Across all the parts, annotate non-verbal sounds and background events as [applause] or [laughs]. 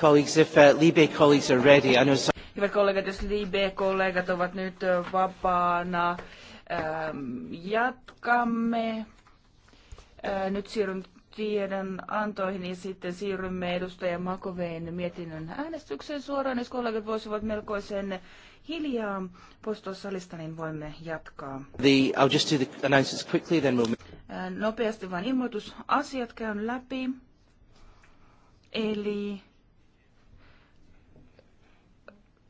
colleagues, if uh, Libe colleagues are ready, I know some... Hyvät kollegat, jos Libe-kollegat ovat nyt vapaana, ähm, jatkamme. Nyt siirryn tiedon antoihin ja sitten siirrymme edustaja Makoveen mietinnön äänestykseen suoraan. Jos kollegat voisivat melkoisen hiljaa poistua salista, niin voimme jatkaa. The, I'll just do the announcements quickly, then we'll... Nopeasti vain ilmoitusasiat käyn läpi. Eli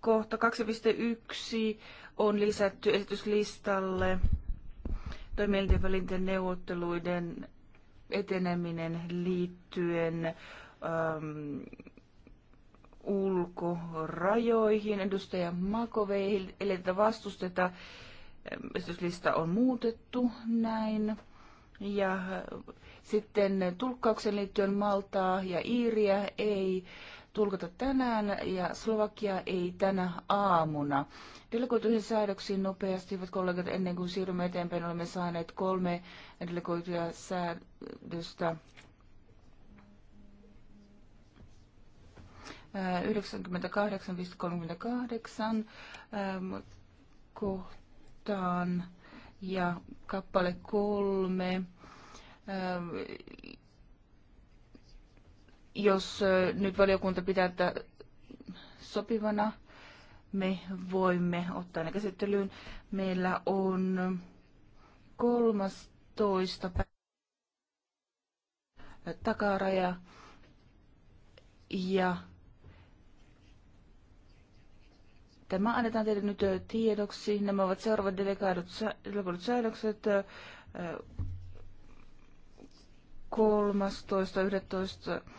kohta 2.1 on lisätty esityslistalle toimielinten välinten neuvotteluiden eteneminen liittyen äm, ulkorajoihin. Edustaja Makovei, eli tätä vastusteta. Ähm, esityslista on muutettu näin. Ja äh, sitten tulkkauksen liittyen Maltaa ja Iiriä ei tulkata tänään ja Slovakia ei tänä aamuna. Delegoituihin säädöksiin nopeasti, hyvät kollegat, ennen kuin siirrymme eteenpäin, olemme saaneet kolme delegoituja säädöstä 98-38 äh, ähm, kohtaan ja kappale kolme ähm, jos nyt valiokunta pitää tätä sopivana, me voimme ottaa ne käsittelyyn. Meillä on 13. takaraja ja Tämä annetaan teille nyt tiedoksi. Nämä ovat seuraavat delegoidut, delegoidut säädökset 13.11.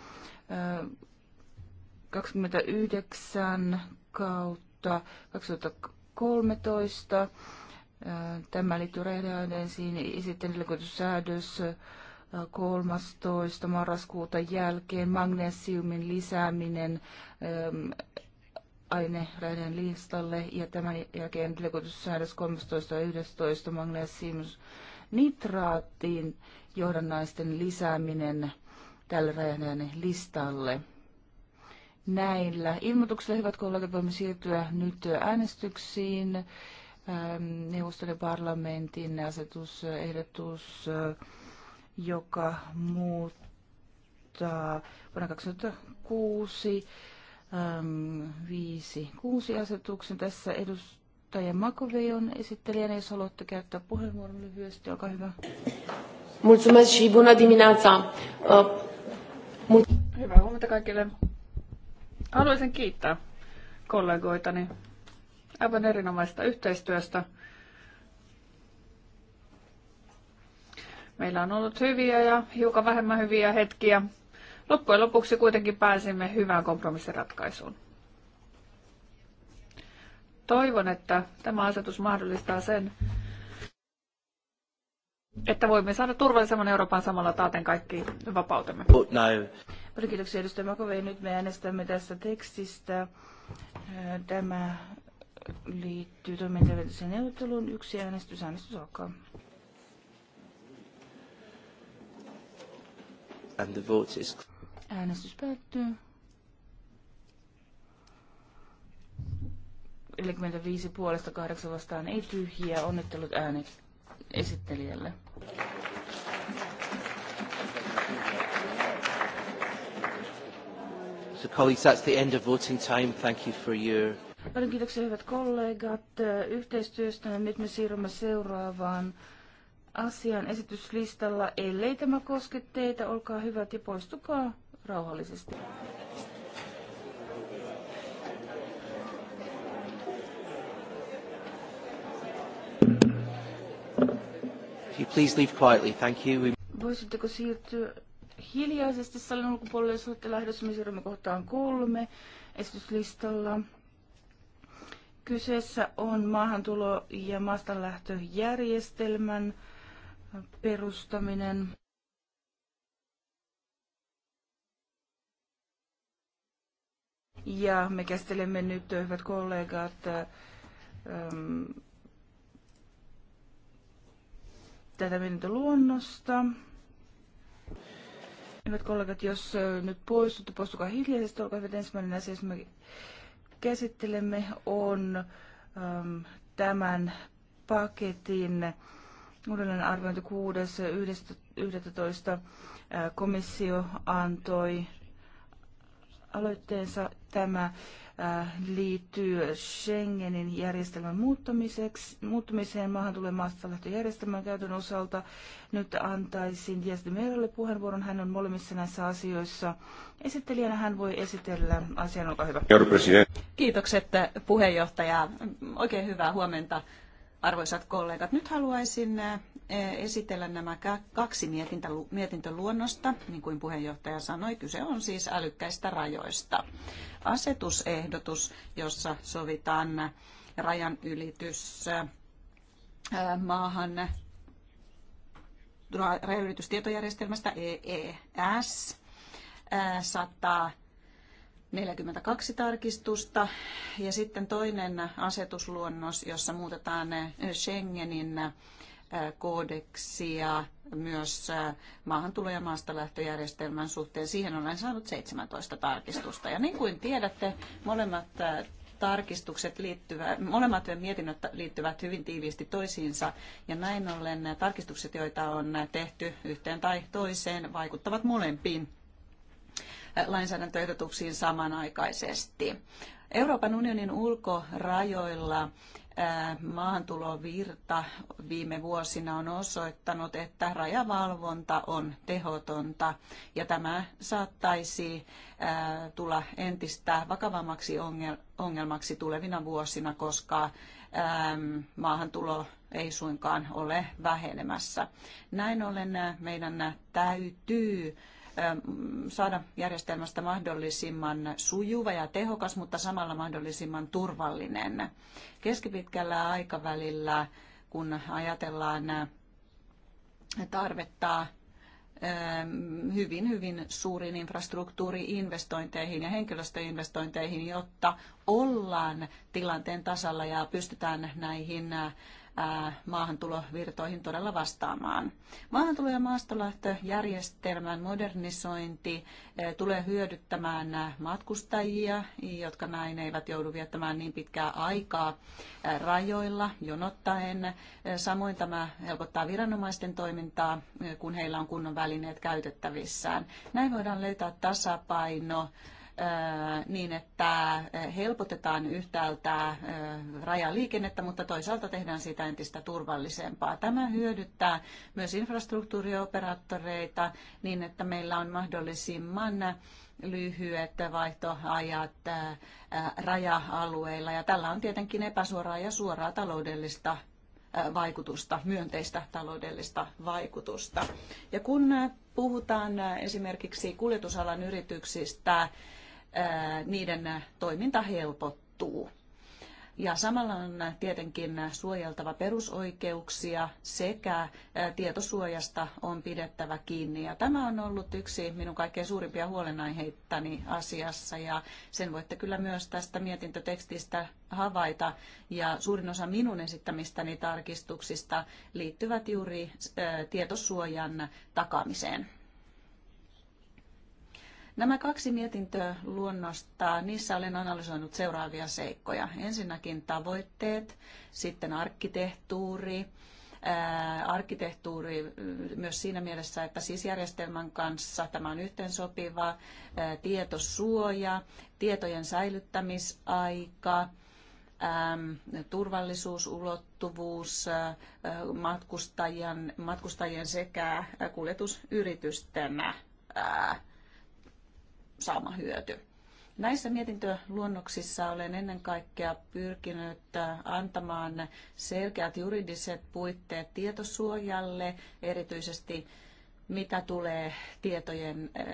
29 kautta 2013. Tämä liittyy rehdeaineisiin ja sitten säädös 13. Äh, marraskuuta jälkeen magnesiumin lisääminen ähm, aineräiden listalle ja tämän jälkeen delegoitussäädös 13. ja 11. johdannaisten lisääminen tälle rajan listalle. Näillä ilmoituksilla, hyvät kollegat, voimme siirtyä nyt äänestyksiin. Ähm, neuvoston ja parlamentin asetusehdotus, äh, joka muuttaa vuonna 2006 5, 6 asetuksen. Tässä edustaja Makovei on esittelijänä. Jos haluatte käyttää puheenvuoron lyhyesti, olkaa hyvä. Mulțumesc și bună dimineața! Mut... Hyvää huomenta kaikille. Haluaisin kiittää kollegoitani aivan erinomaista yhteistyöstä. Meillä on ollut hyviä ja hiukan vähemmän hyviä hetkiä. Loppujen lopuksi kuitenkin pääsimme hyvään kompromissiratkaisuun. Toivon, että tämä asetus mahdollistaa sen, että voimme saada turvallisemman Euroopan samalla taaten kaikki vapautemme. Oh, Näin. No. Paljon kiitoksia edustaja Makovei. Nyt me äänestämme tästä tekstistä. Tämä liittyy toimintaväliseen neuvotteluun. Yksi äänestys. Äänestys alkaa. And the vote is... Äänestys päättyy. 45 puolesta, 8 vastaan ei tyhjiä. Onnittelut äänet esittelijälle. So colleagues, that's the end of voting time. Thank you for your... Paljon kiitoksia hyvät kollegat yhteistyöstä. Nyt me siirrymme seuraavaan asian esityslistalla. Ellei tämä koske teitä, olkaa hyvät ja poistukaa rauhallisesti. you please leave quietly? Thank you. We... Voisitteko siirtyä hiljaisesti salin ulkopuolelle, jos olette lähdössä, me siirrymme kohtaan kolme esityslistalla. Kyseessä on maahantulo- ja maastanlähtöjärjestelmän perustaminen. Ja me käsittelemme nyt, hyvät kollegat, ähm, tätä luonnosta. Hyvät kollegat, jos nyt poistutte, poistukaa hiljaisesti, olkaa hyvät. Ensimmäinen asia, jos me käsittelemme, on äm, tämän paketin uudelleen arviointi 6.11. komissio antoi aloitteensa tämä Äh, liittyy Schengenin järjestelmän muuttamiseksi, muuttumiseen maahantulen maastalähtöjärjestelmän käytön osalta. Nyt antaisin Dias de Merelle puheenvuoron. Hän on molemmissa näissä asioissa esittelijänä. Hän voi esitellä asian. Olkaa hyvä. Kiitokset puheenjohtaja. Oikein hyvää huomenta Arvoisat kollegat, nyt haluaisin esitellä nämä kaksi mietintöluonnosta. Niin kuin puheenjohtaja sanoi, kyse on siis älykkäistä rajoista. Asetusehdotus, jossa sovitaan rajan ylitys maahan rajanylitystietojärjestelmästä EES saattaa 42 tarkistusta ja sitten toinen asetusluonnos, jossa muutetaan eh, Schengenin eh, koodeksia myös eh, maahantulo- ja maastalähtöjärjestelmän suhteen. Siihen olen saanut 17 tarkistusta. Ja niin kuin tiedätte, molemmat tarkistukset liittyvät, molemmat mietinnöt liittyvät hyvin tiiviisti toisiinsa ja näin ollen tarkistukset, joita on tehty yhteen tai toiseen, vaikuttavat molempiin lainsäädäntöehdotuksiin samanaikaisesti. Euroopan unionin ulkorajoilla maahantulovirta viime vuosina on osoittanut, että rajavalvonta on tehotonta ja tämä saattaisi tulla entistä vakavammaksi ongelmaksi tulevina vuosina, koska maahantulo ei suinkaan ole vähenemässä. Näin ollen meidän täytyy Ähm, saada järjestelmästä mahdollisimman sujuva ja tehokas, mutta samalla mahdollisimman turvallinen. Keskipitkällä aikavälillä, kun ajatellaan äh, tarvetta ähm, hyvin, hyvin suuriin infrastruktuuriinvestointeihin ja henkilöstöinvestointeihin, jotta ollaan tilanteen tasalla ja pystytään näihin äh, maahantulovirtoihin todella vastaamaan. Maahantulo- ja maastolähtöjärjestelmän modernisointi tulee hyödyttämään matkustajia, jotka näin eivät joudu viettämään niin pitkää aikaa rajoilla jonottaen. Samoin tämä helpottaa viranomaisten toimintaa, kun heillä on kunnon välineet käytettävissään. Näin voidaan löytää tasapaino niin, että helpotetaan yhtäältä rajaliikennettä, mutta toisaalta tehdään sitä entistä turvallisempaa. Tämä hyödyttää myös infrastruktuurioperaattoreita niin, että meillä on mahdollisimman lyhyet vaihtoajat raja-alueilla. Ja tällä on tietenkin epäsuoraa ja suoraa taloudellista vaikutusta, myönteistä taloudellista vaikutusta. Ja kun puhutaan esimerkiksi kuljetusalan yrityksistä, niiden toiminta helpottuu. Ja samalla on tietenkin suojeltava perusoikeuksia sekä tietosuojasta on pidettävä kiinni. Ja tämä on ollut yksi minun kaikkein suurimpia huolenaiheittani asiassa ja sen voitte kyllä myös tästä mietintötekstistä havaita. Ja suurin osa minun esittämistäni tarkistuksista liittyvät juuri tietosuojan takaamiseen. Nämä kaksi mietintöä luonnosta, niissä olen analysoinut seuraavia seikkoja. Ensinnäkin tavoitteet, sitten arkkitehtuuri, arkkitehtuuri myös siinä mielessä, että sisjärjestelmän kanssa tämä on yhteensopiva, tietosuoja, tietojen säilyttämisaika, turvallisuusulottuvuus matkustajien, matkustajien sekä kuljetusyritysten saama hyöty. Näissä mietintöluonnoksissa olen ennen kaikkea pyrkinyt äh, antamaan selkeät juridiset puitteet tietosuojalle, erityisesti mitä tulee tietojen äh,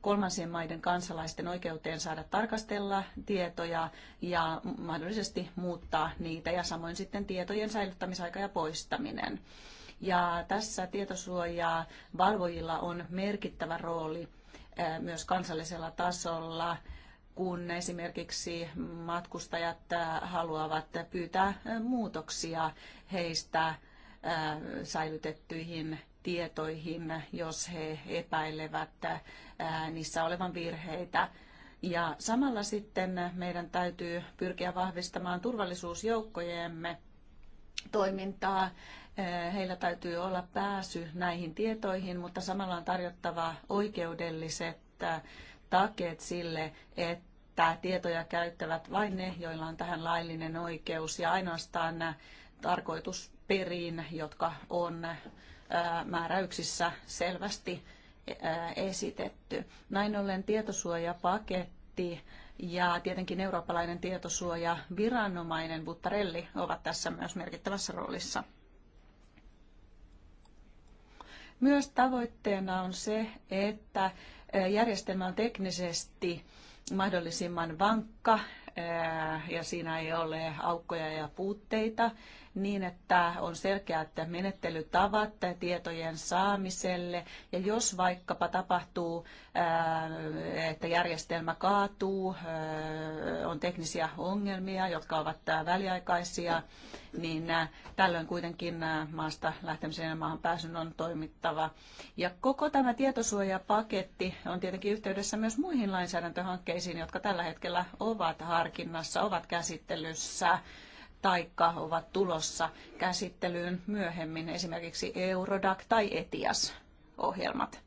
kolmansien maiden kansalaisten oikeuteen saada tarkastella tietoja ja mahdollisesti muuttaa niitä ja samoin sitten tietojen säilyttämisaika ja poistaminen. Ja tässä tietosuojaa valvojilla on merkittävä rooli myös kansallisella tasolla, kun esimerkiksi matkustajat haluavat pyytää muutoksia heistä säilytettyihin tietoihin, jos he epäilevät niissä olevan virheitä. Ja samalla sitten meidän täytyy pyrkiä vahvistamaan turvallisuusjoukkojemme toimintaa Eh, heillä täytyy olla pääsy näihin tietoihin, mutta samalla on tarjottava oikeudelliset eh, takeet sille, että tietoja käyttävät vain ne, joilla on tähän laillinen oikeus ja ainoastaan nämä eh, tarkoitusperiin, jotka on määräyksissä selvästi esitetty. Näin ollen tietosuojapaketti ja tietenkin eurooppalainen tietosuojaviranomainen Buttarelli ovat tässä myös merkittävässä roolissa. Myös tavoitteena on se, että järjestelmä on teknisesti mahdollisimman vankka ja siinä ei ole aukkoja ja puutteita niin, että on selkeät menettelytavat tietojen saamiselle. Ja jos vaikkapa tapahtuu, että järjestelmä kaatuu, on teknisiä ongelmia, jotka ovat väliaikaisia, niin tällöin kuitenkin maasta lähtemisen ja maahan pääsyn on toimittava. Ja koko tämä tietosuojapaketti on tietenkin yhteydessä myös muihin lainsäädäntöhankkeisiin, jotka tällä hetkellä ovat harkinnassa, ovat käsittelyssä taikka ovat tulossa käsittelyyn myöhemmin, esimerkiksi Eurodac tai ETIAS-ohjelmat.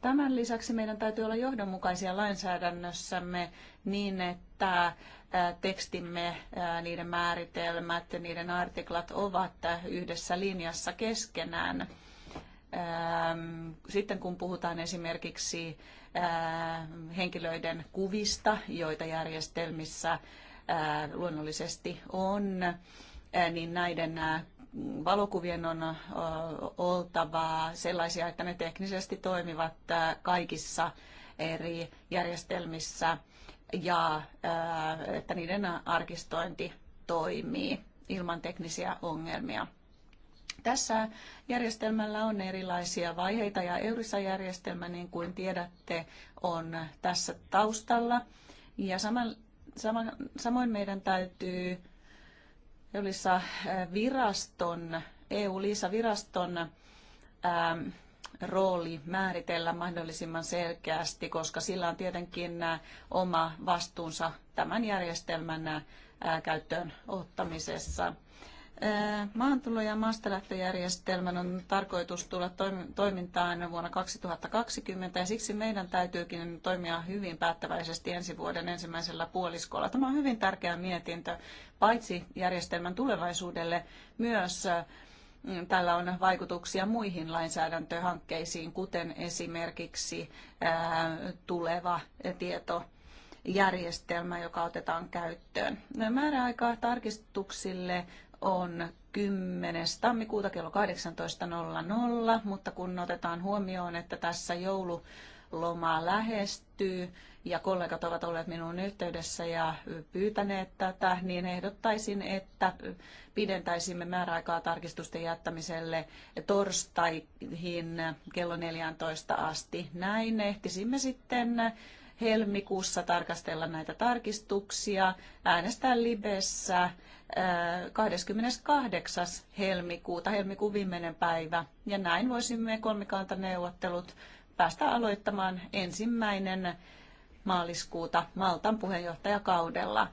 Tämän lisäksi meidän täytyy olla johdonmukaisia lainsäädännössämme niin, että tekstimme, niiden määritelmät ja niiden artiklat ovat yhdessä linjassa keskenään. Sitten kun puhutaan esimerkiksi henkilöiden kuvista, joita järjestelmissä Äh, luonnollisesti on, äh, niin näiden äh, valokuvien on oltava sellaisia, että ne teknisesti toimivat kaikissa eri järjestelmissä ja että niiden arkistointi toimii ilman teknisiä ongelmia. Tässä järjestelmällä on erilaisia vaiheita ja EURISA-järjestelmä, niin kuin tiedätte, on tässä taustalla. Ja saman Samoin meidän täytyy Eulissa äh, viraston, EU-liisa-viraston ähm, rooli määritellä mahdollisimman selkeästi, koska sillä on tietenkin äh, oma vastuunsa tämän järjestelmän äh, käyttöön ottamisessa. Äh, maantulo- ja maastalähtöjärjestelmän on tarkoitus tulla toimintaan vuonna 2020 ja siksi meidän täytyykin toimia hyvin päättäväisesti ensi vuoden ensimmäisellä puoliskolla. Tämä on hyvin tärkeä mietintö paitsi järjestelmän tulevaisuudelle myös äh, Tällä on vaikutuksia muihin lainsäädäntöhankkeisiin, kuten esimerkiksi äh, tuleva tieto järjestelmä, joka otetaan käyttöön. Määräaika tarkistuksille on 10. tammikuuta kello 18.00, mutta kun otetaan huomioon, että tässä joululoma lähestyy ja kollegat ovat olleet minuun yhteydessä ja pyytäneet tätä, niin ehdottaisin, että pidentäisimme määräaikaa tarkistusten jättämiselle torstaihin kello 14 asti. Näin ehtisimme sitten helmikuussa tarkastella näitä tarkistuksia, äänestää Libessä 28. helmikuuta, helmikuun viimeinen päivä. Ja näin voisimme kolmikantaneuvottelut päästä aloittamaan ensimmäinen maaliskuuta Maltan puheenjohtajakaudella.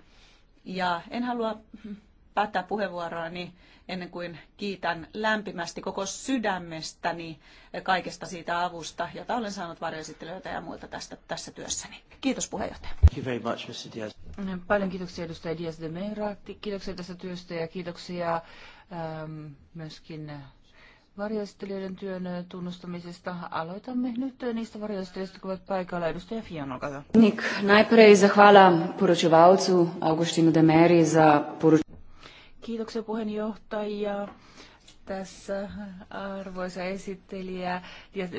Ja en halua päättää puheenvuoroani ennen kuin kiitän lämpimästi koko sydämestäni kaikesta siitä avusta, jota olen saanut varjoesittelijöiltä ja muilta tästä, tässä työssäni. Kiitos puheenjohtaja. Much, Paljon kiitoksia edustaja Diaz de Meira. Kiitoksia tästä työstä ja kiitoksia ähm, myöskin varjoesittelijöiden työn tunnustamisesta. Aloitamme nyt niistä varjoesittelijöistä, jotka ovat paikalla. Edustaja Fiona, olkaa Nik, najprej zahvala poročevalcu Augustinu Demeri za poroč... Kiitoksia puheenjohtaja. Tässä arvoisa esittelijä.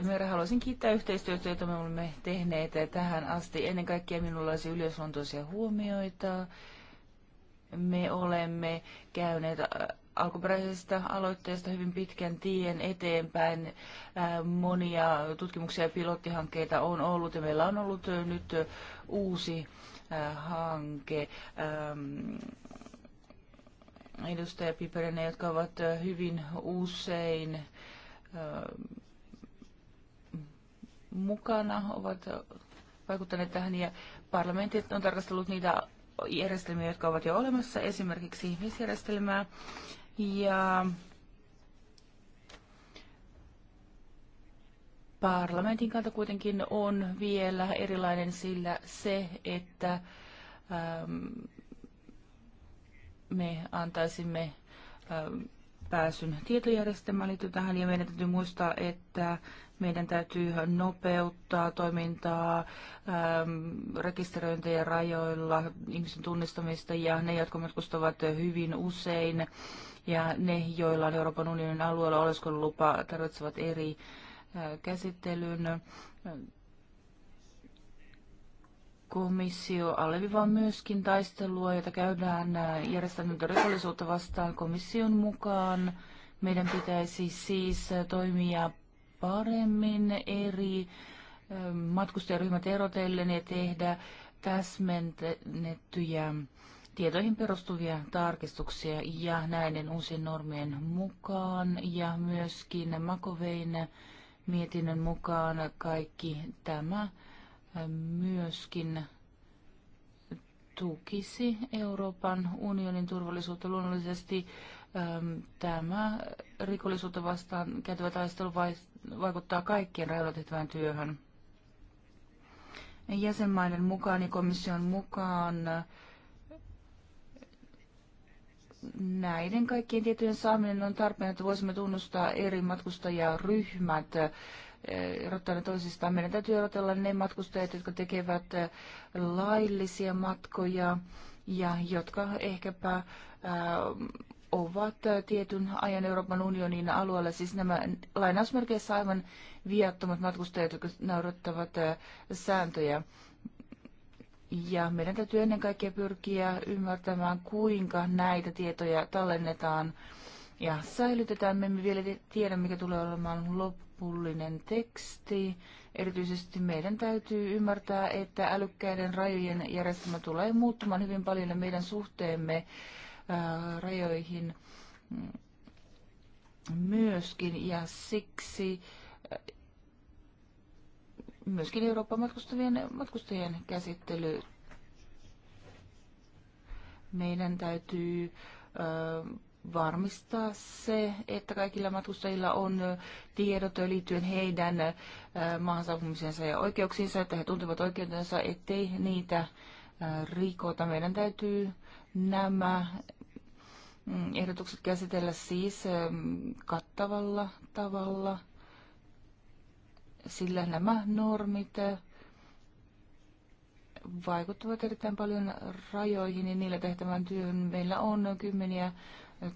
minä haluaisin kiittää yhteistyötä, jota me olemme tehneet tähän asti. Ennen kaikkea minulla olisi yleisluontoisia huomioita. Me olemme käyneet äh, alkuperäisestä aloitteesta hyvin pitkän tien eteenpäin. Äh, monia tutkimuksia ja pilottihankkeita on ollut ja meillä on ollut nyt uusi äh, hanke ähm, edustaja Piperinen, jotka ovat hyvin usein mukana, ovat vaikuttaneet tähän ja parlamentit on tarkastellut niitä järjestelmiä, jotka ovat jo olemassa, esimerkiksi ihmisjärjestelmää. Ja parlamentin kanta kuitenkin on vielä erilainen, sillä se, että ähm, me antaisimme pääsyn tietojärjestelmään liittyen tähän ja meidän täytyy muistaa, että meidän täytyy nopeuttaa toimintaa, äm, rekisteröintejä rajoilla, ihmisten tunnistamista ja ne, jotka matkustavat hyvin usein ja ne, joilla on Euroopan unionin alueella oleskelulupa, tarvitsevat eri käsittelyn komissio alleviivaa myöskin taistelua, jota käydään äh, järjestänyt rikollisuutta vastaan komission mukaan. Meidän pitäisi siis äh, toimia paremmin eri äh, matkustajaryhmät erotellen ja tehdä täsmennettyjä tietoihin perustuvia tarkistuksia ja näiden uusien normien mukaan ja myöskin Makovein mietinnön mukaan kaikki tämä myöskin tukisi Euroopan unionin turvallisuutta. Luonnollisesti ähm, tämä rikollisuutta vastaan käytävä taistelu vaikuttaa kaikkien rajoilla tehtävään työhön. Jäsenmaiden mukaan ja komission mukaan näiden kaikkien tietojen saaminen on tarpeen, että voisimme tunnustaa eri matkustajaryhmät erottaa eh, ne toisistaan. Meidän täytyy erotella ne matkustajat, jotka tekevät eh, laillisia matkoja ja jotka ehkäpä ää, eh, ovat tietyn ajan Euroopan unionin alueella, siis nämä lainausmerkeissä aivan viattomat matkustajat, jotka noudattavat sääntöjä. Ja meidän täytyy ennen kaikkea pyrkiä ymmärtämään, kuinka näitä tietoja tallennetaan ja säilytetään. Me emme vielä tiedä, mikä tulee olemaan lopullinen teksti. Erityisesti meidän täytyy ymmärtää, että älykkäiden rajojen järjestelmä tulee muuttumaan hyvin paljon ja meidän suhteemme ää, rajoihin mm, myöskin. Ja siksi myöskin Euroopan matkustavien, matkustajien käsittely meidän täytyy ää, varmistaa se, että kaikilla matkustajilla on tiedot liittyen heidän maansaapumisensa ja oikeuksiinsa, että he tuntevat oikeutensa, ettei niitä rikota. Meidän täytyy nämä mm, ehdotukset käsitellä siis kattavalla tavalla, sillä nämä normit vaikuttavat erittäin paljon rajoihin ja niillä tehtävän työn Meillä on kymmeniä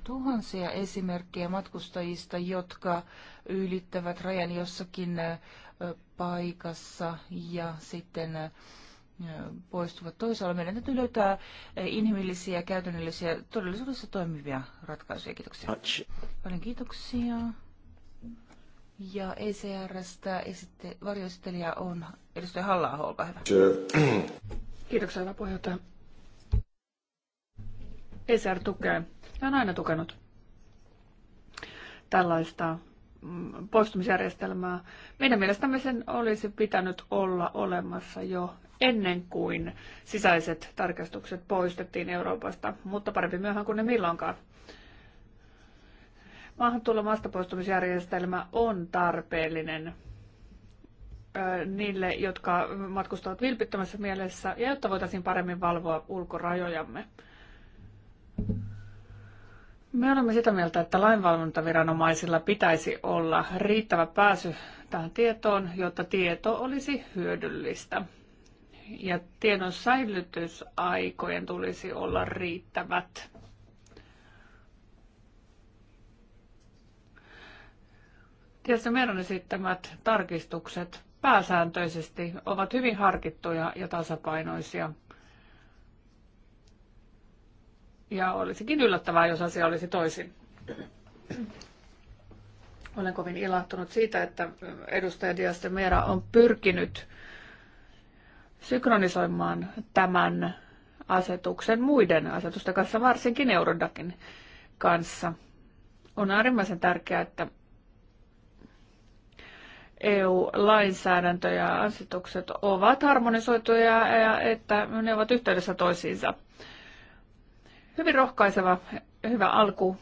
tuhansia esimerkkejä matkustajista, jotka ylittävät rajan jossakin paikassa ja sitten poistuvat toisaalla. Meidän täytyy löytää inhimillisiä, käytännöllisiä, todellisuudessa toimivia ratkaisuja. Kiitoksia. Paljon kiitoksia. Ja ECRstä esitte, varjoesittelijä on edustaja halla olkaa hyvä. Kiitoksia, hyvä puheenjohtaja. ECR tukee Parlamentti on aina tukenut tällaista mm, poistumisjärjestelmää. Meidän mielestämme sen olisi pitänyt olla olemassa jo ennen kuin sisäiset tarkastukset poistettiin Euroopasta, mutta parempi myöhään kuin ne milloinkaan. Maahantulo maastapoistumisjärjestelmä on tarpeellinen niille, jotka matkustavat vilpittömässä mielessä ja jotta voitaisiin paremmin valvoa ulkorajojamme. Me olemme sitä mieltä, että lainvalvontaviranomaisilla pitäisi olla riittävä pääsy tähän tietoon, jotta tieto olisi hyödyllistä. Ja tiedon säilytysaikojen tulisi olla riittävät. Tietysti meidän esittämät tarkistukset pääsääntöisesti ovat hyvin harkittuja ja tasapainoisia – ja olisikin yllättävää, jos asia olisi toisin. Olen kovin ilahtunut siitä, että edustaja Dias de Mera on pyrkinyt synkronisoimaan tämän asetuksen muiden asetusten kanssa, varsinkin Eurodakin kanssa. On äärimmäisen tärkeää, että EU-lainsäädäntö ja asetukset ovat harmonisoituja ja että ne ovat yhteydessä toisiinsa. Hyvin rohkaiseva, hyvä alku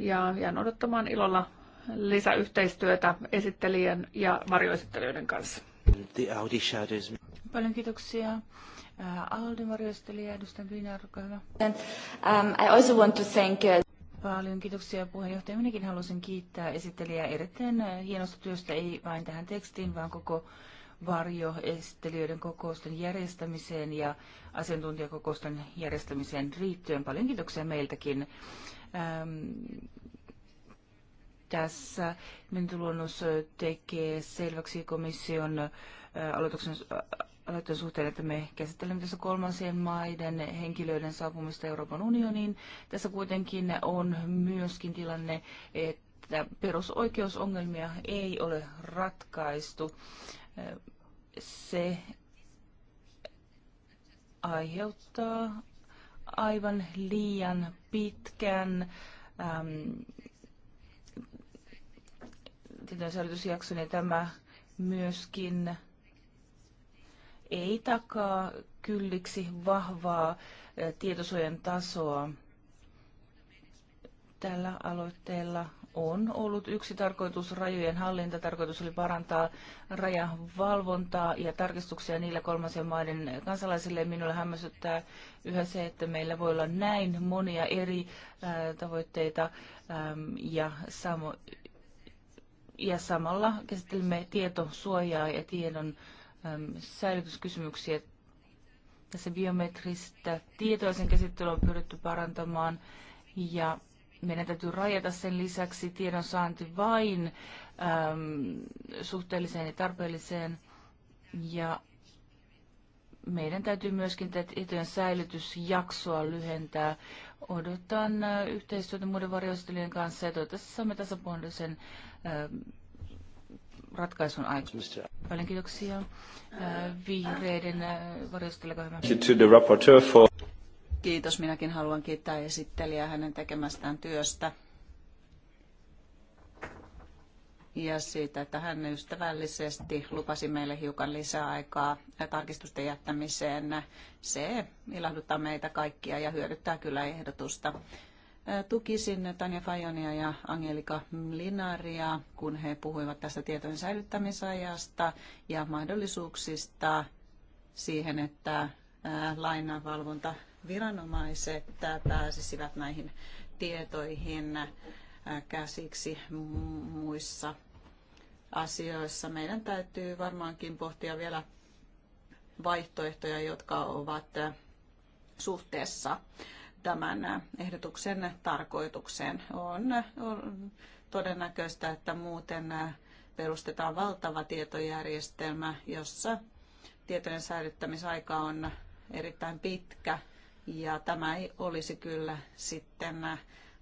ja jään odottamaan ilolla lisäyhteistyötä esittelijän ja varjoesittelijöiden kanssa. The Audi Shadows. Paljon kiitoksia. Äh, aldi varjoesittelijä, edustan Viina, olkaa hyvä. Um, I also want to thank you. Uh, Paljon kiitoksia puheenjohtaja. Minäkin haluaisin kiittää esittelijää erittäin hienosta työstä, ei vain tähän tekstiin, vaan koko varjoestelijöiden kokousten järjestämiseen ja asiantuntijakokousten järjestämiseen riittyen. Paljon kiitoksia meiltäkin. Ähm, tässä mietintöluonnos tekee selväksi komission aloituksen aloitteen suhteen, että me käsittelemme tässä kolmansien maiden henkilöiden saapumista Euroopan unioniin. Tässä kuitenkin on myöskin tilanne, että perusoikeusongelmia ei ole ratkaistu se aiheuttaa aivan liian pitkän äm, säilytysjakson ja tämä myöskin ei takaa kylliksi vahvaa äh, tietosuojan tasoa. Tällä aloitteella on ollut yksi tarkoitus, rajojen hallinta. Tarkoitus oli parantaa rajavalvontaa ja tarkistuksia niillä kolmansien maiden kansalaisille. Minulle hämmästyttää yhä se, että meillä voi olla näin monia eri tavoitteita ja samo, ja samalla käsittelemme tietosuojaa ja tiedon äm, säilytyskysymyksiä. Tässä biometristä tietoa sen käsittelyä on pyritty parantamaan ja meidän täytyy rajata sen lisäksi saanti vain äm, suhteelliseen ja tarpeelliseen. Ja meidän täytyy myöskin tätä tietojen säilytysjaksoa lyhentää. Odotan äh, yhteistyötä muiden varjoistelijoiden kanssa ja toivottavasti saamme tasapuolisen ähm, ratkaisun aikaan. Paljon kiitoksia äh, vihreiden äh, varjostelijakohjelmaan. Kiitos. Minäkin haluan kiittää esittelijää hänen tekemästään työstä ja siitä, että hän ystävällisesti lupasi meille hiukan lisää aikaa tarkistusten jättämiseen. Se ilahduttaa meitä kaikkia ja hyödyttää kyllä ehdotusta. Tukisin Tanja Fajonia ja Angelika Linaria, kun he puhuivat tästä tietojen säilyttämisajasta ja mahdollisuuksista siihen, että lainanvalvonta viranomaiset pääsisivät näihin tietoihin äh, käsiksi muissa asioissa. Meidän täytyy varmaankin pohtia vielä vaihtoehtoja, jotka ovat äh, suhteessa tämän äh, ehdotuksen tarkoitukseen. On, on todennäköistä, että muuten perustetaan valtava tietojärjestelmä, jossa tietojen säilyttämisaika on erittäin pitkä ja tämä ei olisi kyllä sitten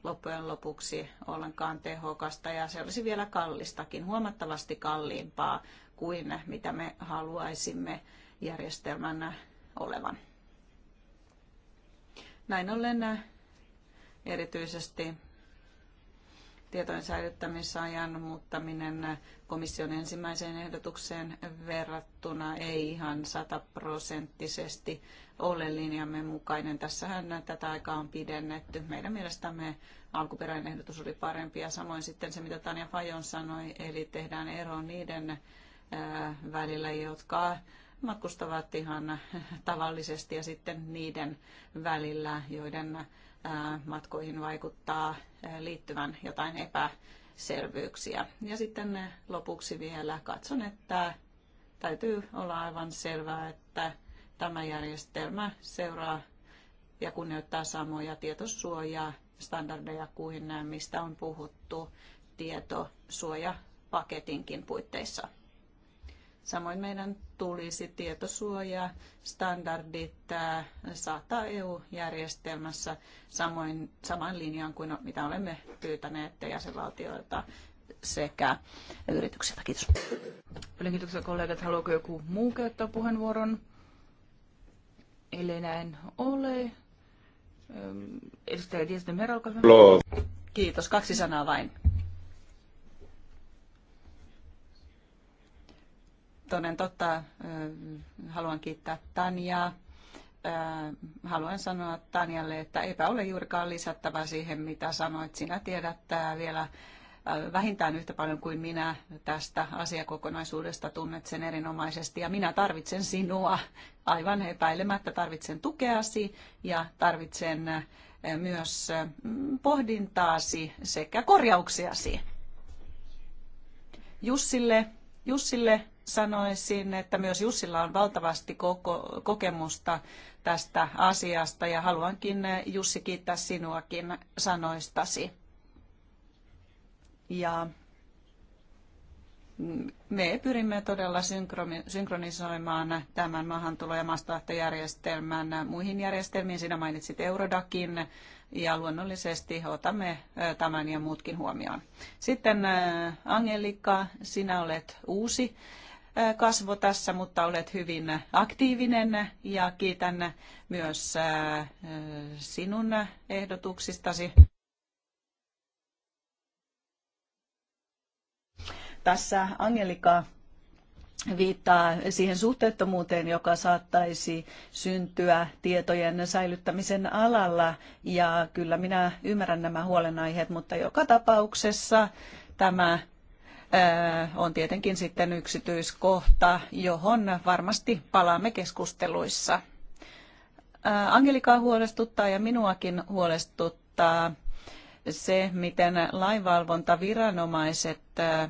loppujen lopuksi ollenkaan tehokasta ja se olisi vielä kallistakin, huomattavasti kalliimpaa kuin mitä me haluaisimme järjestelmänä olevan. Näin ollen erityisesti tietojen säilyttämisajan muuttaminen komission ensimmäiseen ehdotukseen verrattuna ei ihan sataprosenttisesti ole linjamme mukainen. Tässähän tätä aikaa on pidennetty. Meidän mielestämme alkuperäinen ehdotus oli parempi ja samoin sitten se, mitä Tanja Fajon sanoi, eli tehdään ero niiden äh, välillä, jotka matkustavat ihan tavallisesti ja sitten niiden välillä, joiden matkoihin vaikuttaa liittyvän jotain epäselvyyksiä. Ja sitten lopuksi vielä katson, että täytyy olla aivan selvää, että tämä järjestelmä seuraa ja kunnioittaa samoja tietosuojaa standardeja kuin mistä on puhuttu tietosuojapaketinkin puitteissa. Samoin meidän tulisi tietosuoja, standardit saattaa EU-järjestelmässä samoin, saman linjan kuin mitä olemme pyytäneet jäsenvaltioilta sekä yrityksiltä. Kiitos. Paljon kiitoksia kollegat. Haluaako joku muu käyttää puheenvuoron? Eli näin ole. Edustaja Diesten Meralka. Kiitos. Kaksi sanaa vain. toden totta haluan kiittää Tanjaa. Haluan sanoa Tanjalle, että eipä ole juurikaan lisättävä siihen, mitä sanoit. Sinä tiedät vielä vähintään yhtä paljon kuin minä tästä asiakokonaisuudesta tunnet sen erinomaisesti. Ja minä tarvitsen sinua aivan epäilemättä, tarvitsen tukeasi ja tarvitsen myös pohdintaasi sekä korjauksiasi. Jussille, Jussille sanoisin, että myös Jussilla on valtavasti koko, kokemusta tästä asiasta ja haluankin eh, Jussi kiittää sinuakin sanoistasi. Ja mm, me pyrimme todella synkronisoimaan tämän maahantulo- ja maastalähtöjärjestelmän muihin järjestelmiin. Sinä mainitsit Eurodakin ja luonnollisesti otamme eh, tämän ja muutkin huomioon. Sitten eh, Angelika, sinä olet uusi kasvo tässä, mutta olet hyvin aktiivinen ja kiitän myös sinun ehdotuksistasi. Tässä Angelika viittaa siihen suhteettomuuteen, joka saattaisi syntyä tietojen säilyttämisen alalla. Ja kyllä minä ymmärrän nämä huolenaiheet, mutta joka tapauksessa tämä on tietenkin sitten yksityiskohta, johon varmasti palaamme keskusteluissa. Angelikaa huolestuttaa ja minuakin huolestuttaa se, miten lainvalvontaviranomaiset,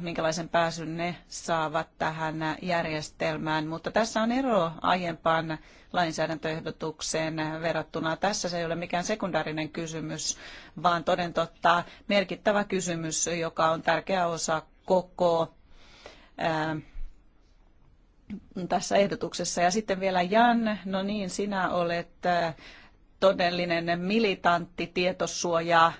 minkälaisen pääsyn ne saavat tähän järjestelmään. Mutta tässä on ero aiempaan lainsäädäntöehdotukseen verrattuna. Tässä se ei ole mikään sekundaarinen kysymys, vaan toden totta merkittävä kysymys, joka on tärkeä osa koko tässä ehdotuksessa. Ja sitten vielä Jan, no niin, sinä olet todellinen militantti tietosuojaa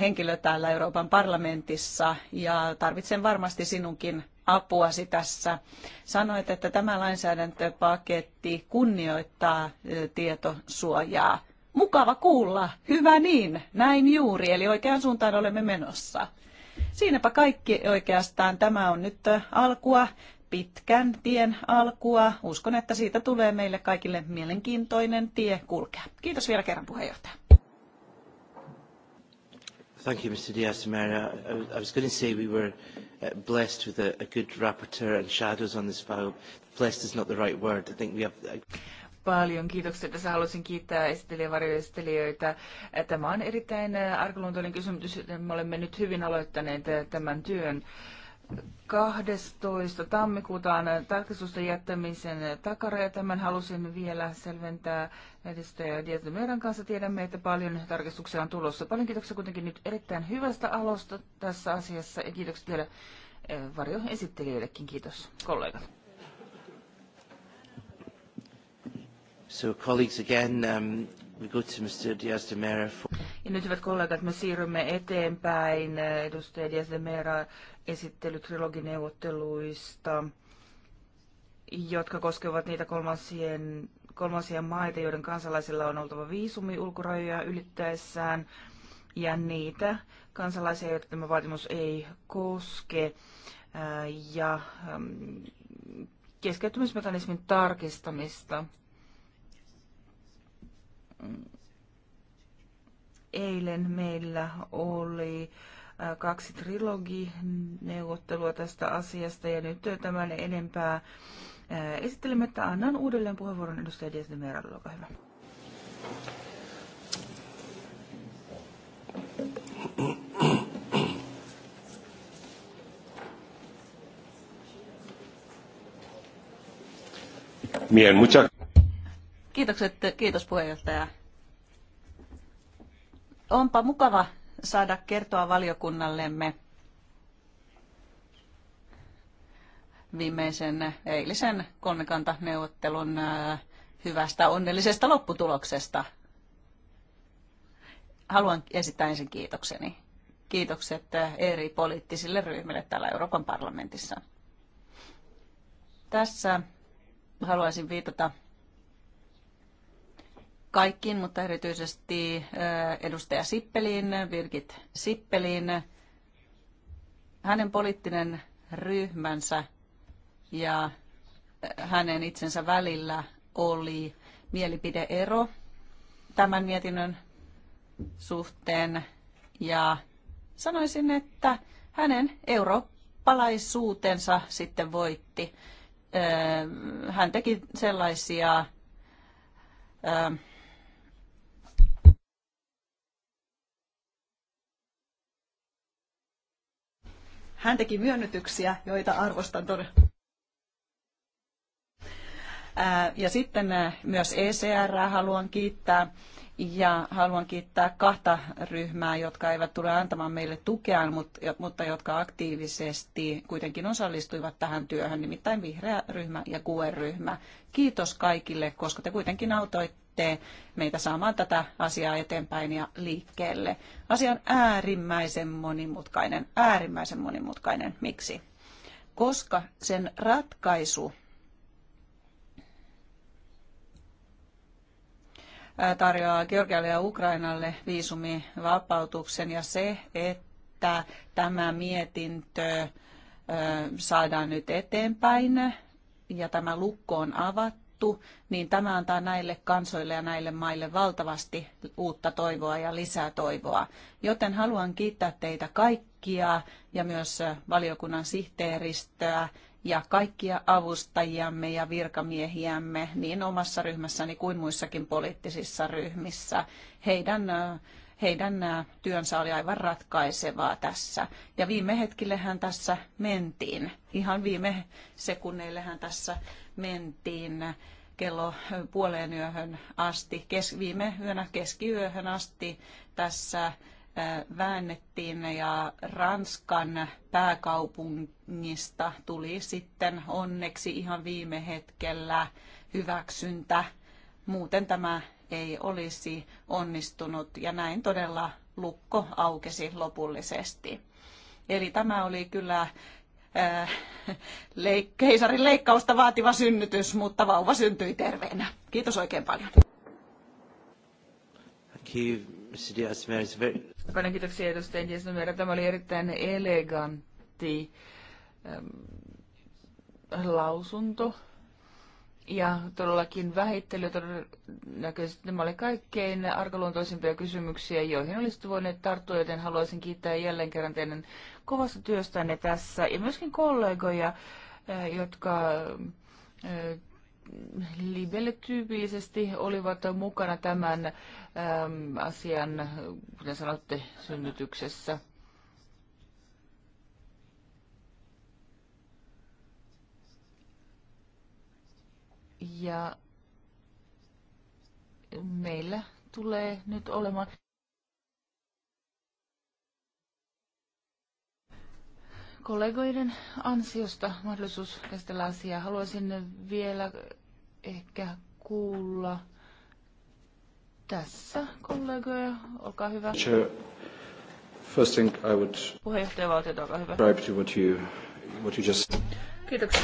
henkilö täällä Euroopan parlamentissa ja tarvitsen varmasti sinunkin apuasi tässä. Sanoit, että tämä lainsäädäntöpaketti kunnioittaa tietosuojaa. Mukava kuulla. Hyvä niin. Näin juuri. Eli oikean suuntaan olemme menossa. Siinäpä kaikki oikeastaan. Tämä on nyt alkua, pitkän tien alkua. Uskon, että siitä tulee meille kaikille mielenkiintoinen tie kulkea. Kiitos vielä kerran puheenjohtaja. Thank you, Mr. Diaz Mera. I was going to say we were uh, blessed with a, a good rapporteur and shadows on this file. Blessed is not the right word. I think we have... Uh, paljon. Kiitoksia että Haluaisin kiittää esittelijä varjoesittelijöitä. Tämä on erittäin arkaluontoinen kysymys. Me olemme nyt hyvin aloittaneet tämän työn. 12. tammikuuta on tarkistusten jättämisen takara ja tämän halusin vielä selventää edustaja Dieter Meidän kanssa. Tiedämme, että paljon tarkistuksia on tulossa. Paljon kiitoksia kuitenkin nyt erittäin hyvästä alosta tässä asiassa ja kiitoksia vielä varjoesittelijöillekin. Kiitos kollegat. So colleagues again, um, we go to Mr. Diaz de Mera. For... Ja nyt hyvät kollegat, me siirrymme eteenpäin edustaja Diaz de Mera trilogineuvotteluista, jotka koskevat niitä kolmansien, kolmansien maita, joiden kansalaisilla on oltava viisumi ulkorajoja ylittäessään ja niitä kansalaisia, joita tämä vaatimus ei koske. Ja keskeytymismekanismin tarkistamista. Eilen meillä oli äh, kaksi trilogineuvottelua tästä asiasta ja nyt tämän enempää äh, esittelemättä annan uudelleen puheenvuoron edustaja Diestin Meralle, olkaa hyvä. Bien, muchas Kiitokset, kiitos puheenjohtaja. Onpa mukava saada kertoa valiokunnallemme viimeisen eilisen kolmikantaneuvottelun äh, hyvästä onnellisesta lopputuloksesta. Haluan esittää ensin kiitokseni. Kiitokset äh, eri poliittisille ryhmille täällä Euroopan parlamentissa. Tässä haluaisin viitata kaikkiin, mutta erityisesti eh, edustaja Sippeliin, Virgit Sippeliin, hänen poliittinen ryhmänsä ja eh, hänen itsensä välillä oli mielipideero tämän mietinnön suhteen ja sanoisin, että hänen eurooppalaisuutensa sitten voitti. Eh, hän teki sellaisia Hän teki myönnytyksiä, joita arvostan todella. Ja sitten myös ECR haluan kiittää ja haluan kiittää kahta ryhmää, jotka eivät tule antamaan meille tukea, mutta jotka aktiivisesti kuitenkin osallistuivat tähän työhön, nimittäin vihreä ryhmä ja qr e ryhmä Kiitos kaikille, koska te kuitenkin autoitte lähtee meitä saamaan tätä asiaa eteenpäin ja liikkeelle. Asia on äärimmäisen monimutkainen, äärimmäisen monimutkainen. Miksi? Koska sen ratkaisu tarjoaa Georgialle ja Ukrainalle viisumivapautuksen ja se, että tämä mietintö saadaan nyt eteenpäin ja tämä lukko on avattu sovittu, niin tämä antaa näille kansoille ja näille maille valtavasti uutta toivoa ja lisää toivoa. Joten haluan kiittää teitä kaikkia ja myös valiokunnan sihteeristöä ja kaikkia avustajiamme ja virkamiehiämme niin omassa ryhmässäni kuin muissakin poliittisissa ryhmissä. Heidän heidän työnsä oli aivan ratkaisevaa tässä. Ja viime hetkillehän tässä mentiin. Ihan viime sekunnillehän tässä mentiin kello puoleen yöhön asti, kes, viime yönä keskiyöhön asti tässä väännettiin ja Ranskan pääkaupungista tuli sitten onneksi ihan viime hetkellä hyväksyntä. Muuten tämä ei olisi onnistunut ja näin todella lukko aukesi lopullisesti. Eli tämä oli kyllä Äh, [laughs] leik- keisarin leikkausta vaativa synnytys, mutta vauva syntyi terveenä. Kiitos oikein paljon. Paljon kiitoksia edustaja Diesmera. No, tämä oli erittäin elegantti ähm, lausunto. Ja todellakin vähittely, todennäköisesti nämä oli kaikkein arkaluontoisimpia kysymyksiä, joihin olisitte voineet tarttua, joten haluaisin kiittää jälleen kerran teidän kovasta työstänne tässä ja myöskin kollegoja, eh, jotka eh, Libelle tyypillisesti olivat mukana tämän eh, asian, kuten sanotte, synnytyksessä. Ja meillä tulee nyt olemaan kollegoiden ansiosta mahdollisuus käsitellä asiaa. Haluaisin vielä ehkä kuulla tässä kollegoja. Olkaa hyvä. First thing I would Puheenjohtajavaltiota, olkaa hyvä. To what you, what you just... Kiitoksia.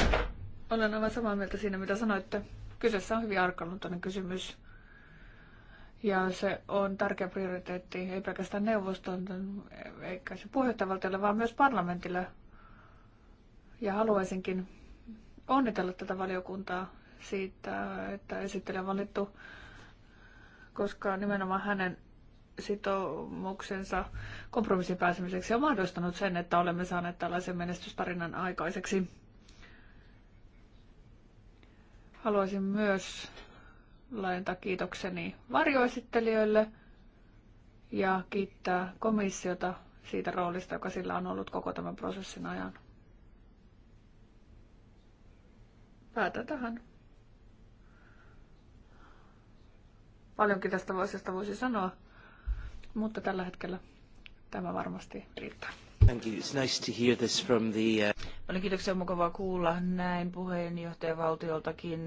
Olen aivan samaa mieltä siinä, mitä sanoitte. Kyseessä on hyvin arkaluntainen kysymys. Ja se on tärkeä prioriteetti ei pelkästään neuvoston eikä se puheenjohtajavaltiolle, vaan myös parlamentille, ja haluaisinkin onnitella tätä valiokuntaa siitä, että esittelijä on valittu, koska nimenomaan hänen sitoumuksensa kompromissin pääsemiseksi on mahdollistanut sen, että olemme saaneet tällaisen menestystarinan aikaiseksi. Haluaisin myös laajentaa kiitokseni varjoesittelijöille ja kiittää komissiota siitä roolista, joka sillä on ollut koko tämän prosessin ajan. päätä tähän. Paljonkin tästä vuosista voisi sanoa, mutta tällä hetkellä tämä varmasti riittää. Thank you. It's nice to hear this from the, uh... Paljon kiitoksia, mukavaa kuulla näin puheenjohtajavaltioltakin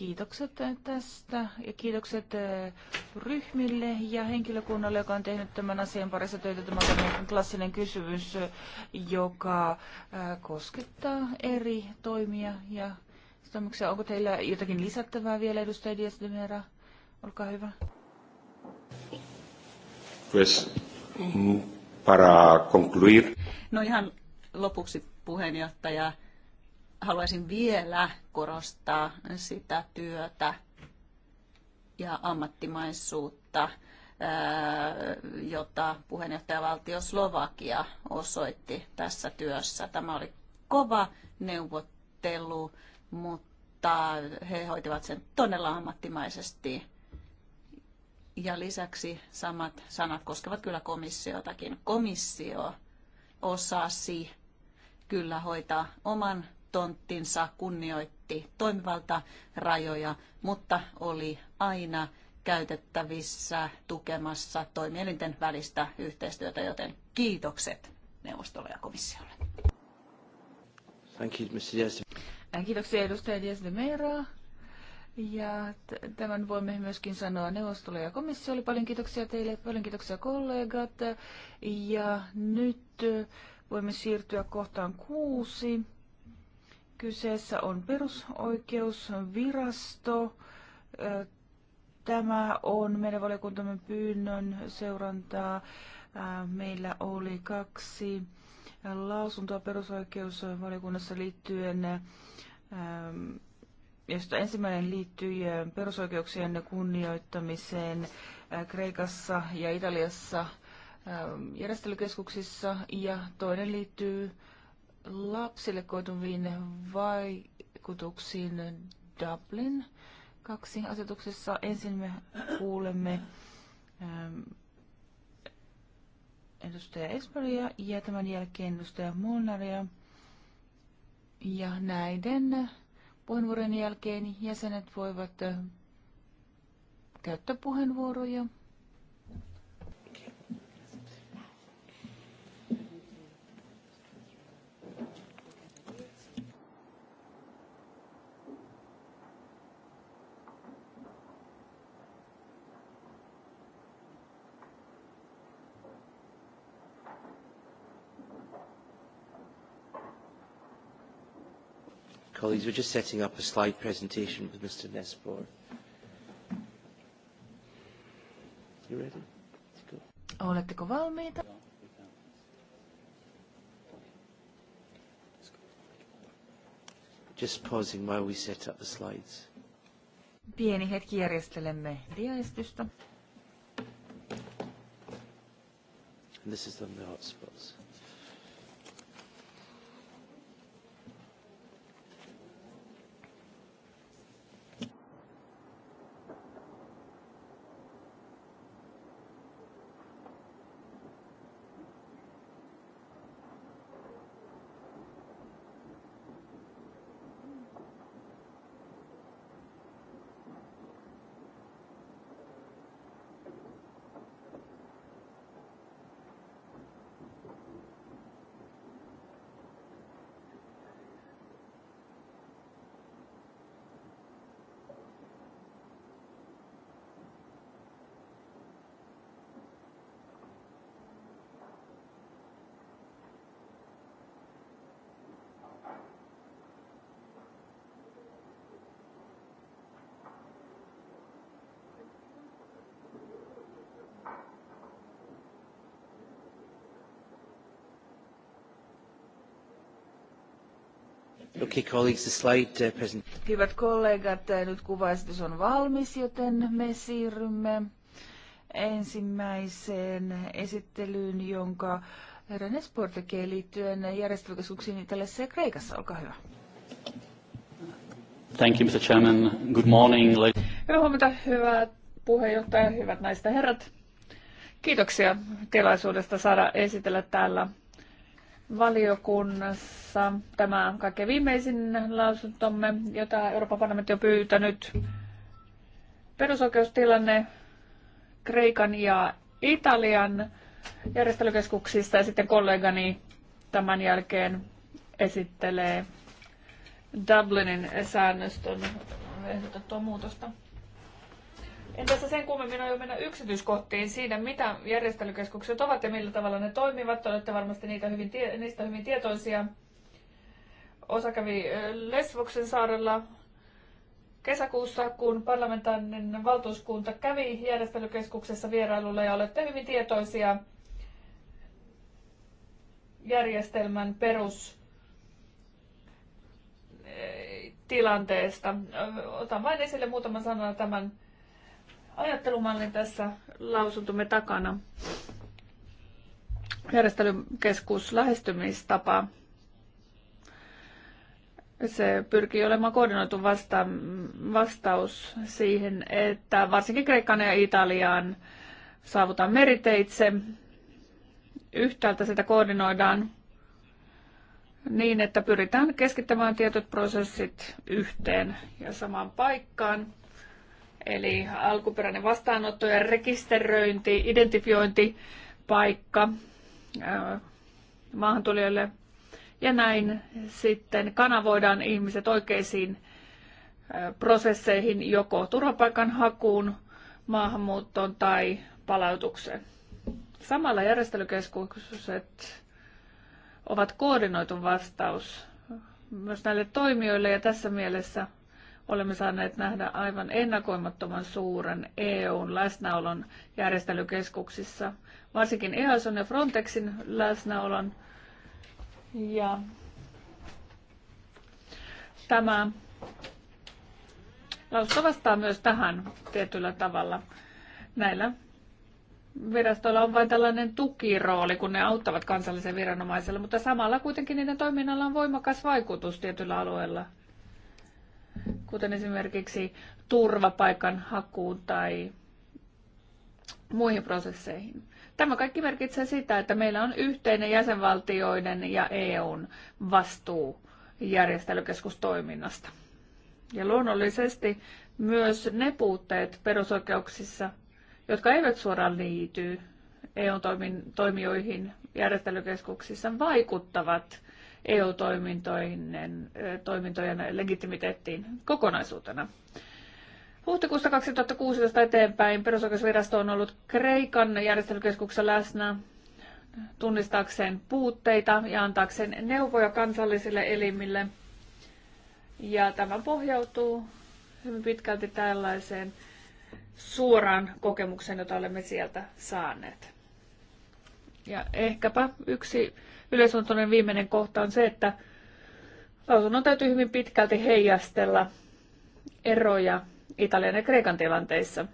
Kiitokset eh, tästä ja kiitokset eh, ryhmille ja henkilökunnalle, joka on tehnyt tämän asian parissa töitä. Tämä on klassinen kysymys, eh, joka koskettaa eri toimia ja Onko teillä jotakin lisättävää vielä, edustaja diaz -Dimera? Olkaa hyvä. Pues, para concluir. No ihan lopuksi puheenjohtaja haluaisin vielä korostaa sitä työtä ja ammattimaisuutta, jota puheenjohtajavaltio Slovakia osoitti tässä työssä. Tämä oli kova neuvottelu, mutta he hoitivat sen todella ammattimaisesti. Ja lisäksi samat sanat koskevat kyllä komissiotakin. Komissio osasi kyllä hoitaa oman tonttinsa, kunnioitti toimivalta rajoja, mutta oli aina käytettävissä tukemassa toimielinten välistä yhteistyötä, joten kiitokset neuvostolle ja komissiolle. Kiitoksia edustaja Dias de Meira. Ja tämän voimme myöskin sanoa neuvostolle ja komissiolle. Paljon kiitoksia teille, paljon kiitoksia kollegat. Ja nyt voimme siirtyä kohtaan kuusi. Kyseessä on perusoikeusvirasto. Tämä on meidän valiokuntamme pyynnön seurantaa. Meillä oli kaksi lausuntoa perusoikeusvaliokunnassa liittyen josta ensimmäinen liittyy perusoikeuksien kunnioittamiseen Kreikassa ja Italiassa järjestelykeskuksissa ja toinen liittyy lapsille koituviin vaikutuksiin Dublin kaksi asetuksessa. Ensin me kuulemme ähm, edustaja Esperia ja tämän jälkeen edustaja Molnaria. Ja näiden puheenvuorojen jälkeen jäsenet voivat äh, käyttää puheenvuoroja. colleagues, we're just setting up a slide presentation with Mr. Nespor. You ready? Let's go. Oletteko valmiita? Just pausing while we set up the slides. Pieni hetki järjestelemme diaistusta. this is on the hotspots. Uh, hyvät kollegat, eh, nyt kuvaesitys on valmis, joten me siirrymme ensimmäiseen esittelyyn, jonka Renesport tekee liittyen järjestelykeskuksiin Italiassa ja Kreikassa. Olkaa hyvä. Thank you, Mr. Chairman. Good morning. Hyvää huomenta, hyvä puheenjohtaja, hyvät naiset ja herrat. Kiitoksia tilaisuudesta saada esitellä täällä valiokunnassa tämä kaikkein viimeisin lausuntomme, jota Euroopan parlamentti on pyytänyt. Perusoikeustilanne Kreikan ja Italian järjestelykeskuksista ja sitten kollegani tämän jälkeen esittelee Dublinin säännöstön ehdotettua muutosta. En tässä sen kummemmin jo mennä yksityiskohtiin siinä, mitä järjestelykeskukset ovat ja millä tavalla ne toimivat. Olette varmasti niitä hyvin, niistä hyvin tietoisia. Osa kävi Lesvoksen saarella kesäkuussa, kun parlamentaarinen valtuuskunta kävi järjestelykeskuksessa vierailulla ja olette hyvin tietoisia järjestelmän perustilanteesta Otan vain esille muutaman sanan tämän ajattelumallin tässä lausuntumme takana. Järjestelykeskus lähestymistapa. Se pyrkii olemaan koordinoitu vasta- vastaus siihen, että varsinkin Kreikkaan ja Italiaan saavutaan meriteitse. Yhtäältä sitä koordinoidaan niin, että pyritään keskittämään tietyt prosessit yhteen ja samaan paikkaan eli alkuperäinen vastaanotto ja rekisteröinti, identifiointipaikka maahantulijoille. Ja näin sitten kanavoidaan ihmiset oikeisiin prosesseihin, joko turvapaikanhakuun, hakuun, maahanmuuttoon tai palautukseen. Samalla järjestelykeskukset ovat koordinoitu vastaus myös näille toimijoille ja tässä mielessä – olemme saaneet nähdä aivan ennakoimattoman suuren EUn läsnäolon järjestelykeskuksissa, varsinkin EASON ja Frontexin läsnäolon. Ja tämä lausunto vastaa myös tähän tietyllä tavalla. Näillä virastoilla on vain tällainen tukirooli, kun ne auttavat kansallisen viranomaiselle, mutta samalla kuitenkin niiden toiminnalla on voimakas vaikutus tietyillä alueilla – kuten esimerkiksi turvapaikan hakuun tai muihin prosesseihin. Tämä kaikki merkitsee sitä, että meillä on yhteinen jäsenvaltioiden ja EUn vastuu järjestelykeskustoiminnasta. Ja luonnollisesti myös ne puutteet perusoikeuksissa, jotka eivät suoraan liity EUn toimijoihin järjestelykeskuksissa, vaikuttavat EU-toimintojen legitimiteettiin kokonaisuutena. Huhtikuusta 2016 eteenpäin perusoikeusvirasto on ollut Kreikan järjestelykeskuksessa läsnä tunnistaakseen puutteita ja antaakseen neuvoja kansallisille elimille. Ja tämä pohjautuu hyvin pitkälti tällaiseen suoraan kokemukseen, jota olemme sieltä saaneet. Ja ehkäpä yksi yleisluontoinen viimeinen kohta on se, että lausunnon täytyy hyvin pitkälti heijastella eroja Italian ja Kreikan tilanteissa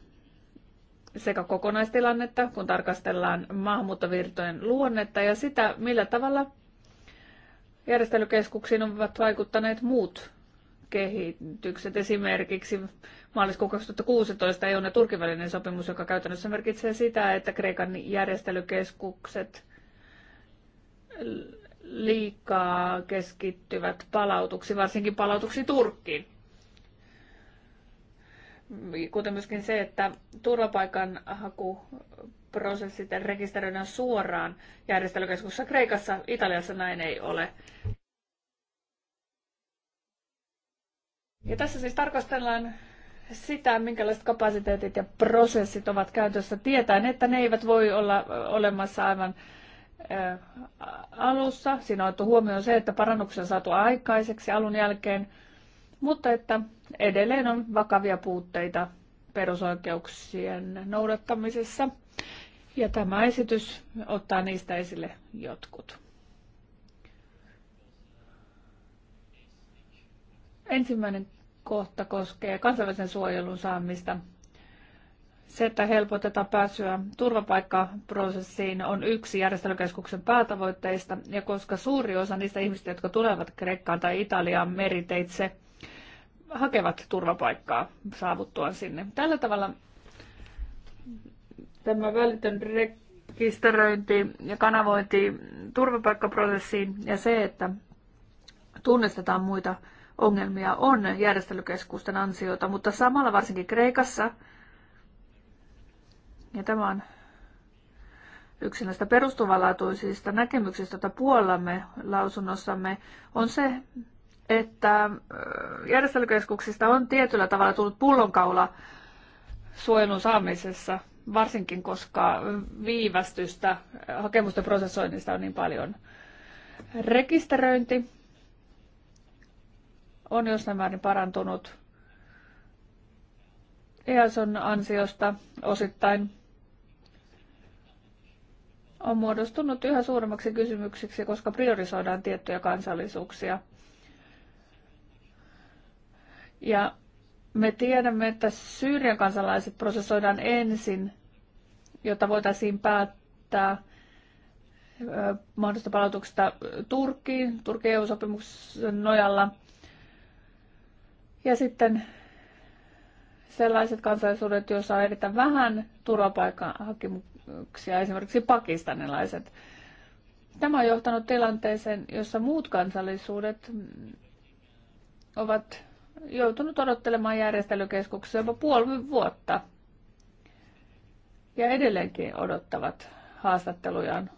sekä kokonaistilannetta, kun tarkastellaan maahanmuuttovirtojen luonnetta ja sitä, millä tavalla järjestelykeskuksiin ovat vaikuttaneet muut kehitykset. Esimerkiksi maaliskuun 2016 EUn ja Turkin välinen sopimus, joka käytännössä merkitsee sitä, että Kreikan järjestelykeskukset – liikaa keskittyvät palautuksi, varsinkin palautuksi Turkkiin. Kuten myöskin se, että turvapaikanhakuprosessit rekisteröidään suoraan järjestelykeskuksessa Kreikassa, Italiassa näin ei ole. Ja tässä siis tarkastellaan sitä, minkälaiset kapasiteetit ja prosessit ovat käytössä tietäen, että ne eivät voi olla olemassa aivan alussa. Siinä on huomioon se, että parannuksia on saatu aikaiseksi alun jälkeen, mutta että edelleen on vakavia puutteita perusoikeuksien noudattamisessa. Ja tämä esitys ottaa niistä esille jotkut. Ensimmäinen kohta koskee kansainvälisen suojelun saamista se, että helpotetaan pääsyä turvapaikkaprosessiin, on yksi järjestelykeskuksen päätavoitteista, ja koska suuri osa niistä ihmistä, jotka tulevat Kreikkaan tai Italiaan meriteitse, hakevat turvapaikkaa saavuttuaan sinne. Tällä tavalla tämä välitön rekisteröinti ja kanavointi turvapaikkaprosessiin ja se, että tunnistetaan muita ongelmia, on järjestelykeskusten ansiota, mutta samalla varsinkin Kreikassa – ja tämä on yksi näistä perustuvanlaatuisista näkemyksistä, joita puolamme lausunnossamme, on se, että järjestelykeskuksista on tietyllä tavalla tullut pullonkaula suojelun saamisessa, varsinkin koska viivästystä hakemusten prosessoinnista on niin paljon. Rekisteröinti on jossain määrin parantunut e on ansiosta osittain on muodostunut yhä suuremmaksi kysymykseksi, koska priorisoidaan tiettyjä kansallisuuksia. Ja me tiedämme, että Syyrian kansalaiset prosessoidaan ensin, jotta voitaisiin päättää mahdollista palautuksesta Turkkiin, Turkin EU-sopimuksen nojalla. Ja sitten sellaiset kansallisuudet, joissa on erittäin vähän turvapaikan oikeuksia, esimerkiksi pakistanilaiset. Tämä on johtanut tilanteeseen, jossa muut kansallisuudet ovat joutuneet odottelemaan järjestelykeskuksessa jopa puoli vuotta ja edelleenkin odottavat haastattelujaan.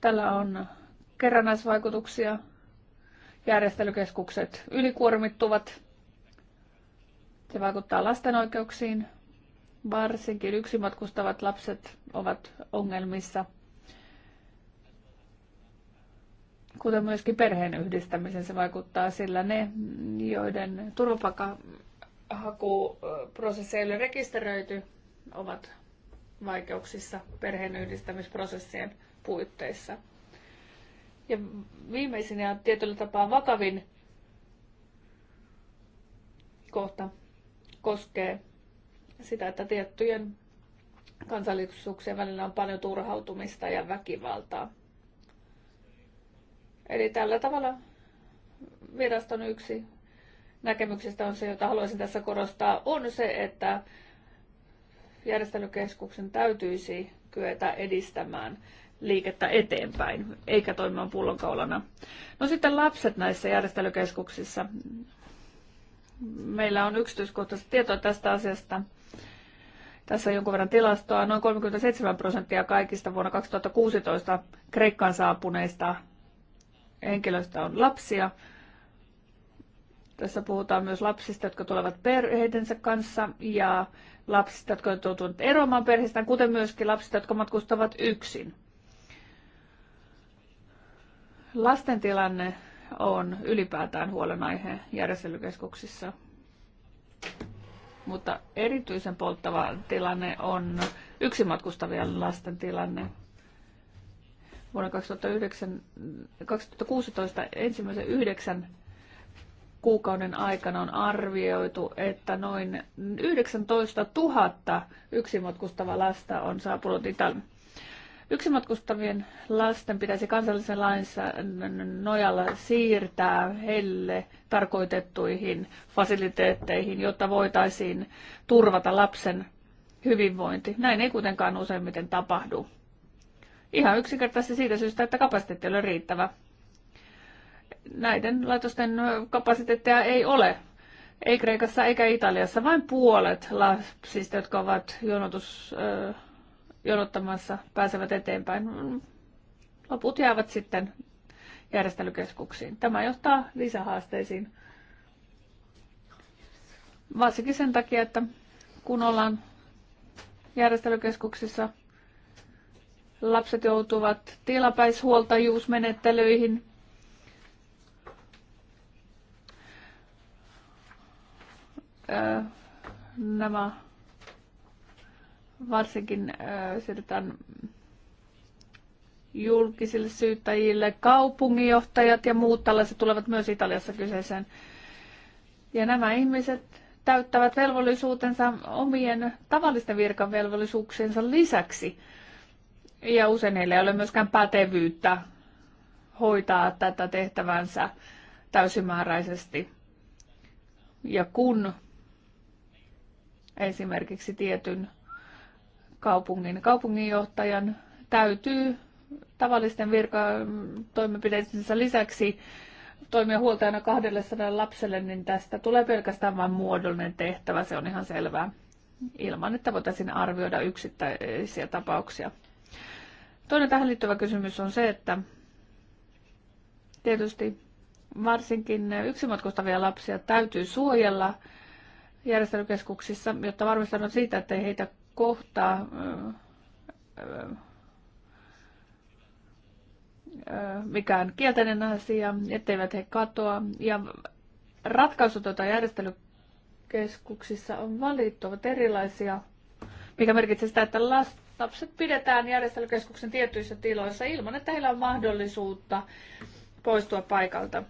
Tällä on kerrannaisvaikutuksia. Järjestelykeskukset ylikuormittuvat. Se vaikuttaa lasten oikeuksiin, Varsinkin yksin matkustavat lapset ovat ongelmissa, kuten myöskin perheen yhdistämisen se vaikuttaa, sillä ne, joiden turvapaikkahakuprosessi ei ole rekisteröity, ovat vaikeuksissa perheen yhdistämisprosessien puitteissa. Ja viimeisin ja tietyllä tapaa vakavin kohta koskee sitä, että tiettyjen kansallisuuksien välillä on paljon turhautumista ja väkivaltaa. Eli tällä tavalla viraston yksi näkemyksistä on se, jota haluaisin tässä korostaa, on se, että järjestelykeskuksen täytyisi kyetä edistämään liikettä eteenpäin, eikä toimimaan pullonkaulana. No sitten lapset näissä järjestelykeskuksissa. Meillä on yksityiskohtaista tietoa tästä asiasta tässä on jonkun verran tilastoa. Noin 37 prosenttia kaikista vuonna 2016 Kreikkaan saapuneista henkilöistä on lapsia. Tässä puhutaan myös lapsista, jotka tulevat perheidensä kanssa ja lapsista, jotka ovat joutuneet eroamaan perheistä, kuten myöskin lapsista, jotka matkustavat yksin. Lasten tilanne on ylipäätään huolenaihe järjestelykeskuksissa mutta erityisen polttava tilanne on yksi matkustavien lasten tilanne. Vuonna 2009, 2016 ensimmäisen yhdeksän kuukauden aikana on arvioitu, että noin 19 000 yksimatkustavaa lasta on saapunut Italiaan. Yksimatkustavien lasten pitäisi kansallisen lainsäädännön nojalla siirtää heille tarkoitettuihin fasiliteetteihin, jotta voitaisiin turvata lapsen hyvinvointi. Näin ei kuitenkaan useimmiten tapahdu. Ihan yksinkertaisesti siitä syystä, että kapasiteetti ei ole riittävä. Näiden laitosten kapasiteettia ei ole. Ei Kreikassa eikä Italiassa, vain puolet lapsista, jotka ovat jonotus, äh, jonottamassa pääsevät eteenpäin. Loput jäävät sitten järjestelykeskuksiin. Tämä johtaa lisähaasteisiin. Varsinkin sen takia, että kun ollaan järjestelykeskuksissa, lapset joutuvat tilapäishuoltajuusmenettelyihin. Nämä varsinkin äh, siirrytään julkisille syyttäjille. Kaupunginjohtajat ja muut tällaiset tulevat myös Italiassa kyseeseen. Ja nämä ihmiset täyttävät velvollisuutensa omien tavallisten virkavelvollisuuksiensa lisäksi. Ja usein heillä ei ole myöskään pätevyyttä hoitaa tätä tehtävänsä täysimääräisesti. Ja kun esimerkiksi tietyn kaupungin. Kaupunginjohtajan täytyy tavallisten virkatoimenpiteidensä lisäksi toimia huoltajana 200 lapselle, niin tästä tulee pelkästään vain muodollinen tehtävä, se on ihan selvää, ilman että voitaisiin arvioida yksittäisiä tapauksia. Toinen tähän liittyvä kysymys on se, että tietysti varsinkin yksimatkustavia lapsia täytyy suojella järjestelykeskuksissa, jotta varmistetaan siitä, että heitä kohtaa mikään kielteinen asia, etteivät he katoa. Ja ratkaisut, tuota järjestelykeskuksissa on valittu, ovat erilaisia, mikä merkitsee sitä, että lapset pidetään järjestelykeskuksen tietyissä tiloissa ilman, että heillä on mahdollisuutta poistua paikalta.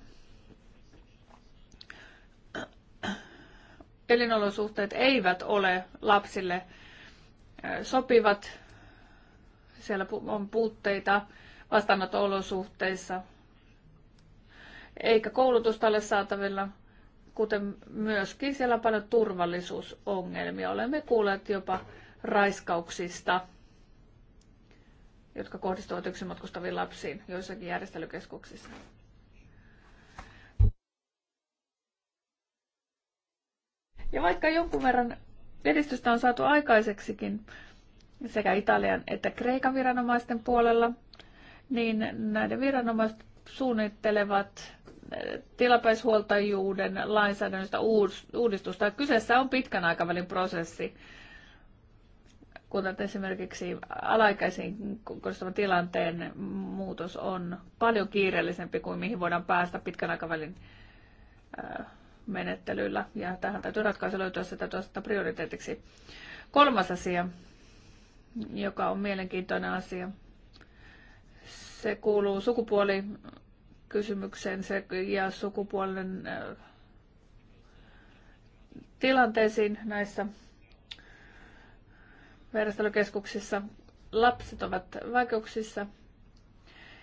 Elinolosuhteet eivät ole lapsille sopivat. Siellä on puutteita vastaanotto-olosuhteissa, eikä koulutusta ole saatavilla, kuten myöskin siellä on paljon turvallisuusongelmia. Olemme kuulleet jopa raiskauksista, jotka kohdistuvat yksin matkustaviin lapsiin joissakin järjestelykeskuksissa. Ja vaikka jonkun verran Edistystä on saatu aikaiseksikin sekä Italian että Kreikan viranomaisten puolella, niin näiden viranomaiset suunnittelevat eh, tilapäishuoltajuuden lainsäädännöstä uudistusta. Kyseessä on pitkän aikavälin prosessi, kuten esimerkiksi alaikäisiin kohdistuvan tilanteen muutos on paljon kiireellisempi kuin mihin voidaan päästä pitkän aikavälin eh, menettelyllä ja tähän täytyy ratkaisu löytyä, sitä tuosta prioriteetiksi. Kolmas asia, joka on mielenkiintoinen asia, se kuuluu sukupuolikysymykseen ja sukupuolen äh, tilanteisiin näissä vertailukeskuksissa. Lapset ovat vaikeuksissa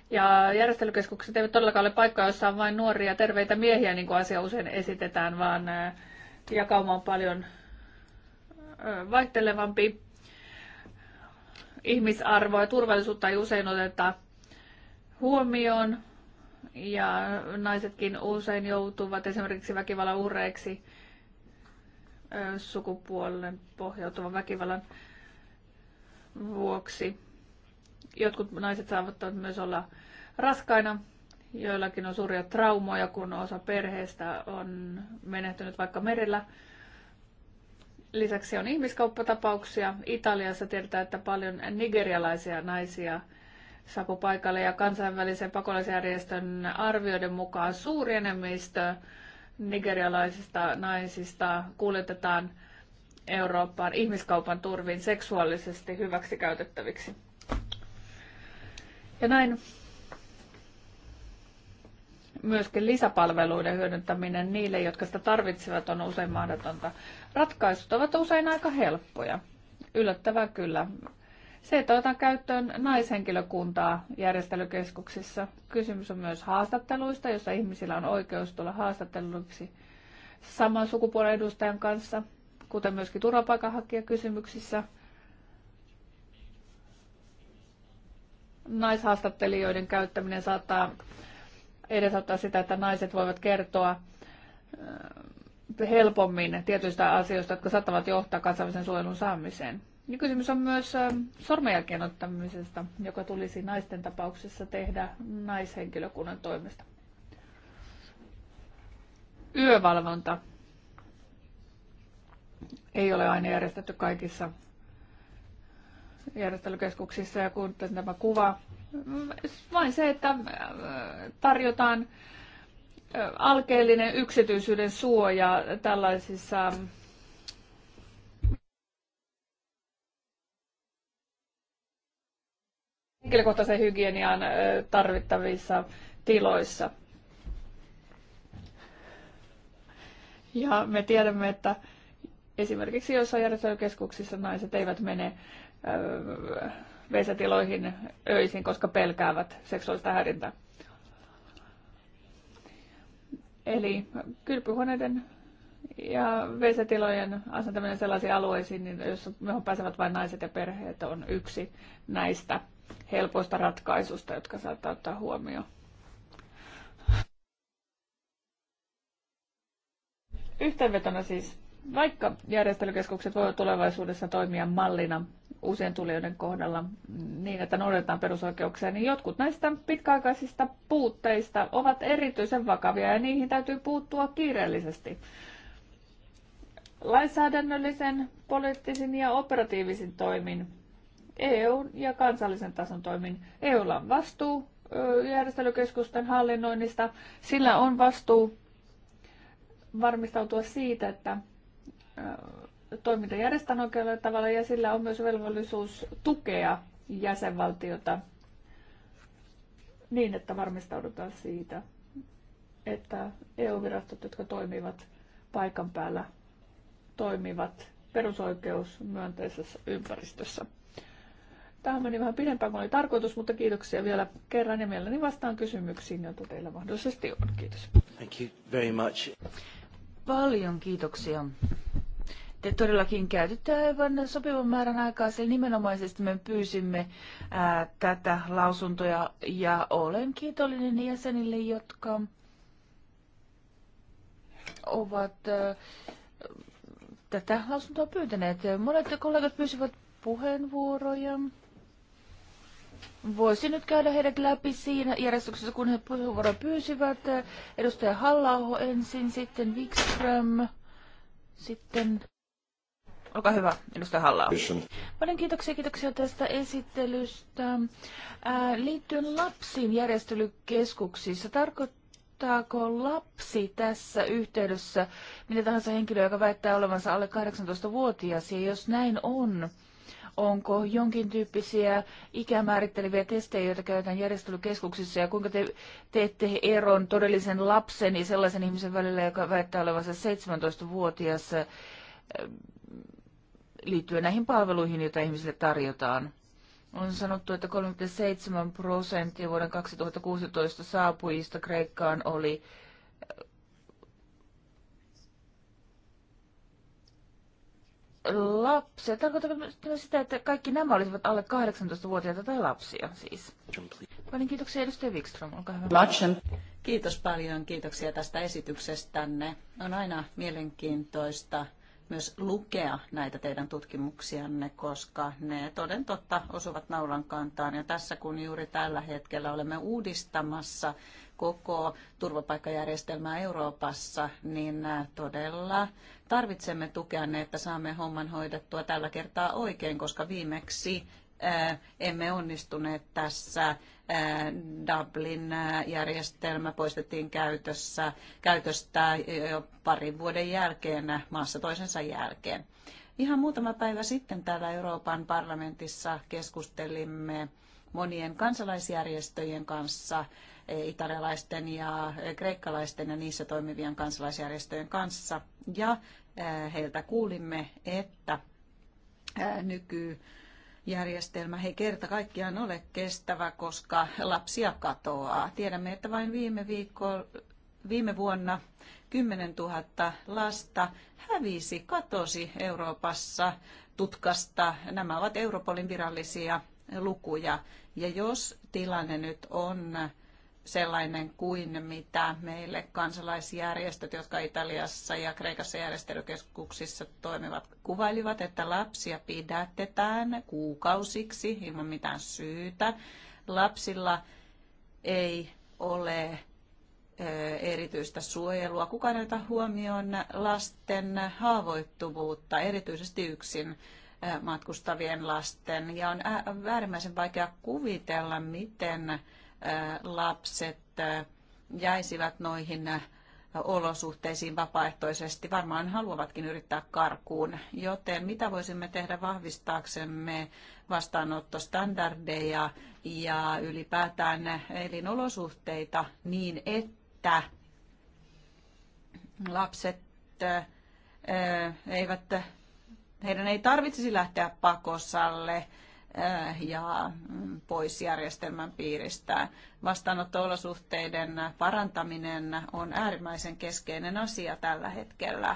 ja järjestelykeskukset eivät todellakaan ole paikka, jossa on vain nuoria terveitä miehiä, niin kuin asia usein esitetään, vaan jakauma on paljon vaihtelevampi. Ihmisarvoa ja turvallisuutta ei usein oteta huomioon. Ja naisetkin usein joutuvat esimerkiksi väkivallan uhreiksi sukupuolen pohjautuvan väkivallan vuoksi. Jotkut naiset saavat myös olla raskaina, joillakin on suuria traumoja, kun osa perheestä on menehtynyt vaikka merellä. Lisäksi on ihmiskauppatapauksia. Italiassa tiedetään, että paljon nigerialaisia naisia saapuu paikalle ja kansainvälisen pakolaisjärjestön arvioiden mukaan suuri enemmistö nigerialaisista naisista kuljetetaan Eurooppaan ihmiskaupan turvin seksuaalisesti hyväksikäytettäviksi. Ja näin myöskin lisäpalveluiden hyödyntäminen niille, jotka sitä tarvitsevat, on usein mahdotonta. Ratkaisut ovat usein aika helppoja. Yllättävää kyllä. Se, että otan käyttöön naishenkilökuntaa järjestelykeskuksissa. Kysymys on myös haastatteluista, jossa ihmisillä on oikeus tulla haastatteluiksi saman sukupuolen edustajan kanssa, kuten myöskin turvapaikanhakijakysymyksissä kysymyksissä naishaastattelijoiden käyttäminen saattaa edesauttaa sitä, että naiset voivat kertoa äh, helpommin tietyistä asioista, jotka saattavat johtaa kansainvälisen suojelun saamiseen. Ja kysymys on myös äh, sormenjälkien ottamisesta, joka tulisi naisten tapauksessa tehdä naishenkilökunnan toimesta. Yövalvonta ei ole aina järjestetty kaikissa järjestelykeskuksissa ja kun tämä kuva, vain se, että äh, tarjotaan äh, alkeellinen yksityisyyden suoja tällaisissa henkilökohtaisen hygienian äh, tarvittavissa tiloissa. Ja me tiedämme, että esimerkiksi joissain järjestelykeskuksissa naiset eivät mene vesätiloihin öisin, koska pelkäävät seksuaalista häirintää. Eli kylpyhuoneiden ja vesätilojen asentaminen sellaisiin alueisiin, niin jos johon pääsevät vain naiset ja perheet, on yksi näistä helpoista ratkaisusta, jotka saattaa ottaa huomioon. Yhteenvetona siis, vaikka järjestelykeskukset voivat tulevaisuudessa toimia mallina usein tulijoiden kohdalla niin, että noudatetaan perusoikeuksia, niin jotkut näistä pitkäaikaisista puutteista ovat erityisen vakavia ja niihin täytyy puuttua kiireellisesti. Lainsäädännöllisen, poliittisin ja operatiivisin toimin, EU- ja kansallisen tason toimin. EUlla on vastuu järjestelykeskusten hallinnoinnista, sillä on vastuu varmistautua siitä, että toiminta järjestetään oikealla tavalla ja sillä on myös velvollisuus tukea jäsenvaltiota niin, että varmistaudutaan siitä, että EU-virastot, jotka toimivat paikan päällä, toimivat perusoikeusmyönteisessä ympäristössä. Tämä meni vähän pidempään kuin oli tarkoitus, mutta kiitoksia vielä kerran ja mielelläni vastaan kysymyksiin, joita teillä mahdollisesti on. Kiitos. Thank you very much. Paljon kiitoksia te todellakin käytitte aivan sopivan määrän aikaa, sillä nimenomaisesti me pyysimme ää, tätä lausuntoja ja olen kiitollinen jäsenille, jotka ovat ää, tätä lausuntoa pyytäneet. Monet kollegat pyysivät puheenvuoroja. Voisin nyt käydä heidät läpi siinä järjestyksessä, kun he puheenvuoroa pyysivät. Edustaja Hallaho ensin, sitten Wikström, sitten Olkaa hyvä, edustaja halla Paljon kiitoksia, kiitoksia tästä esittelystä. Ää, äh, liittyen lapsiin järjestelykeskuksissa, tarkoittaako lapsi tässä yhteydessä mitä tahansa henkilö, joka väittää olevansa alle 18-vuotias, ja jos näin on, onko jonkin tyyppisiä ikämääritteleviä testejä, joita käytetään järjestelykeskuksissa, ja kuinka te teette eron todellisen lapsen ja sellaisen ihmisen välillä, joka väittää olevansa 17-vuotias liittyen näihin palveluihin, joita ihmisille tarjotaan. On sanottu, että 37 prosenttia vuoden 2016 saapujista Kreikkaan oli äh, lapsia. Tarkoitatko sitä, että kaikki nämä olisivat alle 18-vuotiaita tai lapsia siis? Paljon kiitoksia edustaja Wikström, olkaa hyvä. Kiitos paljon, kiitoksia tästä esityksestänne. On aina mielenkiintoista myös lukea näitä teidän tutkimuksianne, koska ne toden totta osuvat naulan kantaan. Ja tässä kun juuri tällä hetkellä olemme uudistamassa koko turvapaikkajärjestelmää Euroopassa, niin todella tarvitsemme tukea, että saamme homman hoidettua tällä kertaa oikein, koska viimeksi Äh, emme onnistuneet tässä. Äh, Dublin-järjestelmä äh, poistettiin käytössä, käytöstä jo parin vuoden jälkeen, maassa toisensa jälkeen. Ihan muutama päivä sitten täällä Euroopan parlamentissa keskustelimme monien kansalaisjärjestöjen kanssa, eh, italialaisten ja eh, kreikkalaisten ja niissä toimivien kansalaisjärjestöjen kanssa. Ja eh, heiltä kuulimme, että nyky järjestelmä ei kerta kaikkiaan ole kestävä, koska lapsia katoaa. Tiedämme, että vain viime, viikko, viime vuonna 10 000 lasta hävisi, katosi Euroopassa tutkasta. Nämä ovat Europolin virallisia lukuja. Ja jos tilanne nyt on sellainen kuin mitä meille kansalaisjärjestöt, jotka Italiassa ja Kreikassa järjestelykeskuksissa toimivat, kuvailivat, että lapsia pidätetään kuukausiksi ilman mitään syytä. Lapsilla ei ole erityistä suojelua. Kukaan ei huomioon lasten haavoittuvuutta, erityisesti yksin matkustavien lasten. Ja on äärimmäisen vaikea kuvitella, miten lapset jäisivät noihin olosuhteisiin vapaaehtoisesti. Varmaan haluavatkin yrittää karkuun. Joten mitä voisimme tehdä vahvistaaksemme vastaanottostandardeja ja ylipäätään elinolosuhteita niin, että lapset eivät, heidän ei tarvitsisi lähteä pakosalle Äh, ja mm, pois järjestelmän piiristä. Vastaanotto-olosuhteiden parantaminen on äärimmäisen keskeinen asia tällä hetkellä.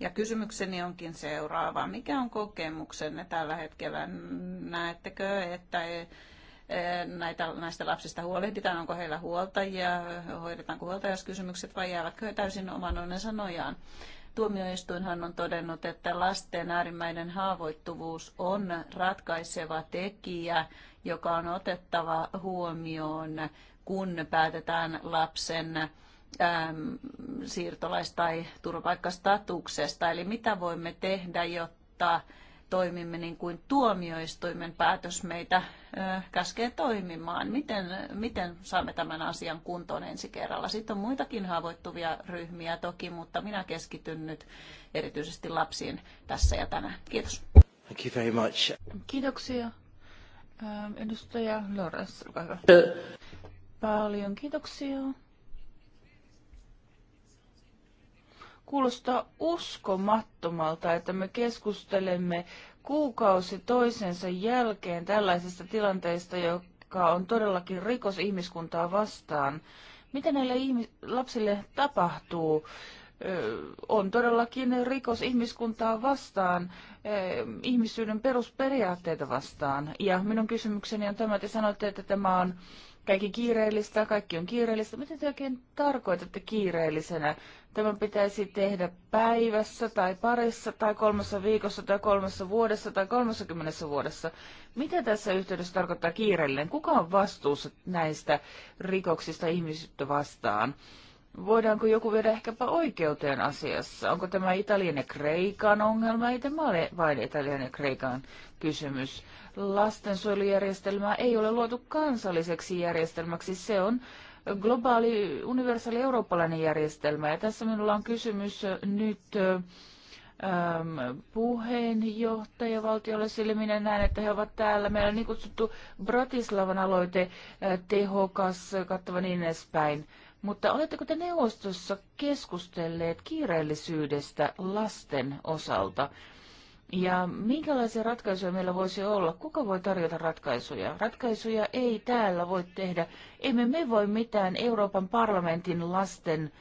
Ja kysymykseni onkin seuraava. Mikä on kokemuksenne tällä hetkellä? Näettekö, että e, e, näitä, näistä lapsista huolehditaan, onko heillä huoltajia, hoidetaanko huoltajaskysymykset vai jäävätkö he täysin oman onnensa nojaan. Tuomioistuinhan on todennut, että lasten äärimmäinen haavoittuvuus on ratkaiseva tekijä, joka on otettava huomioon, kun päätetään lapsen ähm, siirtolais- tai turvapaikkastatuksesta. Eli mitä voimme tehdä, jotta toimimme niin kuin tuomioistuimen päätös meitä käskee toimimaan. Miten, miten saamme tämän asian kuntoon ensi kerralla? Sitten on muitakin haavoittuvia ryhmiä toki, mutta minä keskityn nyt erityisesti lapsiin tässä ja tänään. Kiitos. Thank you very much. Kiitoksia. Edustaja Lores. olkaa hyvä. Paljon kiitoksia. Kuulostaa uskomattomalta, että me keskustelemme kuukausi toisensa jälkeen tällaisesta tilanteesta, joka on todellakin rikos ihmiskuntaa vastaan. Mitä näille ihmis- lapsille tapahtuu? on todellakin rikos ihmiskuntaa vastaan, ihmisyyden perusperiaatteita vastaan. Ja minun kysymykseni on tämä, te sanoitte, että tämä on kaikki kiireellistä, kaikki on kiireellistä. Mitä te oikein tarkoitatte kiireellisenä? Tämä pitäisi tehdä päivässä tai parissa tai kolmessa viikossa tai kolmessa vuodessa tai 30 vuodessa. Mitä tässä yhteydessä tarkoittaa kiireellinen? Kuka on vastuussa näistä rikoksista ihmisyyttä vastaan? voidaanko joku viedä ehkäpä oikeuteen asiassa? Onko tämä Italian ja Kreikan ongelma? Ei tämä ole vain Italian ja Kreikan kysymys. Lastensuojelujärjestelmä ei ole luotu kansalliseksi järjestelmäksi. Se on globaali, universaali eurooppalainen järjestelmä. Ja tässä minulla on kysymys nyt äm, puheenjohtaja valtiolle, sillä minä näen, että he ovat täällä. Meillä on niin kutsuttu Bratislavan aloite, äh, tehokas, kattava niin edespäin. Mutta oletteko te neuvostossa keskustelleet kiireellisyydestä lasten osalta? Ja minkälaisia ratkaisuja meillä voisi olla? Kuka voi tarjota ratkaisuja? Ratkaisuja ei täällä voi tehdä. Emme me voi mitään Euroopan parlamentin lasten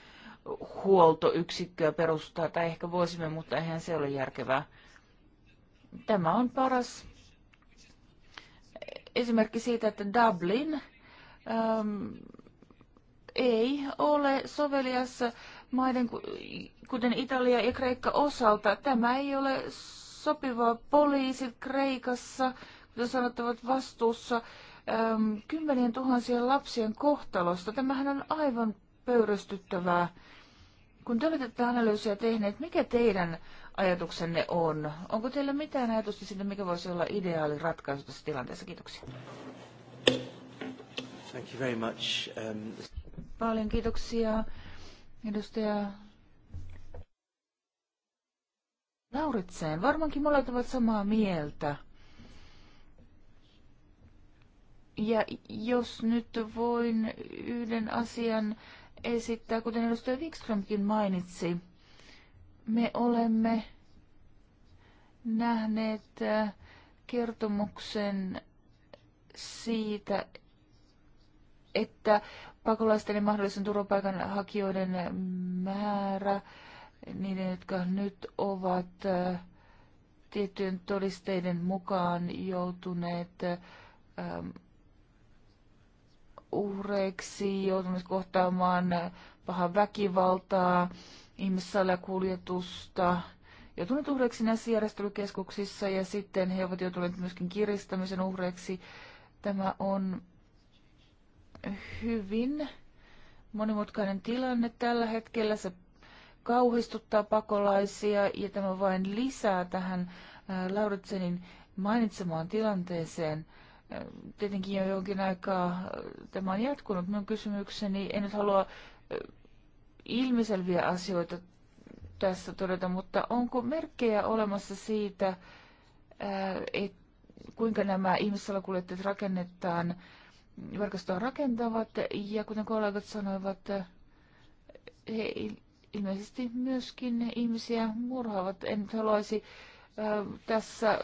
huoltoyksikköä perustaa, tai ehkä voisimme, mutta eihän se ole järkevää. Tämä on paras esimerkki siitä, että Dublin ähm, ei ole sovelias maiden kuten Italia ja Kreikka osalta. Tämä ei ole sopivaa. Poliisit Kreikassa, kuten sanottavat, vastuussa äm, kymmenien tuhansien lapsien kohtalosta. Tämähän on aivan pöyristyttävää. Kun te olette tätä analyysiä tehneet, mikä teidän ajatuksenne on? Onko teillä mitään ajatusta siitä, mikä voisi olla ideaali ratkaisu tässä tilanteessa? Kiitoksia. Thank you very much. Um... Paljon kiitoksia edustaja Lauritseen. Varmaankin molemmat ovat samaa mieltä. Ja jos nyt voin yhden asian esittää, kuten edustaja Wikströmkin mainitsi, me olemme nähneet äh, kertomuksen siitä, että pakolaisten ja mahdollisen turvapaikanhakijoiden määrä, niiden, jotka nyt ovat tiettyjen todisteiden mukaan joutuneet uhreiksi, joutuneet kohtaamaan pahaa väkivaltaa, ihmissalakuljetusta, joutuneet uhreiksi näissä järjestelykeskuksissa ja sitten he ovat joutuneet myöskin kiristämisen uhreiksi. Tämä on hyvin monimutkainen tilanne tällä hetkellä. Se kauhistuttaa pakolaisia ja tämä vain lisää tähän Lauritsenin mainitsemaan tilanteeseen. Tietenkin jo jonkin aikaa tämä on jatkunut minun kysymykseni. En nyt halua ilmiselviä asioita tässä todeta, mutta onko merkkejä olemassa siitä, että kuinka nämä ihmissalakuljettajat rakennetaan verkostoa rakentavat. Ja kuten kollegat sanoivat, he ilmeisesti myöskin ihmisiä murhaavat. En nyt haluaisi tässä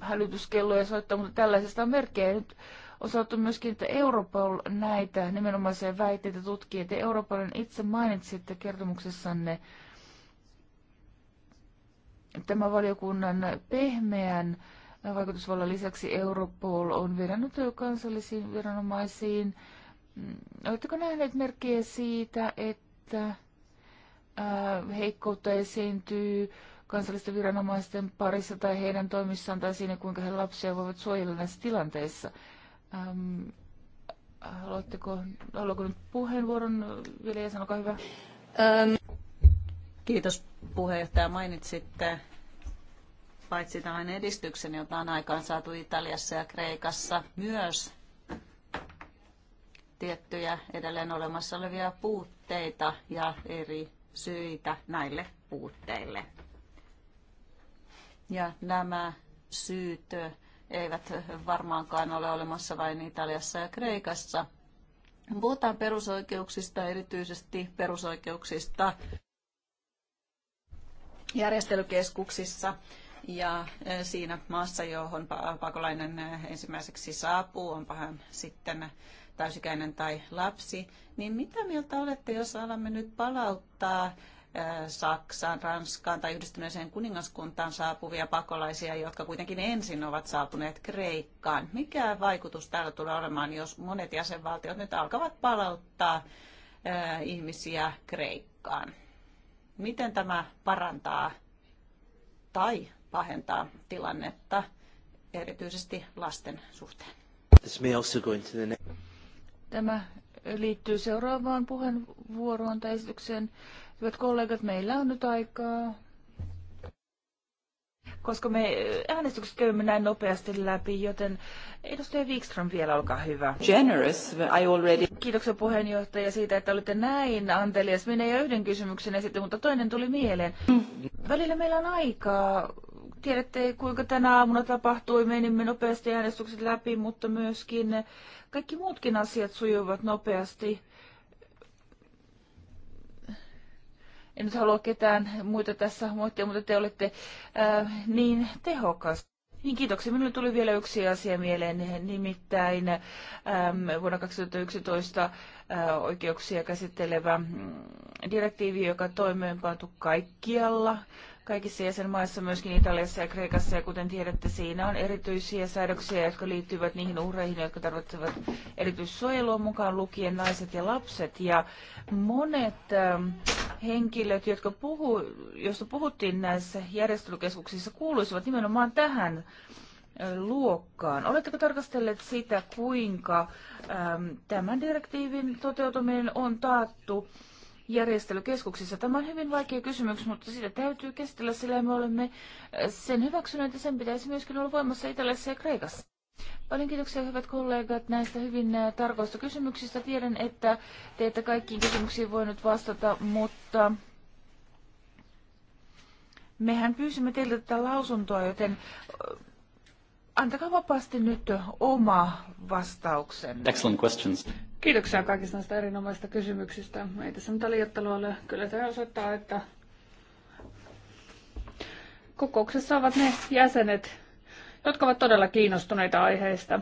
hälytyskelloja soittaa, mutta tällaisesta on merkkejä. Nyt on saatu myöskin, että Europol näitä nimenomaisia väitteitä tutkii, että Europolin itse mainitsitte kertomuksessanne tämä valiokunnan pehmeän vaikutusvallan lisäksi Europol on vedannut kansallisiin viranomaisiin. Mm, oletteko nähneet merkkejä siitä, että äh, heikkoutta esiintyy kansallisten viranomaisten parissa tai heidän toimissaan tai siinä, kuinka he lapsia voivat suojella näissä tilanteissa? Ähm, haluatteko, haluatko nyt puheenvuoron, Vilja, sanokaa hyvä. Kiitos puheenjohtaja. Mainitsitte paitsi tämän edistyksen, jota on aikaan saatu Italiassa ja Kreikassa, myös tiettyjä edelleen olemassa olevia puutteita ja eri syitä näille puutteille. Ja nämä syyt eivät varmaankaan ole olemassa vain Italiassa ja Kreikassa. Puhutaan perusoikeuksista, erityisesti perusoikeuksista järjestelykeskuksissa ja e, siinä maassa, johon pakolainen e, ensimmäiseksi saapuu, onpa hän sitten täysikäinen tai lapsi, niin mitä mieltä olette, jos alamme nyt palauttaa e, Saksaan, Ranskaan tai yhdistyneeseen kuningaskuntaan saapuvia pakolaisia, jotka kuitenkin ensin ovat saapuneet Kreikkaan. Mikä vaikutus täällä tulee olemaan, jos monet jäsenvaltiot nyt alkavat palauttaa ihmisiä Kreikkaan? Miten tämä parantaa tai pahentaa tilannetta erityisesti lasten suhteen. Tämä liittyy seuraavaan puheenvuoroon tai esitykseen. Hyvät kollegat, meillä on nyt aikaa koska me äänestykset käymme näin nopeasti läpi, joten edustaja Wikström vielä, olkaa hyvä. Generous, I already... Kiitoksia puheenjohtaja siitä, että olitte näin antelias. Minä jo yhden kysymyksen esitin, mutta toinen tuli mieleen. Mm. Välillä meillä on aikaa Tiedätte, kuinka tänä aamuna tapahtui. Menimme nopeasti äänestykset läpi, mutta myöskin kaikki muutkin asiat sujuivat nopeasti. En nyt halua ketään muita tässä moittia, mutta te olette ää, äh, niin tehokas. Niin, kiitoksia. Minulle tuli vielä yksi asia mieleen, nimittäin äm, vuonna 2011 ää, äh, oikeuksia käsittelevä mm, direktiivi, joka toimeenpantu kaikkialla kaikissa jäsenmaissa, myöskin Italiassa ja Kreikassa, ja kuten tiedätte, siinä on erityisiä säädöksiä, jotka liittyvät niihin uhreihin, jotka tarvitsevat erityissuojelua mukaan lukien naiset ja lapset. Ja monet ähm, henkilöt, jotka puhu, joista puhuttiin näissä järjestelykeskuksissa, kuuluisivat nimenomaan tähän äh, luokkaan. Oletteko tarkastelleet sitä, kuinka äm, tämän direktiivin toteutuminen on taattu järjestelykeskuksissa. Tämä on hyvin vaikea kysymys, mutta sitä täytyy käsitellä, sillä me olemme eh, sen hyväksyneet ja sen pitäisi myöskin olla voimassa Italiassa ja Kreikassa. Paljon kiitoksia hyvät kollegat näistä hyvin eh, tarkoista kysymyksistä. Tiedän, että te ette kaikkiin kysymyksiin voinut vastata, mutta mehän pyysimme teiltä tätä lausuntoa, joten eh, antakaa vapaasti nyt oma vastauksen. Excellent questions. Kiitoksia kaikista näistä erinomaisista kysymyksistä. Ei tässä mitään liiottelua ole. Kyllä tämä osoittaa, että kokouksessa ovat ne jäsenet, jotka ovat todella kiinnostuneita aiheista.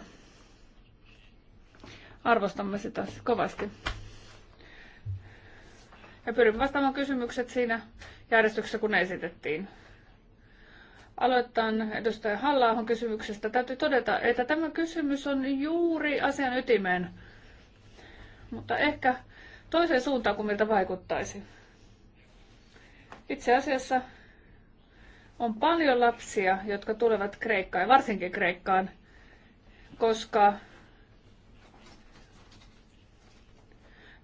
Arvostamme sitä kovasti. Ja pyrimme vastaamaan kysymykset siinä järjestyksessä, kun ne esitettiin. Aloitetaan edustaja halla kysymyksestä. Täytyy todeta, että tämä kysymys on juuri asian ytimeen mutta ehkä toiseen suuntaan kuin miltä vaikuttaisi. Itse asiassa on paljon lapsia, jotka tulevat Kreikkaan, varsinkin Kreikkaan, koska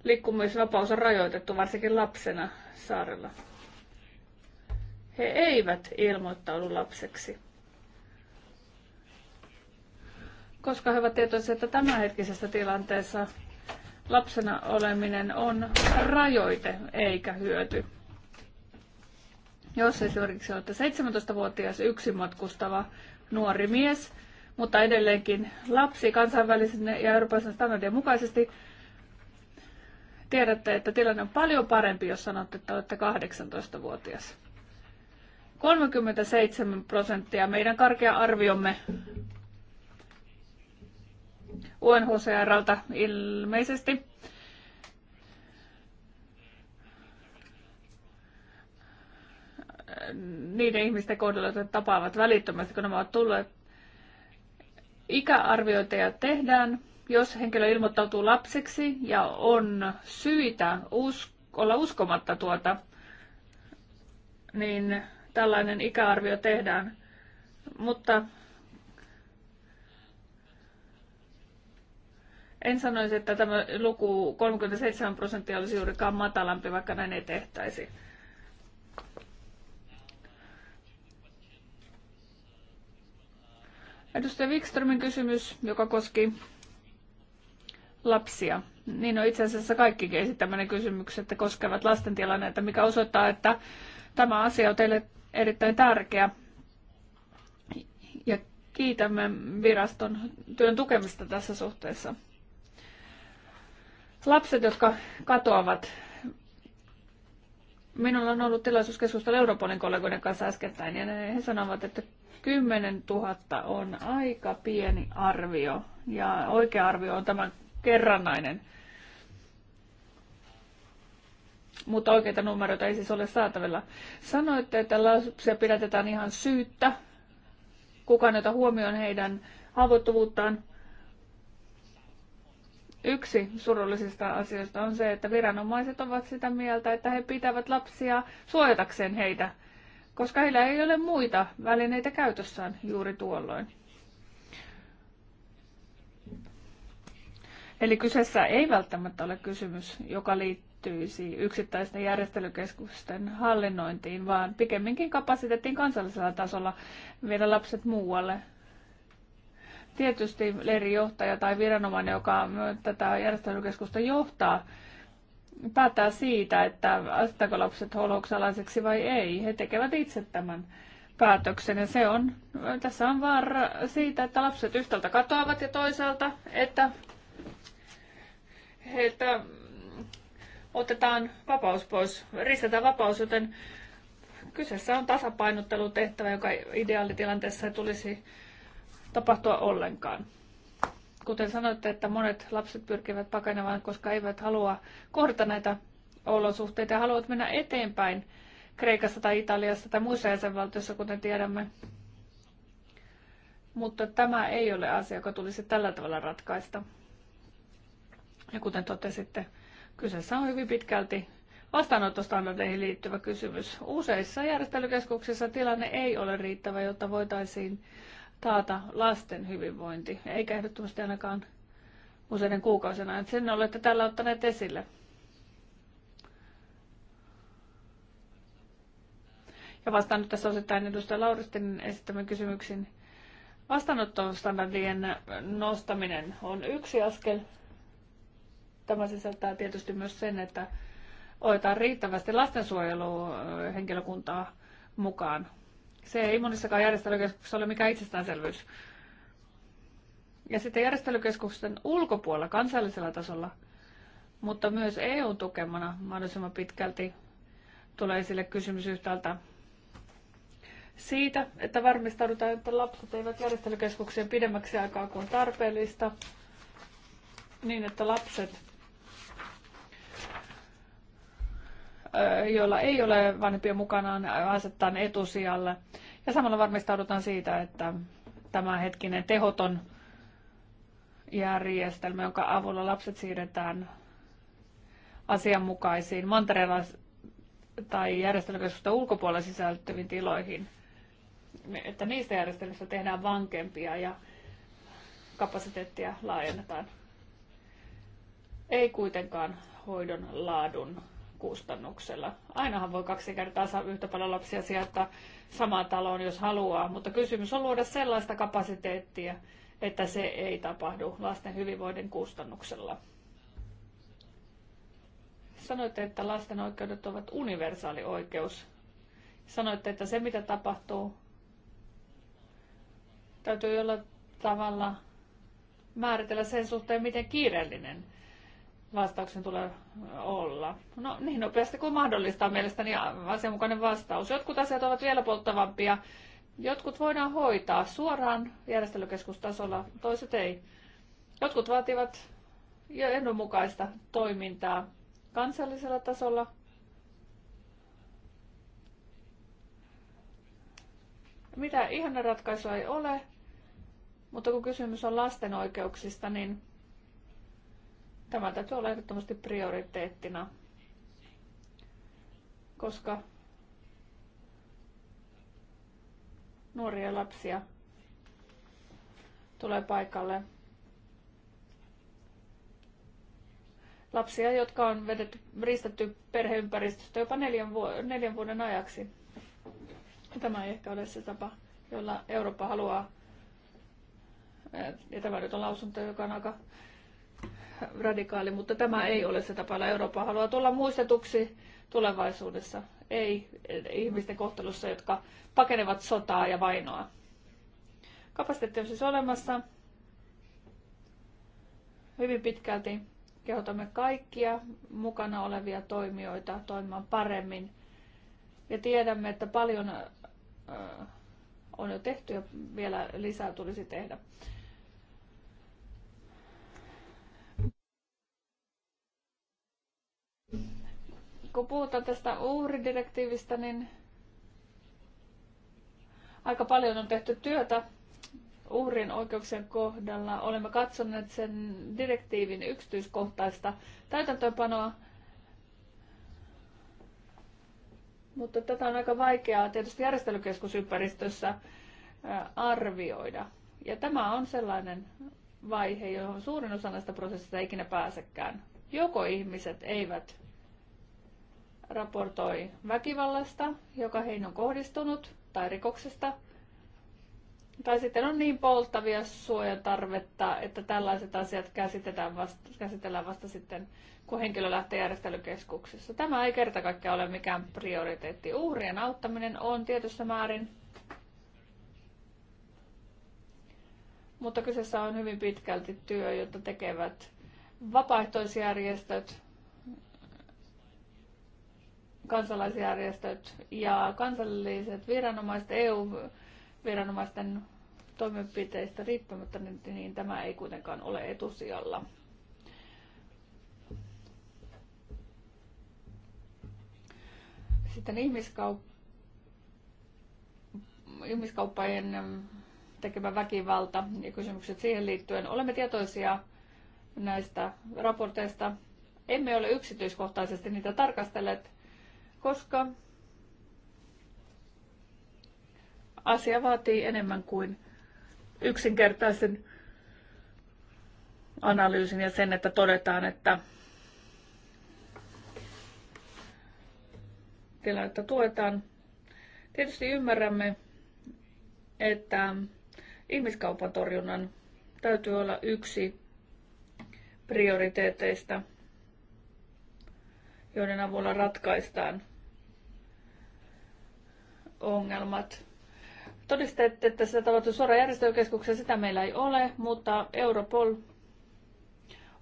liikkumisvapaus on rajoitettu varsinkin lapsena saarella. He eivät ilmoittaudu lapseksi, koska he ovat tietoisia, että tämänhetkisessä tilanteessa lapsena oleminen on rajoite eikä hyöty. Jos esimerkiksi olette 17-vuotias yksin matkustava nuori mies, mutta edelleenkin lapsi kansainvälisen ja Euroopan standardien mukaisesti, tiedätte, että tilanne on paljon parempi, jos sanotte, että olette 18-vuotias. 37 prosenttia meidän karkea arviomme UNHCRltä ilmeisesti. Niiden ihmisten kohdalla, jotka tapaavat välittömästi, kun nämä ovat tulleet. Ikäarviointeja tehdään, jos henkilö ilmoittautuu lapseksi ja on syitä usk olla uskomatta tuota, niin tällainen ikäarvio tehdään. Mutta En sanoisi, että tämä luku 37 prosenttia olisi juurikaan matalampi, vaikka näin ei tehtäisi. Edustaja Wikströmin kysymys, joka koski lapsia. Niin on no, itse asiassa kaikki esittämänne kysymys, että koskevat lasten tilannetta, mikä osoittaa, että tämä asia on teille erittäin tärkeä. Ja kiitämme viraston työn tukemista tässä suhteessa. Lapset, jotka katoavat. Minulla on ollut tilaisuus keskustella Europolin kollegoiden kanssa äskettäin, ja he sanovat, että 10 000 on aika pieni arvio, ja oikea arvio on tämä kerrannainen. Mutta oikeita numeroita ei siis ole saatavilla. Sanoitte, että lapsia pidätetään ihan syyttä. Kukaan ei ota huomioon heidän haavoittuvuuttaan. Yksi surullisista asioista on se, että viranomaiset ovat sitä mieltä, että he pitävät lapsia suojatakseen heitä, koska heillä ei ole muita välineitä käytössään juuri tuolloin. Eli kyseessä ei välttämättä ole kysymys, joka liittyisi yksittäisten järjestelykeskusten hallinnointiin, vaan pikemminkin kapasiteettiin kansallisella tasolla viedä lapset muualle Tietysti leirijohtaja tai viranomainen, joka tätä järjestelykeskusta johtaa, päättää siitä, että asettaako lapset holoksalaiseksi vai ei. He tekevät itse tämän päätöksen ja se on, tässä on vaara siitä, että lapset yhtäältä katoavat ja toisaalta, että heiltä otetaan vapaus pois, ristetään vapaus, joten kyseessä on tasapainottelutehtävä, joka ideaalitilanteessa tulisi tapahtua ollenkaan. Kuten sanoitte, että monet lapset pyrkivät pakenemaan, koska eivät halua kohdata näitä olosuhteita ja haluavat mennä eteenpäin Kreikassa tai Italiassa tai muissa jäsenvaltioissa, kuten tiedämme. Mutta tämä ei ole asia, joka tulisi tällä tavalla ratkaista. Ja kuten totesitte, kyseessä on hyvin pitkälti vastaanottostandardeihin liittyvä kysymys. Useissa järjestelykeskuksissa tilanne ei ole riittävä, jotta voitaisiin taata lasten hyvinvointi, eikä ehdottomasti ainakaan useiden kuukausien ajan. Sen olette tällä ottaneet esille. Ja vastaan nyt tässä osittain edustaja Lauristin esittämän kysymyksiin. Vastaanottostandardien nostaminen on yksi askel. Tämä sisältää tietysti myös sen, että otetaan riittävästi lastensuojeluhenkilökuntaa mukaan se ei monissakaan järjestelykeskuksessa ole mikään itsestäänselvyys. Ja sitten järjestelykeskusten ulkopuolella, kansallisella tasolla, mutta myös EU-tukemana mahdollisimman pitkälti tulee esille kysymys yhtäältä siitä, että varmistaudutaan, että lapset eivät järjestelykeskuksien pidemmäksi aikaa kuin tarpeellista, niin että lapset joilla ei ole vanhempia mukanaan, asettaan etusijalle. Ja samalla varmistaudutaan siitä, että tämä hetkinen tehoton järjestelmä, jonka avulla lapset siirretään asianmukaisiin mantereella tai järjestelykeskusten ulkopuolella sisältyviin tiloihin, että niistä järjestelmistä tehdään vankempia ja kapasiteettia laajennetaan. Ei kuitenkaan hoidon laadun kustannuksella. Ainahan voi kaksi kertaa saa yhtä paljon lapsia sieltä samaan taloon, jos haluaa, mutta kysymys on luoda sellaista kapasiteettia, että se ei tapahdu lasten hyvinvoinnin kustannuksella. Sanoitte, että lasten oikeudet ovat universaali oikeus. Sanoitte, että se mitä tapahtuu, täytyy jollain tavalla määritellä sen suhteen, miten kiireellinen vastauksen tulee olla? No niin nopeasti kuin mahdollista on mielestäni asianmukainen vastaus. Jotkut asiat ovat vielä polttavampia, jotkut voidaan hoitaa suoraan järjestelykeskustasolla, toiset ei. Jotkut vaativat jo ehdonmukaista toimintaa kansallisella tasolla. Mitä ihana ratkaisua ei ole, mutta kun kysymys on lasten oikeuksista, niin Tämä täytyy olla ehdottomasti prioriteettina, koska nuoria lapsia tulee paikalle. Lapsia, jotka on vedetty, riistetty perheympäristöstä jopa neljän, vu- neljän vuoden ajaksi. Tämä ei ehkä ole se tapa, jolla Eurooppa haluaa. Eh, ja tämä nyt on lausunto, joka on aika radikaali, mutta tämä ei ole se tapa, jolla Eurooppa haluaa tulla muistetuksi tulevaisuudessa. Ei ihmisten kohtelussa, jotka pakenevat sotaa ja vainoa. Kapasiteetti on siis olemassa. Hyvin pitkälti kehotamme kaikkia mukana olevia toimijoita toimimaan paremmin. Ja tiedämme, että paljon on jo tehty ja vielä lisää tulisi tehdä. kun puhutaan tästä uhridirektiivistä, niin aika paljon on tehty työtä uhrin oikeuksien kohdalla. Olemme katsoneet sen direktiivin yksityiskohtaista täytäntöönpanoa, mutta tätä on aika vaikeaa tietysti järjestelykeskusympäristössä arvioida. Ja tämä on sellainen vaihe, johon suurin osa näistä prosessista ei ikinä pääsekään. Joko ihmiset eivät raportoi väkivallasta, joka heihin on kohdistunut, tai rikoksesta. Tai sitten on niin polttavia suojatarvetta, että tällaiset asiat käsitetään vasta, käsitellään vasta sitten, kun henkilö lähtee järjestelykeskuksessa. Tämä ei kerta kaikkiaan ole mikään prioriteetti. Uhrien auttaminen on tietyssä määrin, mutta kyseessä on hyvin pitkälti työ, jota tekevät vapaaehtoisjärjestöt, kansalaisjärjestöt ja kansalliset viranomaiset EU-viranomaisten toimenpiteistä riippumatta, niin, niin tämä ei kuitenkaan ole etusijalla. Sitten ihmiskaup- ihmiskauppajien tekemä väkivalta ja kysymykset siihen liittyen. Olemme tietoisia näistä raporteista. Emme ole yksityiskohtaisesti niitä tarkastelleet, koska asia vaatii enemmän kuin yksinkertaisen analyysin ja sen, että todetaan, että tilannetta tuetaan. Tietysti ymmärrämme, että ihmiskaupan torjunnan täytyy olla yksi prioriteeteista, joiden avulla ratkaistaan ongelmat. Todisteet, että sitä tapahtui suoraan järjestelykeskukseen, sitä meillä ei ole, mutta Europol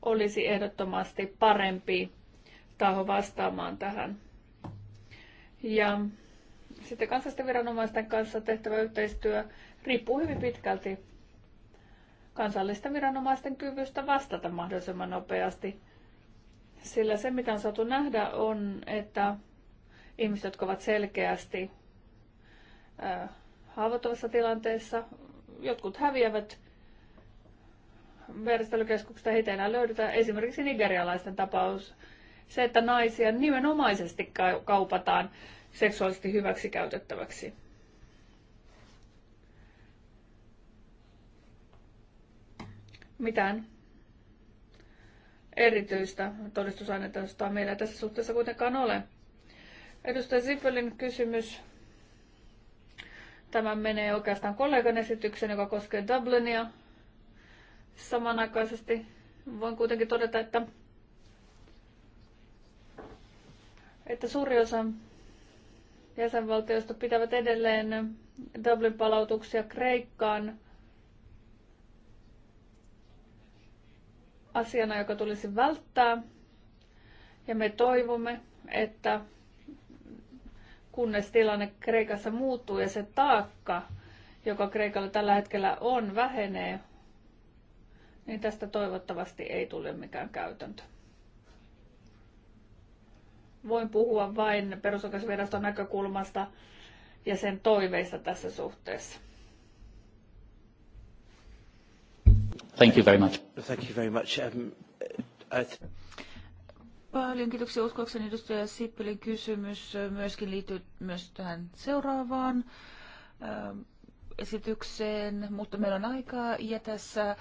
olisi ehdottomasti parempi taho vastaamaan tähän. Ja sitten kansallisten viranomaisten kanssa tehtävä yhteistyö riippuu hyvin pitkälti kansallisten viranomaisten kyvystä vastata mahdollisimman nopeasti. Sillä se, mitä on saatu nähdä, on, että ihmiset, jotka ovat selkeästi haavoittuvassa tilanteessa. Jotkut häviävät vertailukeskuksesta heitä enää löydetään. Esimerkiksi nigerialaisten tapaus. Se, että naisia nimenomaisesti kaupataan seksuaalisesti hyväksikäytettäväksi. Mitään erityistä todistusaineita, josta meillä tässä suhteessa kuitenkaan ole. Edustaja Zippelin kysymys Tämä menee oikeastaan kollegan esitykseen, joka koskee Dublinia. Samanaikaisesti voin kuitenkin todeta, että, että suuri osa jäsenvaltioista pitävät edelleen Dublin-palautuksia Kreikkaan asiana, joka tulisi välttää. Ja me toivomme, että kunnes tilanne Kreikassa muuttuu ja se taakka, joka Kreikalla tällä hetkellä on, vähenee, niin tästä toivottavasti ei tule mikään käytäntö. Voin puhua vain perusoikeusviraston näkökulmasta ja sen toiveista tässä suhteessa. Thank you very much. Thank you very much. Um, I Paljon kiitoksia uskoakseni edustaja Sippelin kysymys myöskin liittyy myös tähän seuraavaan ähm, esitykseen, mutta meillä on aikaa ja tässä äh,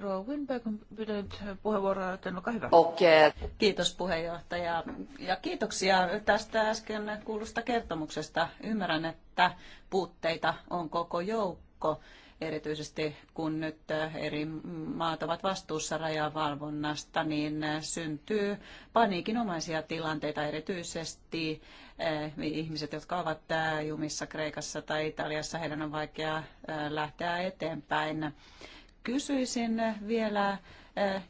Roa Winberg on pyytänyt puheenvuoroa, joten olkaa hyvä. Okei. Okay. Kiitos puheenjohtaja ja kiitoksia tästä äsken kuulusta kertomuksesta. Ymmärrän, että puutteita on koko joukko erityisesti kun nyt äh, eri maat ovat vastuussa rajavalvonnasta, niin äh, syntyy paniikinomaisia tilanteita, erityisesti äh, ihmiset, jotka ovat jumissa Kreikassa tai Italiassa, heidän on vaikea lähteä eteenpäin. Kysyisin vielä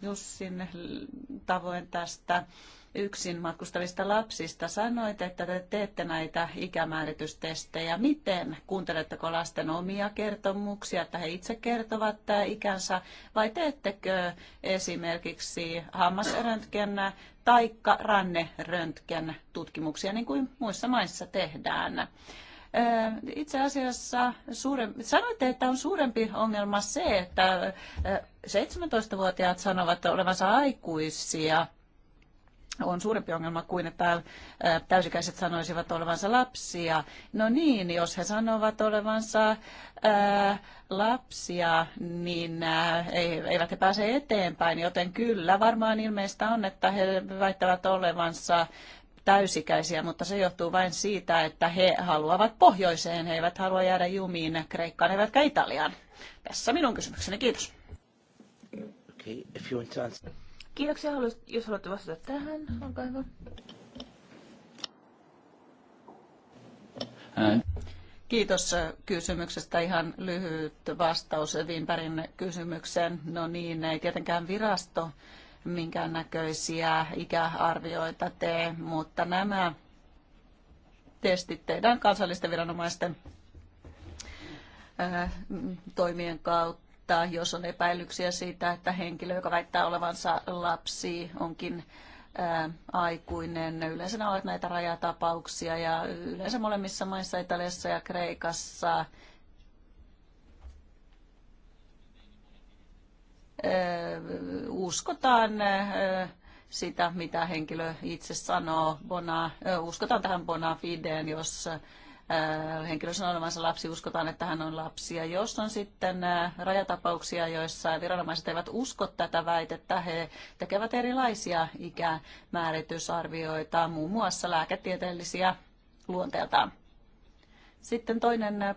Jussin tavoin tästä yksin matkustavista lapsista. Sanoit, että te teette näitä ikämääritystestejä. Miten? Kuunteletteko lasten omia kertomuksia, että he itse kertovat ikänsä, vai teettekö esimerkiksi hammasröntgen tai ranneröntgen tutkimuksia, niin kuin muissa maissa tehdään? itse asiassa suurempi, sanoitte, että on suurempi ongelma se, että 17-vuotiaat sanovat olevansa aikuisia on suurempi ongelma kuin, että täysikäiset sanoisivat olevansa lapsia. No niin, jos he sanovat olevansa ää, lapsia, niin ää, eivät he pääse eteenpäin, joten kyllä varmaan ilmeistä on, että he väittävät olevansa täysikäisiä, mutta se johtuu vain siitä, että he haluavat pohjoiseen, he eivät halua jäädä jumiin Kreikkaan eivätkä Italiaan. Tässä minun kysymykseni, kiitos. Okay, if you want to answer. Kiitoksia, jos haluatte vastata tähän. Olkaa hyvä. Kiitos äh, kysymyksestä. Ihan lyhyt vastaus Wimperin kysymykseen. No niin, ei tietenkään virasto minkään näköisiä ikäarvioita tee, mutta nämä testit tehdään kansallisten viranomaisten äh, toimien kautta valittaa, jos on epäilyksiä siitä, että henkilö, joka väittää olevansa lapsi, onkin ää, aikuinen. Yleensä ne ovat näitä rajatapauksia ja yleensä molemmissa maissa, Italiassa ja Kreikassa, uskotaan sitä, mitä henkilö itse sanoo, bona, uskotaan tähän bona fideen, jos Äh, henkilö sanoo olevansa lapsi, uskotaan, että hän on lapsi. Ja jos on sitten äh, rajatapauksia, joissa viranomaiset eivät usko tätä väitettä, he tekevät erilaisia ikämääritysarvioita, muun muassa lääketieteellisiä luonteeltaan. Sitten toinen äh,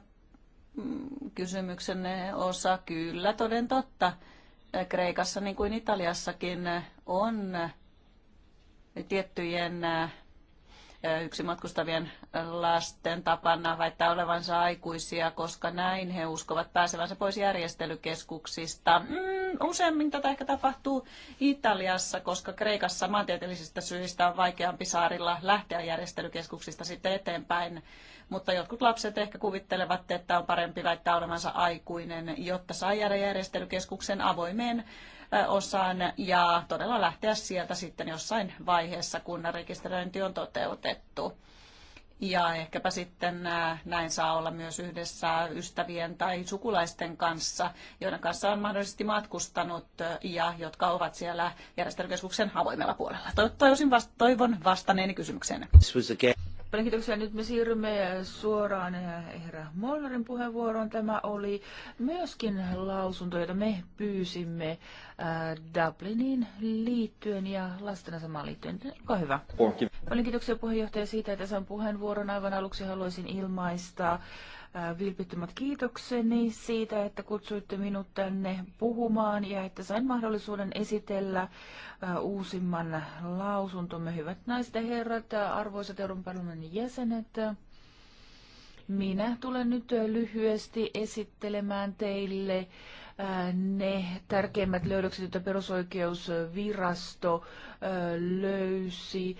mm, kysymyksen osa, kyllä toden totta. Kreikassa niin kuin Italiassakin on tiettyjen yksi matkustavien lasten tapana väittää olevansa aikuisia, koska näin he uskovat pääsevänsä pois järjestelykeskuksista. Mm, useammin tätä ehkä tapahtuu Italiassa, koska Kreikassa maantieteellisistä syistä on vaikeampi saarilla lähteä järjestelykeskuksista sitten eteenpäin. Mutta jotkut lapset ehkä kuvittelevat, että on parempi väittää olevansa aikuinen, jotta saa jäädä järjestelykeskuksen avoimeen osaan ja todella lähteä sieltä sitten jossain vaiheessa, kun rekisteröinti on toteutettu. Ja ehkäpä sitten näin saa olla myös yhdessä ystävien tai sukulaisten kanssa, joiden kanssa on mahdollisesti matkustanut ja jotka ovat siellä järjestelykeskuksen avoimella puolella. toivon vastanneeni kysymykseen. Paljon kiitoksia. Nyt me siirrymme suoraan eh, herra Mollerin puheenvuoroon. Tämä oli myöskin lausunto, jota me pyysimme eh, Dubliniin liittyen ja lasten asemaan liittyen. Olkaa hyvä. Paljon kiitoksia puheenjohtaja siitä, että saan puheenvuoron. Aivan aluksi haluaisin ilmaista Äh, vilpittömät kiitokseni siitä, että kutsuitte minut tänne puhumaan ja että sain mahdollisuuden esitellä äh, uusimman lausuntomme. Hyvät naiset ja herrat, arvoisat Euroopan parlamentin jäsenet, minä tulen nyt lyhyesti esittelemään teille äh, ne tärkeimmät löydökset, joita perusoikeusvirasto löysi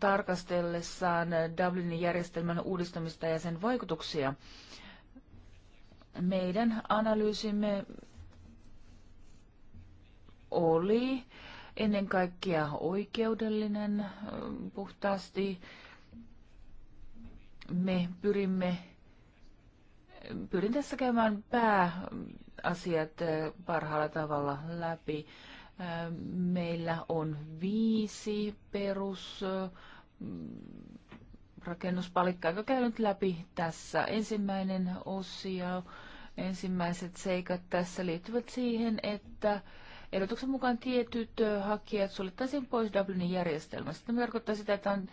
tarkastellessaan Dublinin järjestelmän uudistamista ja sen vaikutuksia meidän analyysimme oli ennen kaikkea oikeudellinen puhtaasti. Me pyrimme, pyrin tässä käymään pääasiat parhaalla tavalla läpi. Meillä on viisi perus rakennuspalikkaa, joka käynyt läpi tässä. Ensimmäinen osio Ensimmäiset seikat tässä liittyvät siihen, että ehdotuksen mukaan tietyt hakijat suljettaisiin pois Dublinin järjestelmästä. Tämä tarkoittaa sitä, että on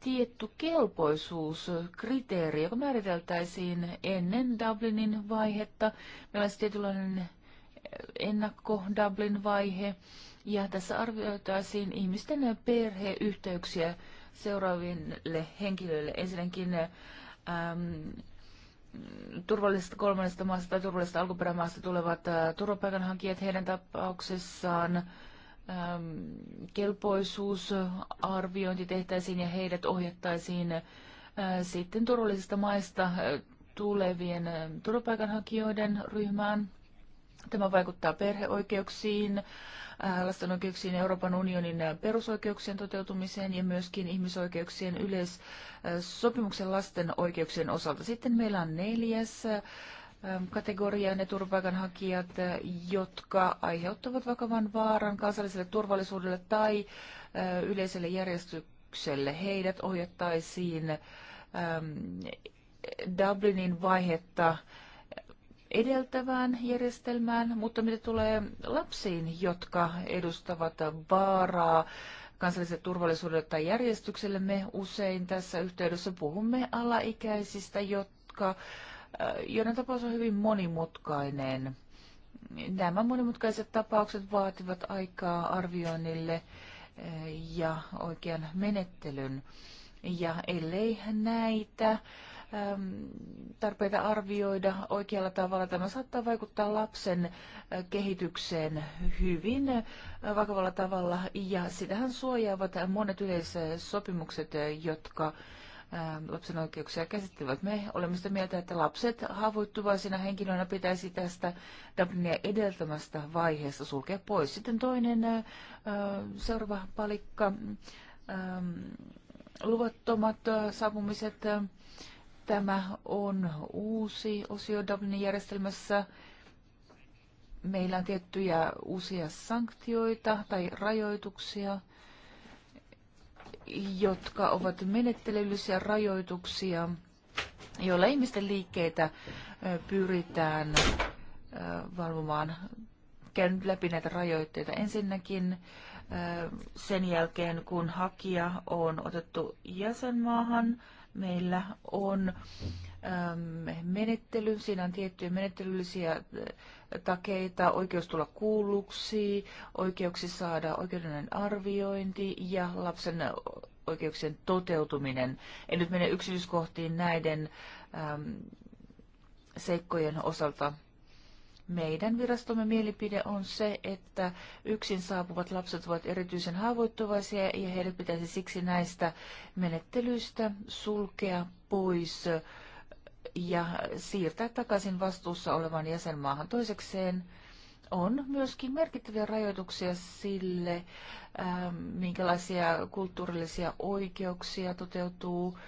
tietty kelpoisuuskriteeri, joka määriteltäisiin ennen Dublinin vaihetta. Meillä olisi tietynlainen ennakko-Dublin-vaihe, ja tässä arvioitaisiin ihmisten perheyhteyksiä seuraaville henkilöille. Ensinnäkin turvallisesta kolmannesta maasta tai turvallisesta alkuperämaasta tulevat äh, turvapaikanhakijat, heidän tapauksessaan ähm, kelpoisuusarviointi tehtäisiin ja heidät ohjattaisiin äh, sitten turvallisista maista äh, tulevien turvapaikanhakijoiden ryhmään. Tämä vaikuttaa perheoikeuksiin, lasten oikeuksiin, Euroopan unionin perusoikeuksien toteutumiseen ja myöskin ihmisoikeuksien yleissopimuksen lasten oikeuksien osalta. Sitten meillä on neljäs kategoria ne turvapaikanhakijat, jotka aiheuttavat vakavan vaaran kansalliselle turvallisuudelle tai yleiselle järjestykselle. Heidät ohjattaisiin Dublinin vaihetta edeltävään järjestelmään, mutta mitä tulee lapsiin, jotka edustavat vaaraa kansalliselle turvallisuudelle tai järjestykselle, me usein tässä yhteydessä puhumme alaikäisistä, jotka, äh, joiden tapaus on hyvin monimutkainen. Nämä monimutkaiset tapaukset vaativat aikaa arvioinnille äh, ja oikean menettelyn. Ja ellei näitä tarpeita arvioida oikealla tavalla. Tämä saattaa vaikuttaa lapsen kehitykseen hyvin vakavalla tavalla ja sitähän suojaavat monet yleissopimukset, jotka lapsen oikeuksia käsittelevät. Me olemme sitä mieltä, että lapset haavoittuvaisina henkilöinä pitäisi tästä Dublinia edeltämästä vaiheesta sulkea pois. Sitten toinen seuraava palikka, luvattomat saapumiset Tämä on uusi osio Dublinin järjestelmässä. Meillä on tiettyjä uusia sanktioita tai rajoituksia, jotka ovat menettelyllisiä rajoituksia, joilla ihmisten liikkeitä pyritään valvomaan. Käyn läpi näitä rajoitteita. Ensinnäkin sen jälkeen, kun hakija on otettu jäsenmaahan, Meillä on ähm, menettely, siinä on tiettyjä menettelyllisiä äh, takeita, oikeus tulla kuulluksi, oikeuksi saada oikeudellinen arviointi ja lapsen oikeuksien toteutuminen. En nyt mene yksityiskohtiin näiden äm, seikkojen osalta meidän virastomme mielipide on se, että yksin saapuvat lapset ovat erityisen haavoittuvaisia ja heidät pitäisi siksi näistä menettelyistä sulkea pois ja siirtää takaisin vastuussa olevan jäsenmaahan. Toisekseen on myöskin merkittäviä rajoituksia sille, ähm, minkälaisia kulttuurillisia oikeuksia toteutuu.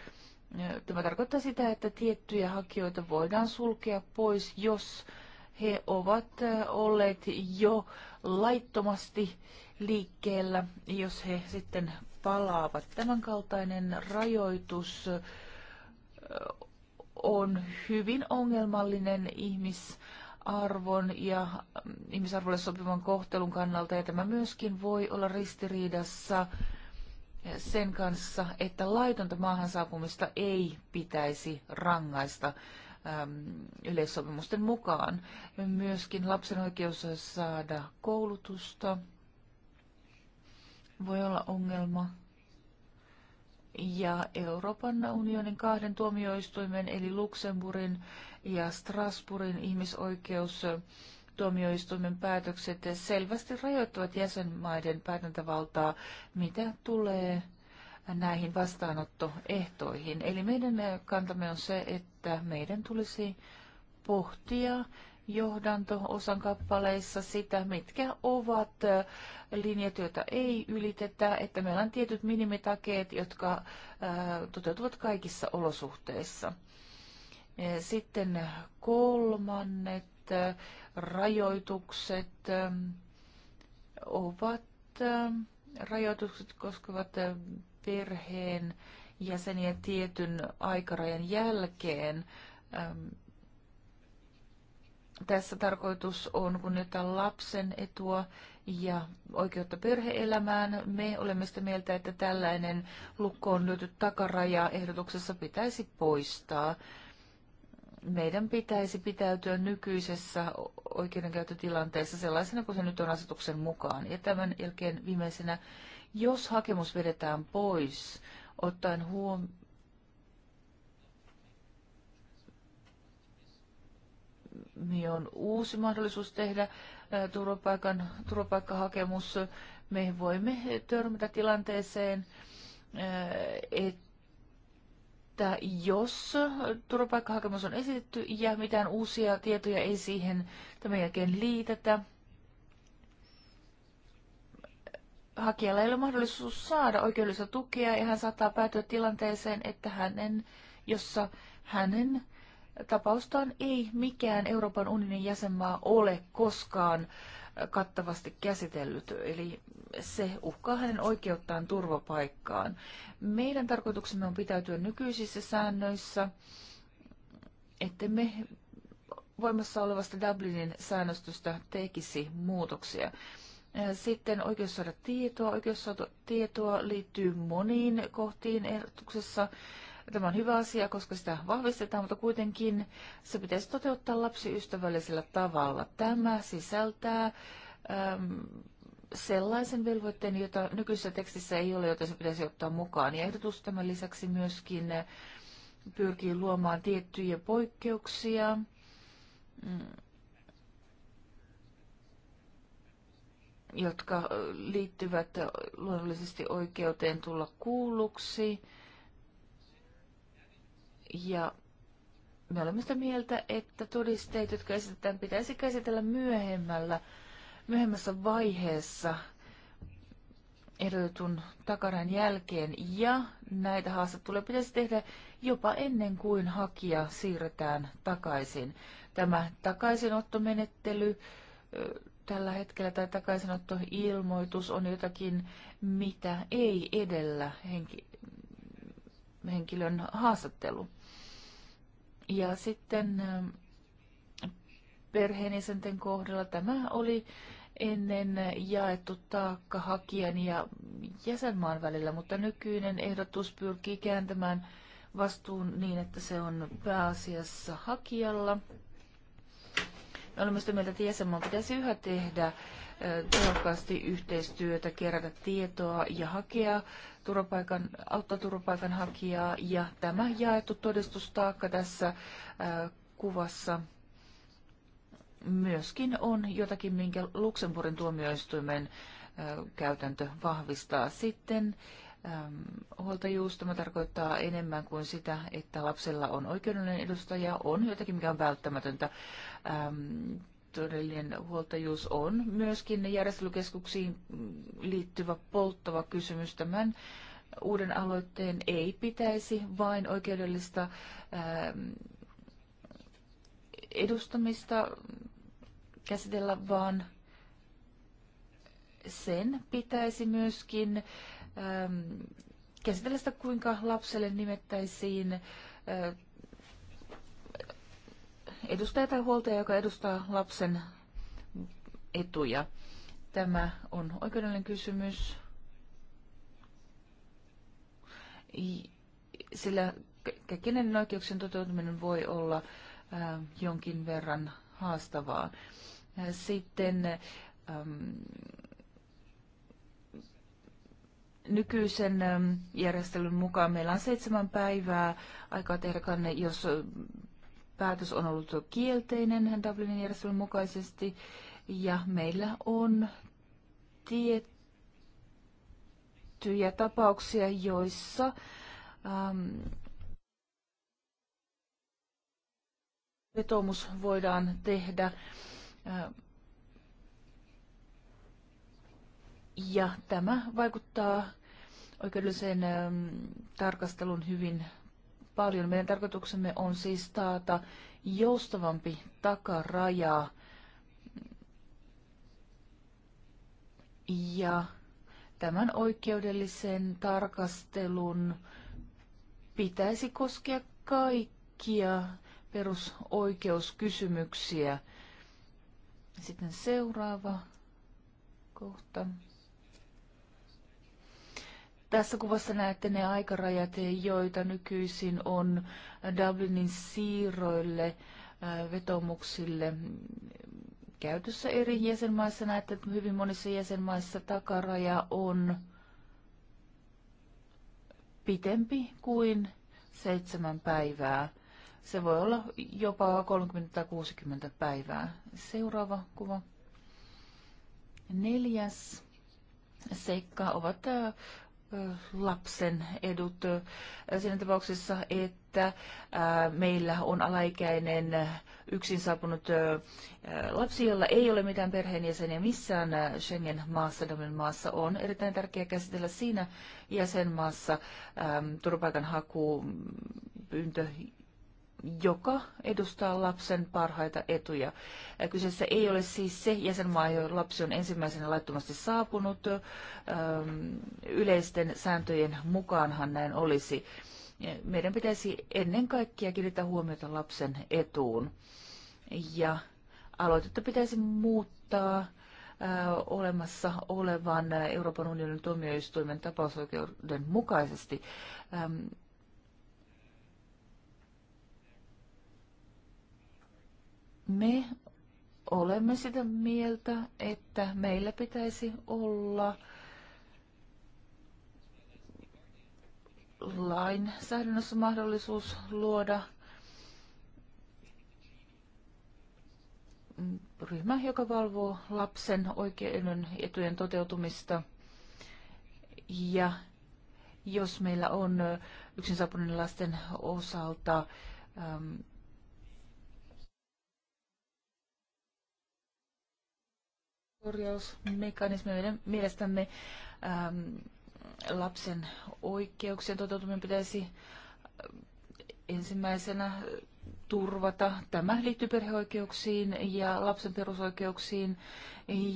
Äh, tämä tarkoittaa sitä, että tiettyjä hakijoita voidaan sulkea pois, jos he ovat olleet jo laittomasti liikkeellä, jos he sitten palaavat. Tämänkaltainen rajoitus on hyvin ongelmallinen ihmis arvon ja mm, ihmisarvolle sopivan kohtelun kannalta, ja tämä myöskin voi olla ristiriidassa sen kanssa, että laitonta maahan saapumista ei pitäisi rangaista. Ähm, yleissopimusten mukaan. Myöskin lapsen oikeus saada koulutusta voi olla ongelma. Ja Euroopan unionin kahden tuomioistuimen eli Luxemburgin ja Strasbourgin ihmisoikeus tuomioistuimen päätökset selvästi rajoittavat jäsenmaiden päätäntävaltaa, mitä tulee näihin vastaanottoehtoihin. Eli meidän kantamme on se, että meidän tulisi pohtia johdanto-osan kappaleissa sitä, mitkä ovat linjat, joita ei ylitetä, että meillä on tietyt minimitakeet, jotka toteutuvat kaikissa olosuhteissa. Sitten kolmannet rajoitukset ovat, rajoitukset koskevat perheen jäseniä tietyn aikarajan jälkeen. Tässä tarkoitus on kunnioittaa lapsen etua ja oikeutta perheelämään. Me olemme sitä mieltä, että tällainen lukkoon lyöty takaraja ehdotuksessa pitäisi poistaa. Meidän pitäisi pitäytyä nykyisessä oikeudenkäyttötilanteessa sellaisena kuin se nyt on asetuksen mukaan. Ja tämän jälkeen viimeisenä jos hakemus vedetään pois, ottaen huomioon, on uusi mahdollisuus tehdä turvapaikan, turvapaikkahakemus. Me voimme törmätä tilanteeseen, että jos turvapaikkahakemus on esitetty ja mitään uusia tietoja ei siihen tämän jälkeen liitetä, hakijalla ei ole mahdollisuus saada oikeudellista tukea ja hän saattaa päätyä tilanteeseen, että hänen, jossa hänen tapaustaan ei mikään Euroopan unionin jäsenmaa ole koskaan kattavasti käsitellyt, eli se uhkaa hänen oikeuttaan turvapaikkaan. Meidän tarkoituksemme on pitäytyä nykyisissä säännöissä, että me voimassa olevasta Dublinin säännöstöstä tekisi muutoksia. Sitten oikeus saada tietoa. Oikeus saada tietoa liittyy moniin kohtiin ehdotuksessa. Tämä on hyvä asia, koska sitä vahvistetaan, mutta kuitenkin se pitäisi toteuttaa lapsiystävällisellä tavalla. Tämä sisältää äm, sellaisen velvoitteen, jota nykyisessä tekstissä ei ole, jota se pitäisi ottaa mukaan. Ja ehdotus tämän lisäksi myöskin pyrkii luomaan tiettyjä poikkeuksia mm. jotka liittyvät luonnollisesti oikeuteen tulla kuulluksi. Ja me olemme sitä mieltä, että todisteet, jotka esitetään, pitäisi käsitellä myöhemmällä, myöhemmässä vaiheessa ehdotetun takaran jälkeen. Ja näitä haastatteluja pitäisi tehdä jopa ennen kuin hakija siirretään takaisin. Tämä takaisinottomenettely tällä hetkellä tai sanottu ilmoitus on jotakin, mitä ei edellä henki, henkilön haastattelu. Ja sitten ähm, perheenisenten kohdalla tämä oli ennen jaettu taakka hakijan ja jäsenmaan välillä, mutta nykyinen ehdotus pyrkii kääntämään vastuun niin, että se on pääasiassa hakijalla – me olemme sitä mieltä, että jäsenmaan pitäisi yhä tehdä tehokkaasti yhteistyötä, kerätä tietoa ja hakea turvapaikan, auttaa turvapaikanhakijaa. Ja tämä jaettu todistustaakka tässä kuvassa myöskin on jotakin, minkä Luxemburgin tuomioistuimen käytäntö vahvistaa. Sitten Ähm, huoltajuus. Tämä tarkoittaa enemmän kuin sitä, että lapsella on oikeudellinen edustaja, on jotakin, mikä on välttämätöntä. Ähm, todellinen huoltajuus on myöskin järjestelykeskuksiin liittyvä polttava kysymys. Tämän uuden aloitteen ei pitäisi vain oikeudellista ähm, edustamista käsitellä, vaan sen pitäisi myöskin Ähm, käsitellä sitä, kuinka lapselle nimettäisiin äh, edustaja tai huoltaja, joka edustaa lapsen etuja. Tämä on oikeudellinen kysymys, sillä kenen oikeuksien toteutuminen voi olla äh, jonkin verran haastavaa. Äh, sitten ähm, nykyisen ähm, järjestelyn mukaan meillä on seitsemän päivää aikaa tehdä kanne, jos äh, päätös on ollut kielteinen Dublinin järjestelyn mukaisesti. Ja meillä on tiettyjä tapauksia, joissa ähm, vetomus voidaan tehdä. Ähm, Ja tämä vaikuttaa oikeudellisen ähm, tarkastelun hyvin paljon. Meidän tarkoituksemme on siis taata joustavampi takaraja ja tämän oikeudellisen tarkastelun pitäisi koskea kaikkia perusoikeuskysymyksiä. Sitten seuraava kohta. Tässä kuvassa näette ne aikarajat, joita nykyisin on Dublinin siirroille, äh, vetomuksille käytössä eri jäsenmaissa. Näette, että hyvin monissa jäsenmaissa takaraja on pitempi kuin seitsemän päivää. Se voi olla jopa 30 tai 60 päivää. Seuraava kuva. Neljäs seikka ovat äh, lapsen edut siinä tapauksessa, että meillä on alaikäinen yksin saapunut lapsi, jolla ei ole mitään perheenjäseniä missään Schengen-maassa, Dublin maassa on erittäin tärkeää käsitellä siinä jäsenmaassa turvapaikanhaku pyyntö joka edustaa lapsen parhaita etuja. Kyseessä ei ole siis se jäsenmaa, johon lapsi on ensimmäisenä laittomasti saapunut. Yleisten sääntöjen mukaanhan näin olisi. Meidän pitäisi ennen kaikkea kiinnittää huomiota lapsen etuun. Ja aloitetta pitäisi muuttaa olemassa olevan Euroopan unionin tuomioistuimen tapausoikeuden mukaisesti. Me olemme sitä mieltä, että meillä pitäisi olla lainsäädännössä mahdollisuus luoda ryhmä, joka valvoo lapsen oikeuden etujen toteutumista. Ja jos meillä on yksin lasten osalta korjausmekanismi meidän mielestämme ähm, lapsen oikeuksien toteutuminen pitäisi äh, ensimmäisenä äh, turvata. Tämä liittyy perheoikeuksiin ja lapsen perusoikeuksiin.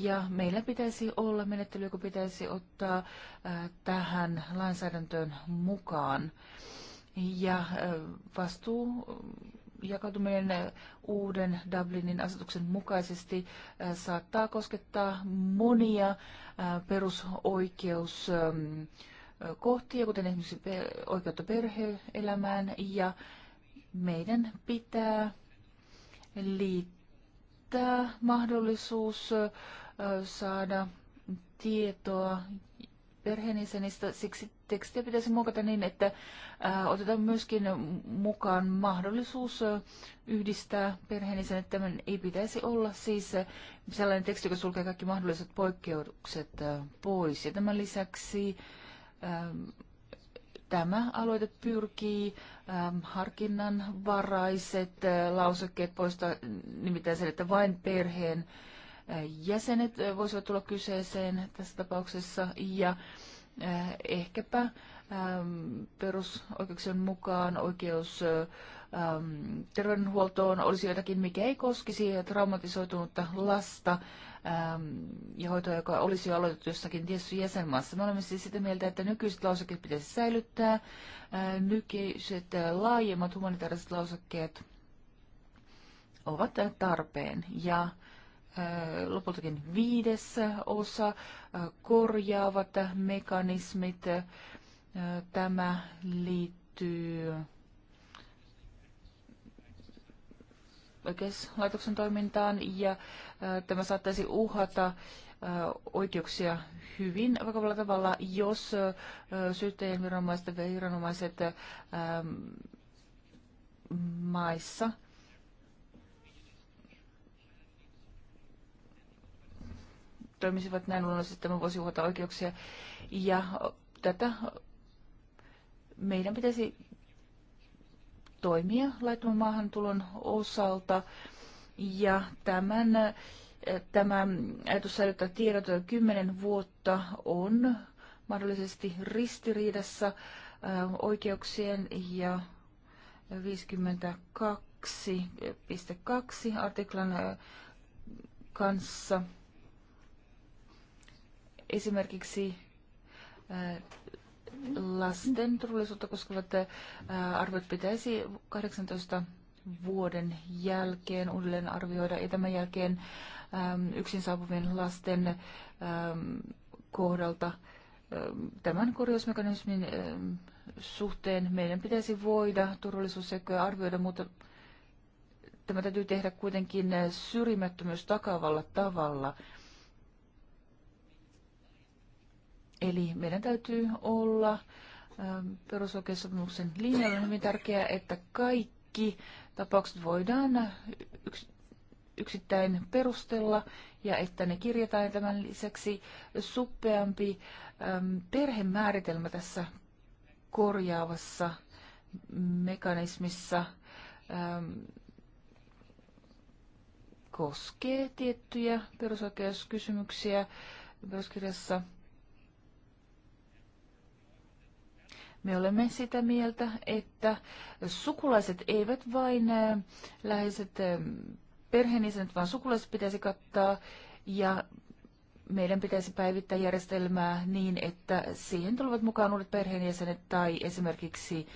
Ja meillä pitäisi olla menettely, joka pitäisi ottaa äh, tähän lainsäädäntöön mukaan. Ja vastuu jakautuminen uuden Dublinin asetuksen mukaisesti äh, saattaa koskettaa monia äh, perusoikeuskohtia, ähm, kuten esimerkiksi oikeutta perheelämään, ja meidän pitää liittää mahdollisuus äh, saada tietoa perheenisenistä, Siksi tekstiä pitäisi muokata niin, että äh, otetaan myöskin mukaan mahdollisuus äh, yhdistää perheenisen, että tämän ei pitäisi olla siis äh, sellainen teksti, joka sulkee kaikki mahdolliset poikkeukset pois. Ja tämän lisäksi tämä aloite pyrkii ähm, harkinnanvaraiset lausekkeet poistaa nimittäin sen, että vain perheen jäsenet voisivat tulla kyseeseen tässä tapauksessa ja Eh, ehkäpä ähm, perusoikeuksien mukaan oikeus ähm, terveydenhuoltoon olisi jotakin, mikä ei koskisi traumatisoitunutta lasta ähm, ja hoitoa, joka olisi jo aloitettu jossakin tietyssä jäsenmaassa. Me olemme siis sitä mieltä, että nykyiset lausakkeet pitäisi säilyttää, äh, nykyiset äh, laajemmat humanitaariset lausakkeet ovat tarpeen ja lopultakin viides osa, korjaavat mekanismit. Tämä liittyy oikeuslaitoksen toimintaan ja tämä saattaisi uhata oikeuksia hyvin vakavalla tavalla, jos syyttäjien viranomaiset ja viranomaiset maissa – toimisivat näin luonnollisesti, me voisi uhata oikeuksia. Ja tätä meidän pitäisi toimia laittoman maahantulon osalta. Ja tämän, tämä ajatus säilyttää tiedot kymmenen vuotta on mahdollisesti ristiriidassa äh, oikeuksien ja 52.2 artiklan äh, kanssa – Esimerkiksi äh, lasten turvallisuutta koskevat äh, arvot pitäisi 18 vuoden jälkeen uudelleen arvioida ja tämän jälkeen ähm, yksin saapuvien lasten ähm, kohdalta ähm, tämän korjausmekanismin suhteen meidän pitäisi voida turvallisuusseikkoja arvioida, mutta tämä täytyy tehdä kuitenkin äh, syrjimättömyys takavalla tavalla. Eli meidän täytyy olla ähm, perusoikeussopimuksen linjalla on hyvin tärkeää, että kaikki tapaukset voidaan yks, yksittäin perustella ja että ne kirjataan. Tämän lisäksi suppeampi äm, perhemääritelmä tässä korjaavassa mekanismissa äm, koskee tiettyjä perusoikeuskysymyksiä peruskirjassa – Me olemme sitä mieltä, että sukulaiset eivät vain läheiset perheenisänet, vaan sukulaiset pitäisi kattaa ja meidän pitäisi päivittää järjestelmää niin, että siihen tulevat mukaan uudet perheenjäsenet tai esimerkiksi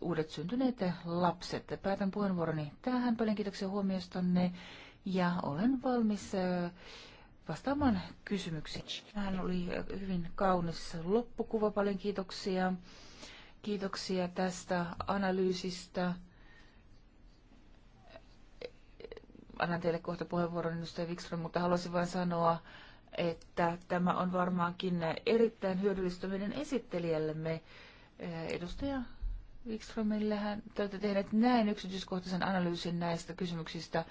uudet syntyneet lapset. Päätän puheenvuoroni tähän. Paljon kiitoksia huomiostanne ja olen valmis vastaamaan kysymyksiin. Tähän oli hyvin kaunis loppukuva. Paljon kiitoksia. Kiitoksia tästä analyysistä. Annan teille kohta puheenvuoron edustaja Wikström, mutta haluaisin vain sanoa, että tämä on varmaankin erittäin hyödyllistä meidän esittelijällemme. Edustaja Wikströmillähän te olette tehneet näin yksityiskohtaisen analyysin näistä kysymyksistä.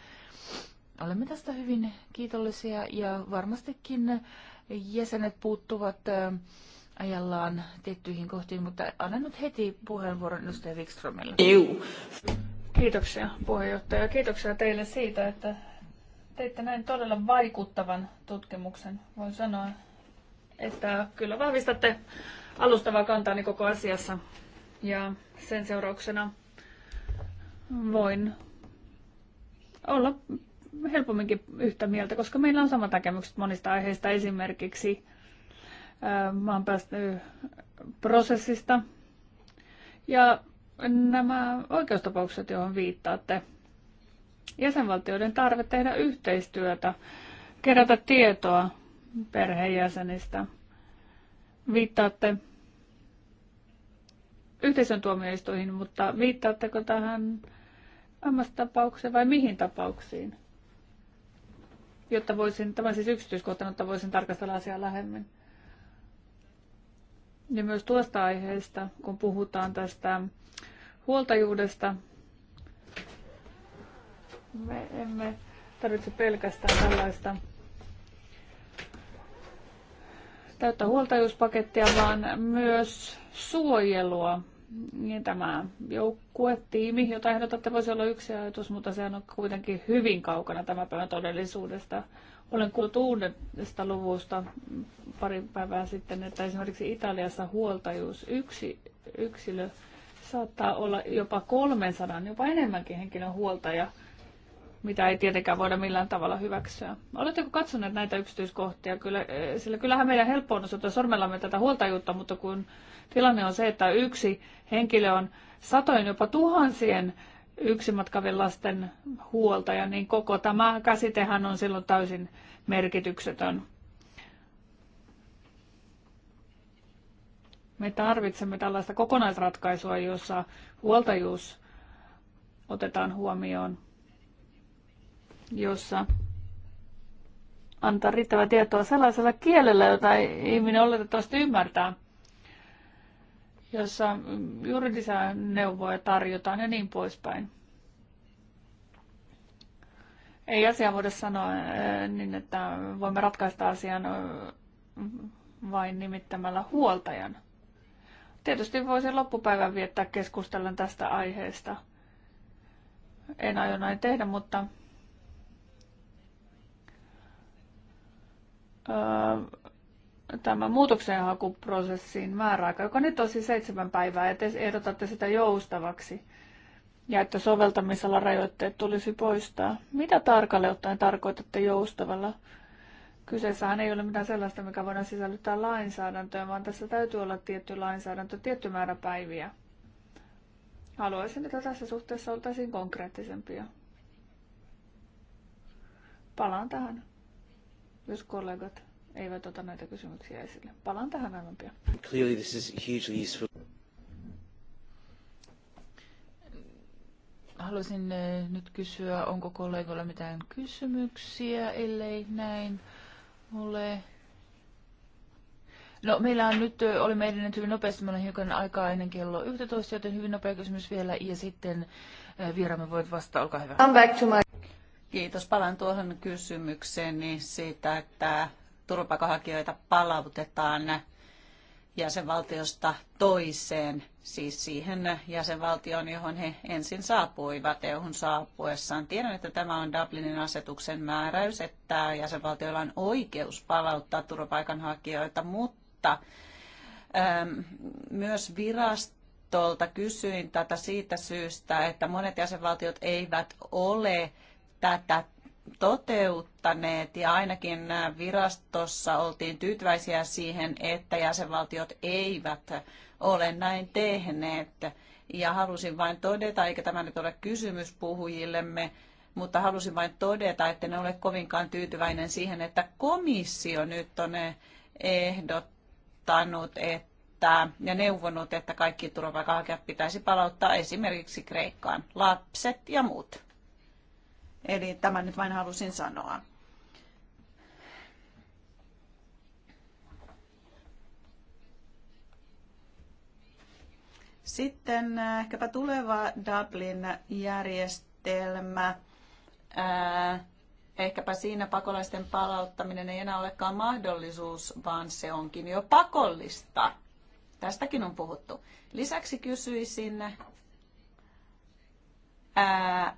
Olemme tästä hyvin kiitollisia ja varmastikin jäsenet puuttuvat ajallaan tiettyihin kohtiin, mutta annan nyt heti puheenvuoron edustaja Wikströmille. Juu. Kiitoksia puheenjohtaja. Kiitoksia teille siitä, että teitte näin todella vaikuttavan tutkimuksen. Voin sanoa, että kyllä vahvistatte alustavaa kantaani koko asiassa. Ja sen seurauksena voin olla helpomminkin yhtä mieltä, koska meillä on samat näkemykset monista aiheista, esimerkiksi Äh, oon päästänyt äh, prosessista. Ja nämä oikeustapaukset, joihin viittaatte, jäsenvaltioiden tarve tehdä yhteistyötä, kerätä tietoa perheenjäsenistä. Viittaatte yhteisön tuomioistuihin, mutta viittaatteko tähän vammastapaukseen vai mihin tapauksiin? Jotta voisin, tämä siis yksityiskohtana, jotta voisin tarkastella asiaa lähemmin. Ja myös tuosta aiheesta, kun puhutaan tästä huoltajuudesta, me emme tarvitse pelkästään tällaista täyttä huoltajuuspakettia, vaan myös suojelua. Niin tämä joukkue, tiimi, jota ehdotatte, voisi olla yksi ajatus, mutta se on kuitenkin hyvin kaukana tämän päivän todellisuudesta. Olen kuullut uudesta luvusta pari päivää sitten, että esimerkiksi Italiassa huoltajuus yksi yksilö saattaa olla jopa 300, jopa enemmänkin henkilön huoltaja, mitä ei tietenkään voida millään tavalla hyväksyä. Oletteko katsoneet näitä yksityiskohtia? Kyllä, eh, sillä kyllähän meidän helppo on osoittaa sormellamme tätä huoltajuutta, mutta kun tilanne on se, että yksi henkilö on satojen, jopa tuhansien yksimatkavien lasten huoltaja, niin koko tämä käsitehän on silloin täysin merkityksetön. Me tarvitsemme tällaista kokonaisratkaisua, jossa huoltajuus otetaan huomioon, jossa antaa riittävää tietoa sellaisella kielellä, jota ihminen oletettavasti ymmärtää jossa juridisia neuvoja tarjotaan ja niin poispäin. Ei asiaa voida sanoa eh, niin, että voimme ratkaista asian eh, vain nimittämällä huoltajan. Tietysti voisin loppupäivän viettää keskustellen tästä aiheesta. En aio näin tehdä, mutta öö, tämän muutoksenhakuprosessin määräaika, joka nyt on siis seitsemän päivää, ja te ehdotatte sitä joustavaksi, ja että soveltamisella rajoitteet tulisi poistaa. Mitä tarkalle ottaen tarkoitatte joustavalla? Kyseessähän ei ole mitään sellaista, mikä voidaan sisällyttää lainsäädäntöön, vaan tässä täytyy olla tietty lainsäädäntö, tietty määrä päiviä. Haluaisin, että tässä suhteessa oltaisiin konkreettisempia. Palaan tähän, jos kollegat eivät ota näitä kysymyksiä esille. Palaan tähän aivan pian. Clearly this is hugely useful. Haluaisin eh, nyt kysyä, onko kollegoilla mitään kysymyksiä, ellei näin ole. No meillä on nyt, eh, oli meidän hyvin nopeasti, meillä on hiukan aikaa ennen kello 11, joten hyvin nopea kysymys vielä ja sitten eh, vieraamme voit vastata, olkaa hyvä. Come back to my... Kiitos. Palaan tuohon kysymykseen niin siitä, että turvapaikanhakijoita palautetaan jäsenvaltiosta toiseen, siis siihen jäsenvaltioon, johon he ensin saapuivat EUn saapuessaan. Tiedän, että tämä on Dublinin asetuksen määräys, että jäsenvaltioilla on oikeus palauttaa turvapaikanhakijoita, mutta ähm, myös virastolta kysyin tätä siitä syystä, että monet jäsenvaltiot eivät ole tätä toteuttaneet ja ainakin virastossa oltiin tyytyväisiä siihen, että jäsenvaltiot eivät ole näin tehneet. Ja halusin vain todeta, eikä tämä nyt ole kysymys puhujillemme, mutta halusin vain todeta, että ne ole kovinkaan tyytyväinen siihen, että komissio nyt on ehdottanut että, ja neuvonut, että kaikki turvapaikanhakijat pitäisi palauttaa esimerkiksi Kreikkaan, lapset ja muut. Eli tämän nyt vain halusin sanoa. Sitten äh, ehkäpä tuleva Dublin-järjestelmä. Äh, ehkäpä siinä pakolaisten palauttaminen ei enää olekaan mahdollisuus, vaan se onkin jo pakollista. Tästäkin on puhuttu. Lisäksi kysyisin, ää, äh,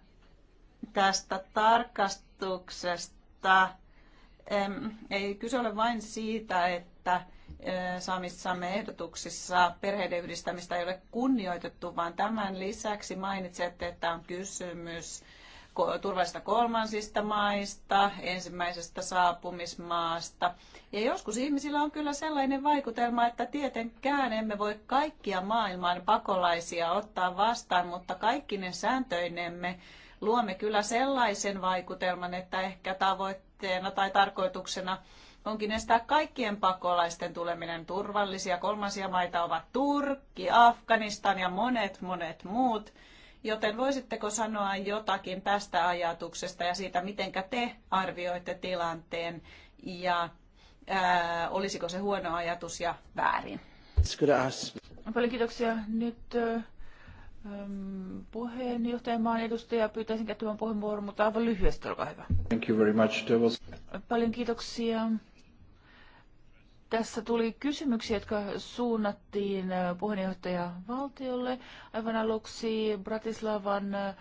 tästä tarkastuksesta. Ei kyse ole vain siitä, että e, saamissamme ehdotuksissa perheiden yhdistämistä ei ole kunnioitettu, vaan tämän lisäksi mainitsette, että on kysymys turvallisista kolmansista maista, ensimmäisestä saapumismaasta. Ja joskus ihmisillä on kyllä sellainen vaikutelma, että tietenkään emme voi kaikkia maailman pakolaisia ottaa vastaan, mutta kaikki ne sääntöinemme luomme kyllä sellaisen vaikutelman, että ehkä tavoitteena tai tarkoituksena onkin estää kaikkien pakolaisten tuleminen turvallisia. Kolmansia maita ovat Turkki, Afganistan ja monet monet muut. Joten voisitteko sanoa jotakin tästä ajatuksesta ja siitä, miten te arvioitte tilanteen ja ää, olisiko se huono ajatus ja väärin? Paljon kiitoksia. Nyt äh, Ähm, puheenjohtajamaan edustaja. Pyytäisin käyttämään puheenvuoron, mutta aivan lyhyesti, olkaa hyvä. Thank you very much. There was... Paljon kiitoksia. Tässä tuli kysymyksiä, jotka suunnattiin äh, valtiolle, Aivan aluksi Bratislavan ähm,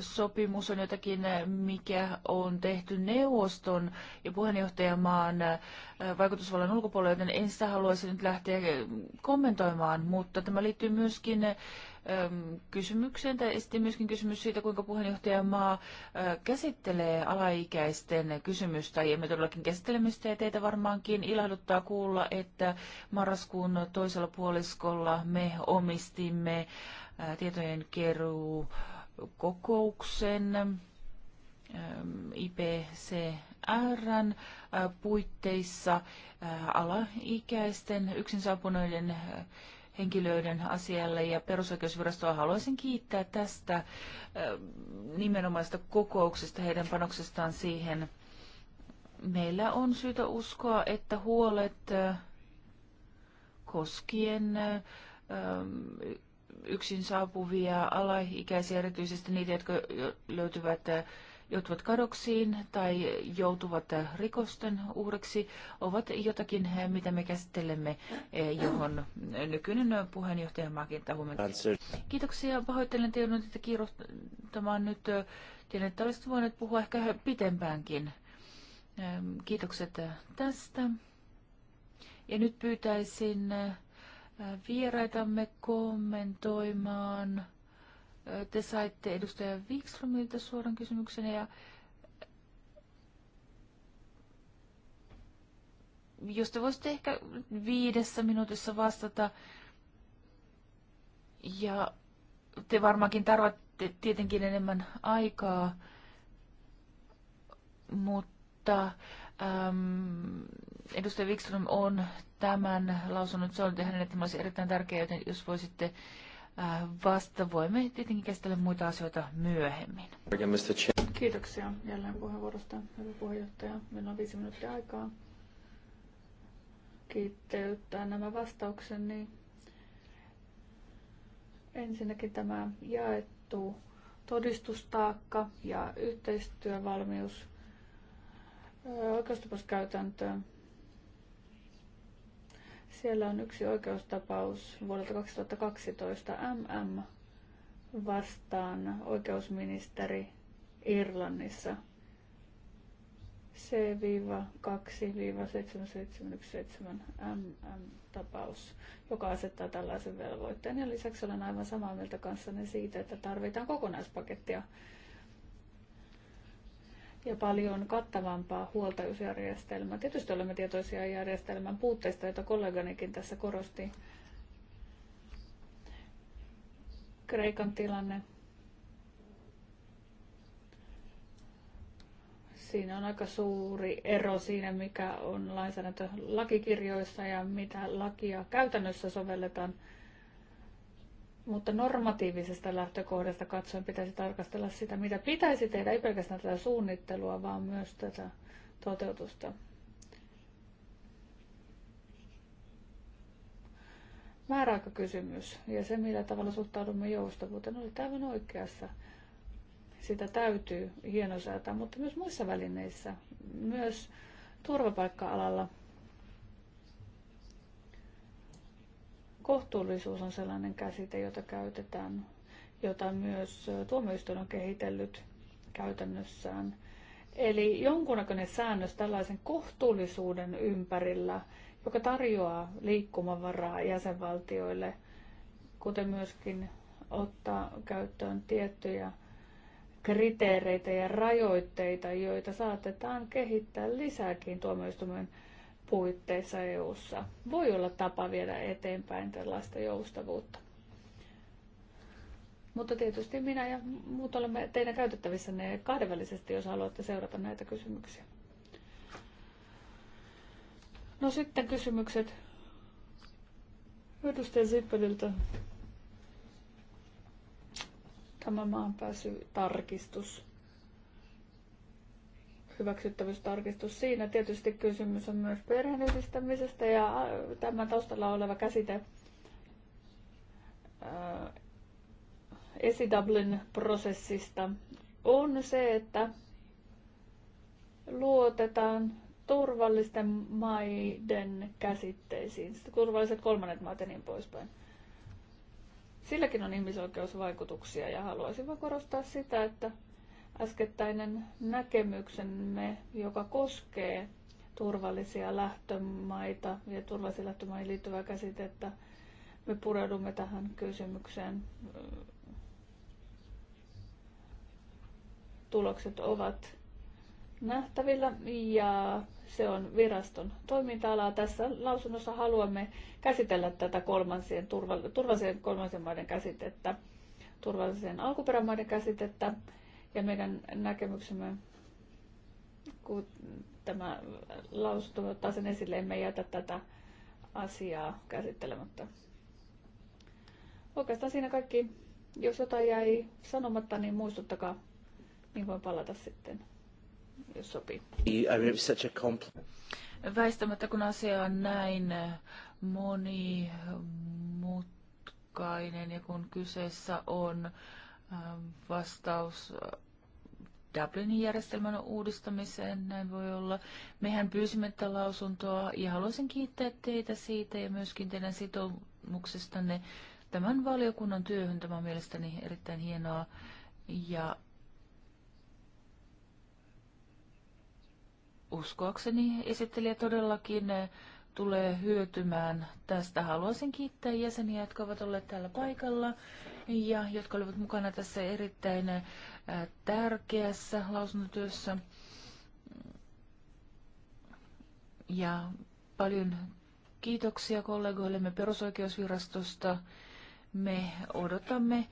sopimus on jotakin, mikä on tehty neuvoston ja puheenjohtajamaan äh, vaikutusvallan ulkopuolelle, joten en sitä haluaisi nyt lähteä kommentoimaan, mutta tämä liittyy myöskin kysymykseen, tai esitti myöskin kysymys siitä, kuinka puheenjohtajamaa käsittelee alaikäisten kysymystä, ja me todellakin käsittelemme sitä, ja teitä varmaankin ilahduttaa kuulla, että marraskuun toisella puoliskolla me omistimme tietojen keruu kokouksen IPCRn puitteissa alaikäisten yksin saapuneiden henkilöiden asialle ja perusoikeusvirastoa haluaisin kiittää tästä nimenomaista kokouksesta, heidän panoksestaan siihen. Meillä on syytä uskoa, että huolet koskien yksin saapuvia alaikäisiä, erityisesti niitä, jotka löytyvät joutuvat kadoksiin tai joutuvat rikosten uhreksi, ovat jotakin, eh, mitä me käsittelemme, eh, johon nykyinen puheenjohtaja kiinnittää huomiota. Kiitoksia. Pahoittelen teidän että kiirohtamaan nyt. Eh, tiedän, että olisitte voineet puhua ehkä pitempäänkin. Kiitokset tästä. Ja nyt pyytäisin vieraitamme kommentoimaan te saitte edustaja Wikströmiltä suoran kysymyksen ja jos te voisitte ehkä viidessä minuutissa vastata ja te varmaankin tarvitsette tietenkin enemmän aikaa, mutta äm, edustaja Wikström on tämän lausunut, se on tehnyt, että olisi erittäin tärkeää, joten jos voisitte vasta. Voimme tietenkin käsitellä muita asioita myöhemmin. Kiitoksia jälleen puheenvuorosta, hyvä puheenjohtaja. Meillä on viisi minuuttia aikaa kiitteyttää nämä vastaukseni. Ensinnäkin tämä jaettu todistustaakka ja yhteistyövalmius oikeustapauskäytäntöön siellä on yksi oikeustapaus vuodelta 2012 MM vastaan oikeusministeri Irlannissa C-2-7717 MM-tapaus, joka asettaa tällaisen velvoitteen. Ja lisäksi olen aivan samaa mieltä kanssanne siitä, että tarvitaan kokonaispakettia ja paljon kattavampaa huoltajuusjärjestelmää. Tietysti olemme tietoisia järjestelmän puutteista, joita kolleganikin tässä korosti. Kreikan tilanne. Siinä on aika suuri ero siinä, mikä on lainsäädäntö lakikirjoissa ja mitä lakia käytännössä sovelletaan. Mutta normatiivisesta lähtökohdasta katsoen pitäisi tarkastella sitä, mitä pitäisi tehdä, ei pelkästään tätä suunnittelua, vaan myös tätä toteutusta. määräaikakysymys ja se, millä tavalla suhtaudumme joustavuuteen, oli aivan oikeassa. Sitä täytyy hienosäätää, mutta myös muissa välineissä, myös turvapaikka-alalla – Kohtuullisuus on sellainen käsite, jota käytetään, jota myös tuomioistuin on kehitellyt käytännössään. Eli jonkunnäköinen säännös tällaisen kohtuullisuuden ympärillä, joka tarjoaa liikkumavaraa jäsenvaltioille, kuten myöskin ottaa käyttöön tiettyjä kriteereitä ja rajoitteita, joita saatetaan kehittää lisääkin tuomioistuimen puitteissa EU:ssa voi olla tapa viedä eteenpäin tällaista joustavuutta. Mutta tietysti minä ja muut olemme teidän käytettävissänne kahdenvälisesti, jos haluatte seurata näitä kysymyksiä. No sitten kysymykset edustaja Sippeliltä. Tämä maanpääsytarkistus. tarkistus hyväksyttävyystarkistus. Siinä tietysti kysymys on myös perheenyhdistämisestä ja äh, tämän taustalla oleva käsite äh, dublin prosessista on se, että luotetaan turvallisten maiden käsitteisiin, turvalliset kolmannet maat ja niin poispäin. Silläkin on ihmisoikeusvaikutuksia ja haluaisin vain korostaa sitä, että äskettäinen näkemyksemme, joka koskee turvallisia lähtömaita ja turvallisiin lähtömaihin liittyvää käsitettä. Me pureudumme tähän kysymykseen. Tulokset ovat nähtävillä ja se on viraston toiminta-alaa. Tässä lausunnossa haluamme käsitellä tätä kolmansien, turvallisen kolmansien maiden käsitettä, turvallisen alkuperämaiden käsitettä ja meidän näkemyksemme, kun tämä lausunto ottaa sen esille, emme jätä tätä asiaa käsittelemättä. Oikeastaan siinä kaikki, jos jotain jäi sanomatta, niin muistuttakaa, niin voin palata sitten, jos sopii. Väistämättä kun asia on näin monimutkainen ja kun kyseessä on ähm, vastaus Dublinin järjestelmän uudistamiseen, näin voi olla. Mehän pyysimme tätä lausuntoa ja haluaisin kiittää teitä siitä ja myöskin teidän sitoumuksestanne tämän valiokunnan työhön. Tämä on mielestäni erittäin hienoa ja uskoakseni esittelijä todellakin eh, tulee hyötymään tästä. Haluaisin kiittää jäseniä, jotka ovat olleet täällä paikalla ja jotka olivat mukana tässä erittäin äh, tärkeässä lausuntotyössä. Ja paljon kiitoksia kollegoillemme perusoikeusvirastosta. Me odotamme äh,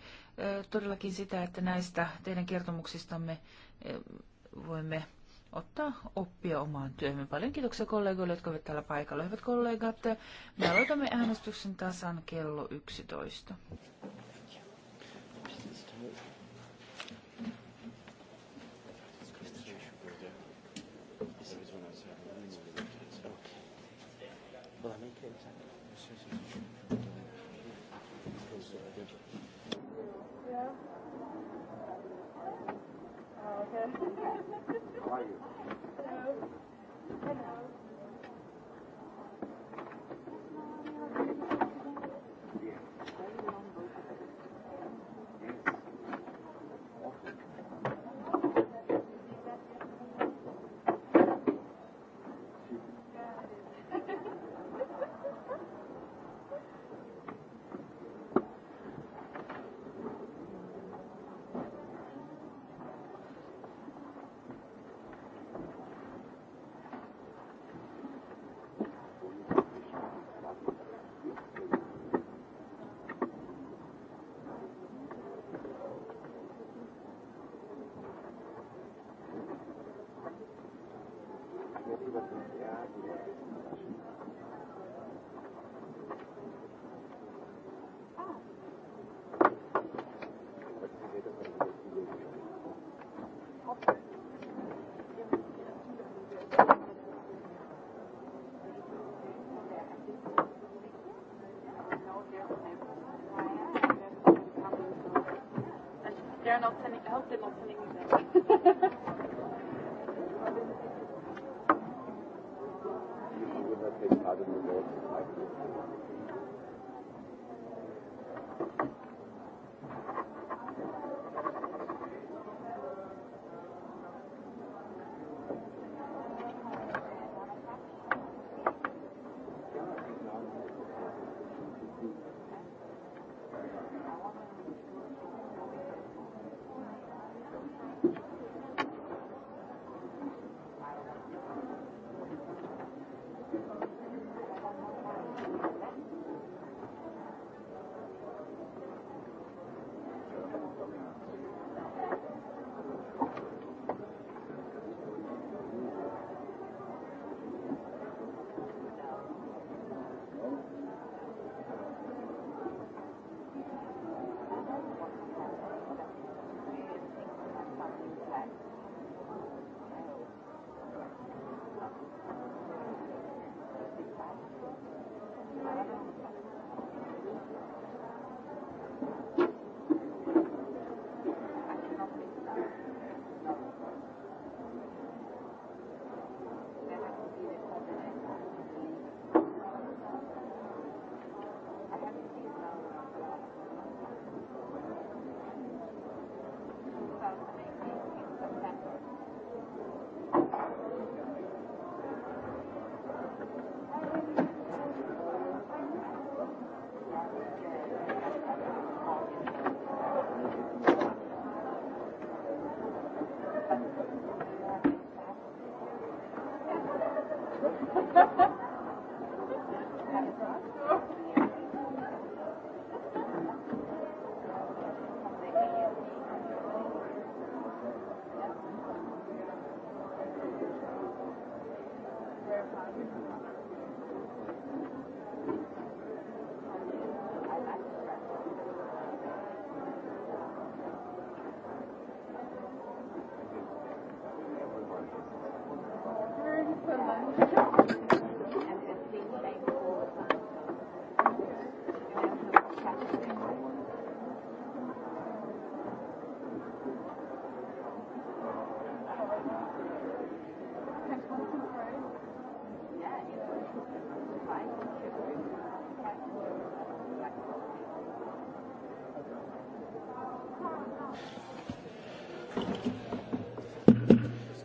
todellakin sitä, että näistä teidän kertomuksistamme äh, voimme ottaa oppia omaan työhön. Paljon kiitoksia kollegoille, jotka ovat täällä paikalla. Hyvät kollegat, me aloitamme äänestyksen tasan kello 11. value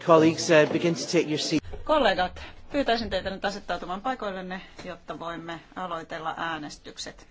Colleagues, uh, begin to take your seat. Kollegat, pyytäisin teitä nyt asettautumaan paikoillenne, jotta voimme aloitella äänestykset.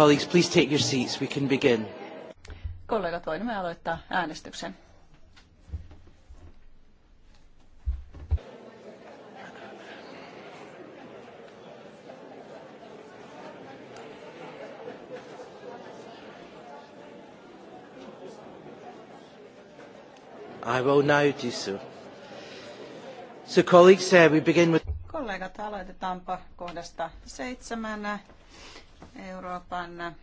Colleagues, please take your seats. We can begin. Kollegat, voimme aloittaa äänestyksen. I will now do so. So colleagues, uh, we begin with... Kollegat, aloitetaanpa kohdasta seitsemän Euroopan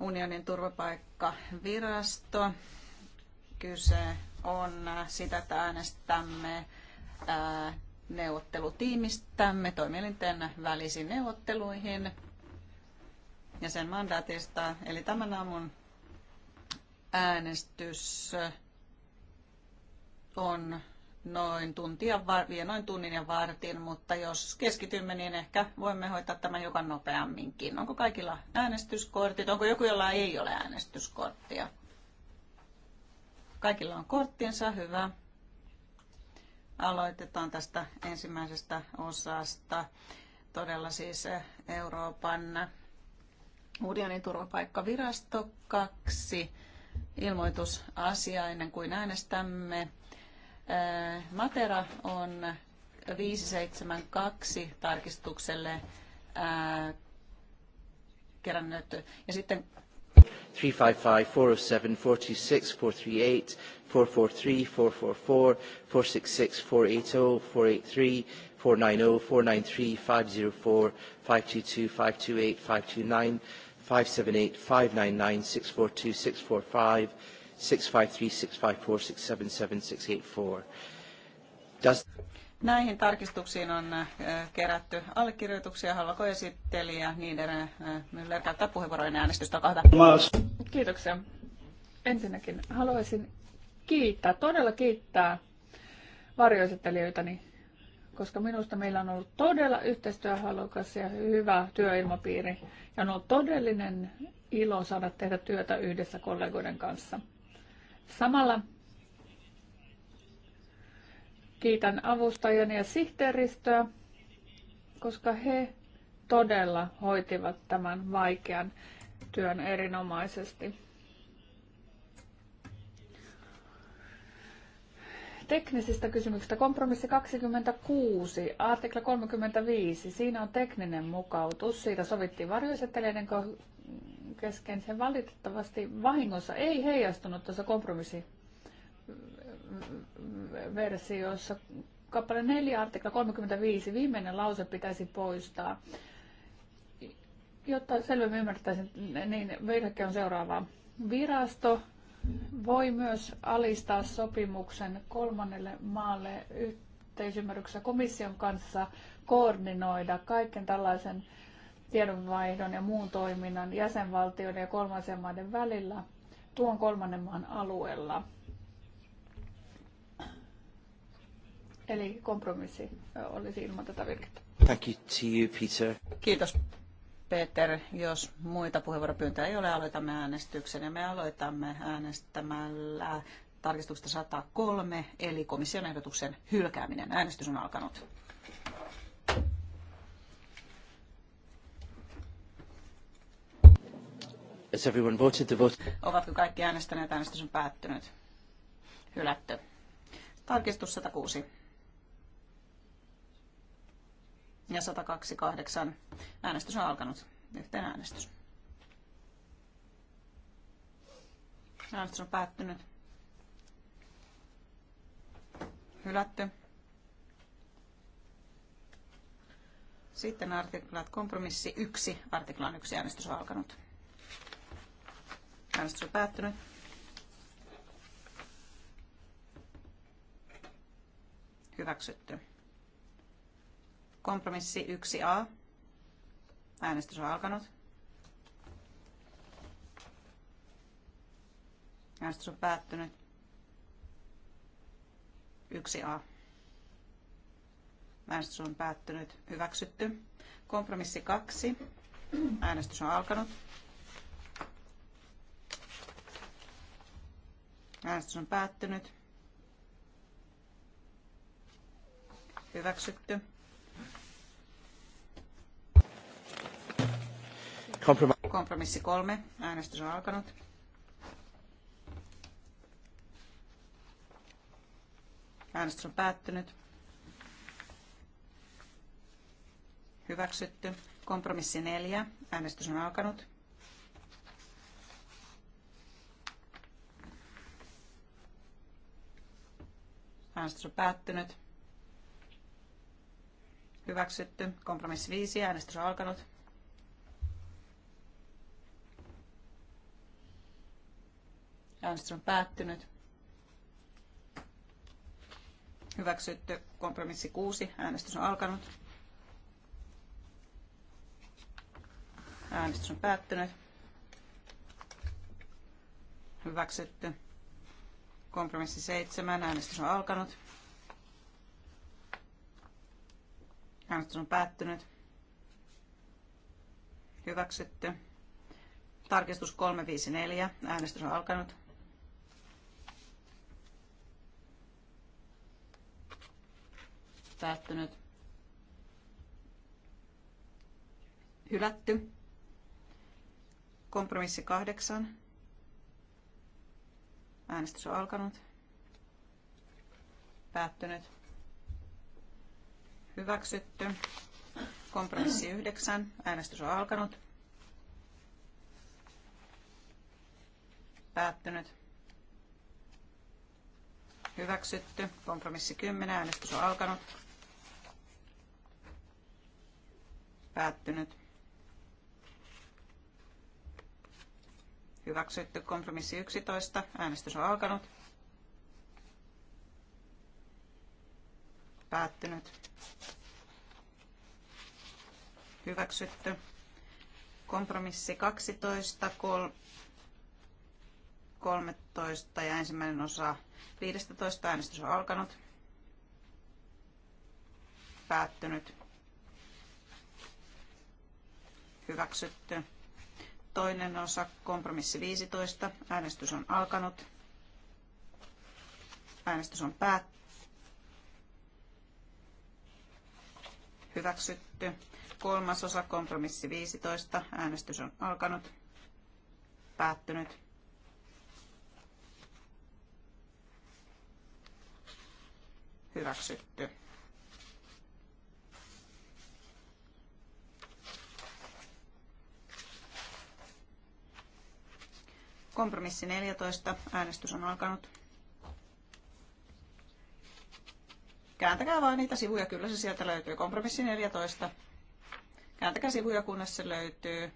unionin turvapaikkavirasto. Kyse on sitä, että äänestämme neuvottelutiimistämme toimielinten välisiin neuvotteluihin ja sen mandaatista. Eli tämän aamun äänestys on noin tuntia, vie noin tunnin ja vartin, mutta jos keskitymme, niin ehkä voimme hoitaa tämän joka nopeamminkin. Onko kaikilla äänestyskortit? Onko joku, jolla ei ole äänestyskorttia? Kaikilla on korttinsa, hyvä. Aloitetaan tästä ensimmäisestä osasta. Todella siis eh, Euroopan unionin turvapaikkavirasto 2 ilmoitusasia ennen kuin äänestämme. Matera on 572 tarkistukselle kerännyt. Ja sitten 355, 407, 426, 438, 443, 444, 466, 480, 483, 490, 493, 504, 522, 528, 529, 578, 599, 642, 645, 653, 654, Does... Näihin tarkistuksiin on äh, kerätty allekirjoituksia. Haluaako esittelijä niiden äh, Müller käyttää puheenvuorojen äänestystä? kahta. Kiitoksia. Ensinnäkin haluaisin kiittää, todella kiittää varjoesittelijöitäni, koska minusta meillä on ollut todella yhteistyöhalukas ja hyvä työilmapiiri ja on ollut todellinen ilo saada tehdä työtä yhdessä kollegoiden kanssa. Samalla kiitän avustajani ja sihteeristöä, koska he todella hoitivat tämän vaikean työn erinomaisesti. teknisistä kysymyksistä. Kompromissi 26, artikla 35. Siinä on tekninen mukautus. Siitä sovittiin varjoisettelijöiden kesken. Se valitettavasti vahingossa ei heijastunut tuossa kompromissiversiossa. Kappale 4, artikla 35, viimeinen lause pitäisi poistaa. Jotta selvemmin ymmärtäisin, niin virke on seuraava. Virasto voi myös alistaa sopimuksen kolmannelle maalle yhteisymmärryksessä komission kanssa koordinoida kaiken tällaisen tiedonvaihdon ja muun toiminnan jäsenvaltioiden ja kolmansien maiden välillä tuon kolmannen maan alueella. Eli kompromissi olisi ilman tätä virkettä. Thank you to you, Peter. Kiitos. Peter, jos muita puheenvuoropyyntöjä ei ole, aloitamme äänestyksen ja me aloitamme äänestämällä tarkistusta 103, eli komission ehdotuksen hylkääminen. Äänestys on alkanut. Has everyone voted the vote? Ovatko kaikki äänestäneet? Äänestys on päättynyt. Hylätty. Tarkistus 106. Ja 128. Äänestys on alkanut. Yhteen äänestys. Äänestys on päättynyt. Hylätty. Sitten artiklat kompromissi 1. Artiklan 1 äänestys on alkanut. Äänestys on päättynyt. Hyväksytty. Kompromissi 1a. Äänestys on alkanut. Äänestys on päättynyt. 1a. Äänestys on päättynyt. Hyväksytty. Kompromissi 2. Äänestys on alkanut. Äänestys on päättynyt. Hyväksytty. Kompromissi kolme. Äänestys on alkanut. Äänestys on päättynyt. Hyväksytty. Kompromissi neljä. Äänestys on alkanut. Äänestys on päättynyt. Hyväksytty. Kompromissi 5. Äänestys on alkanut. Äänestys on päättynyt. Hyväksytty. Kompromissi 6. Äänestys on alkanut. Äänestys on päättynyt. Hyväksytty. Kompromissi seitsemän, Äänestys on alkanut. Äänestys on päättynyt. Hyväksytty. Tarkistus 354. Äänestys on alkanut. Päättynyt. Hylätty. Kompromissi kahdeksan. Äänestys on alkanut. Päättynyt. Hyväksytty. Kompromissi 9. Äänestys on alkanut. Päättynyt. Hyväksytty. Kompromissi 10. Äänestys on alkanut. Päättynyt. Hyväksytty kompromissi 11. Äänestys on alkanut. Päättynyt. Hyväksytty. Kompromissi 12, 13 ja ensimmäinen osa 15. Äänestys on alkanut. Päättynyt. Hyväksytty. Toinen osa, kompromissi 15. Äänestys on alkanut. Äänestys on päät, Hyväksytty. Kolmas osa, kompromissi 15. Äänestys on alkanut. Päättynyt. Hyväksytty. Kompromissi 14. Äänestys on alkanut. Kääntäkää vaan niitä sivuja, kyllä se sieltä löytyy. Kompromissi 14. Kääntäkää sivuja, kunnes se löytyy.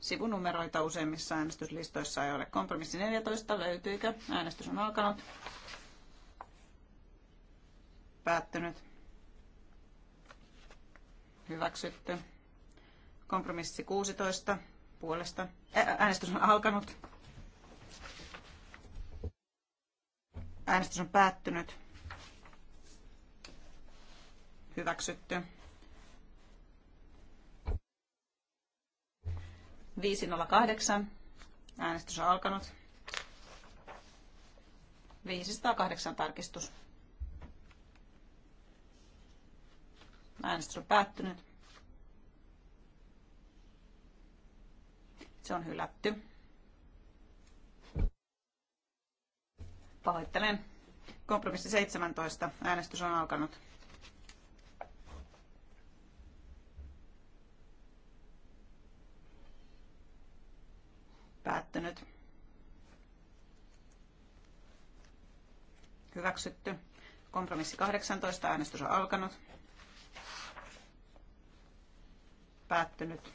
Sivunumeroita useimmissa äänestyslistoissa ei ole. Kompromissi 14 löytyykö? Äänestys on alkanut. Päättynyt. Hyväksytty. Kompromissi 16 puolesta. Äänestys on alkanut. Äänestys on päättynyt. Hyväksytty. 508. Äänestys on alkanut. 508 tarkistus. Äänestys on päättynyt. Se on hylätty. Pahoittelen. Kompromissi 17. Äänestys on alkanut. Päättynyt. Hyväksytty. Kompromissi 18. Äänestys on alkanut. Päättynyt.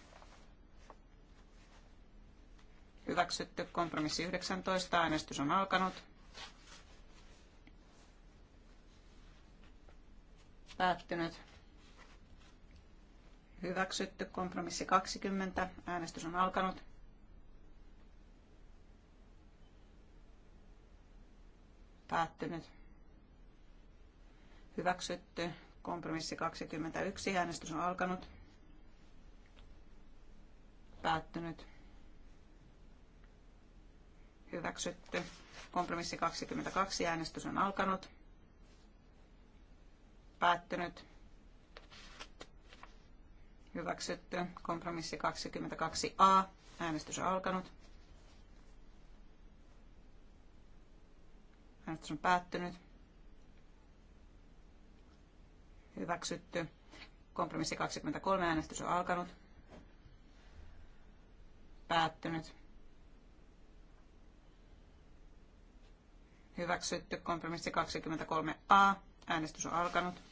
Hyväksytty. Kompromissi 19. Äänestys on alkanut. Päättynyt. Hyväksytty. Kompromissi 20. Äänestys on alkanut. Päättynyt. Hyväksytty. Kompromissi 21. Äänestys on alkanut. Päättynyt. Hyväksytty. Kompromissi 22. Äänestys on alkanut. Päättynyt. Hyväksytty. Kompromissi 22a. Äänestys on alkanut. Äänestys on päättynyt. Hyväksytty. Kompromissi 23. Äänestys on alkanut. Päättynyt. Hyväksytty. Kompromissi 23a. Äänestys on alkanut.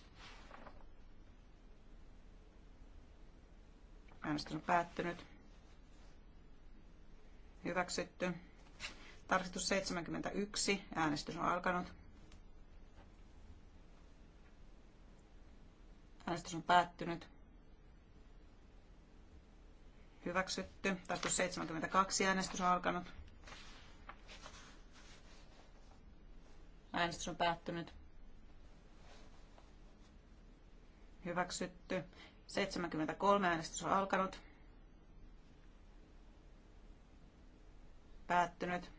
Äänestys on päättynyt. Hyväksytty. Tarkistus 71. Äänestys on alkanut. Äänestys on päättynyt. Hyväksytty. Tarkistus 72. Äänestys on alkanut. Äänestys on päättynyt. Hyväksytty. 73 äänestys on alkanut. Päättynyt.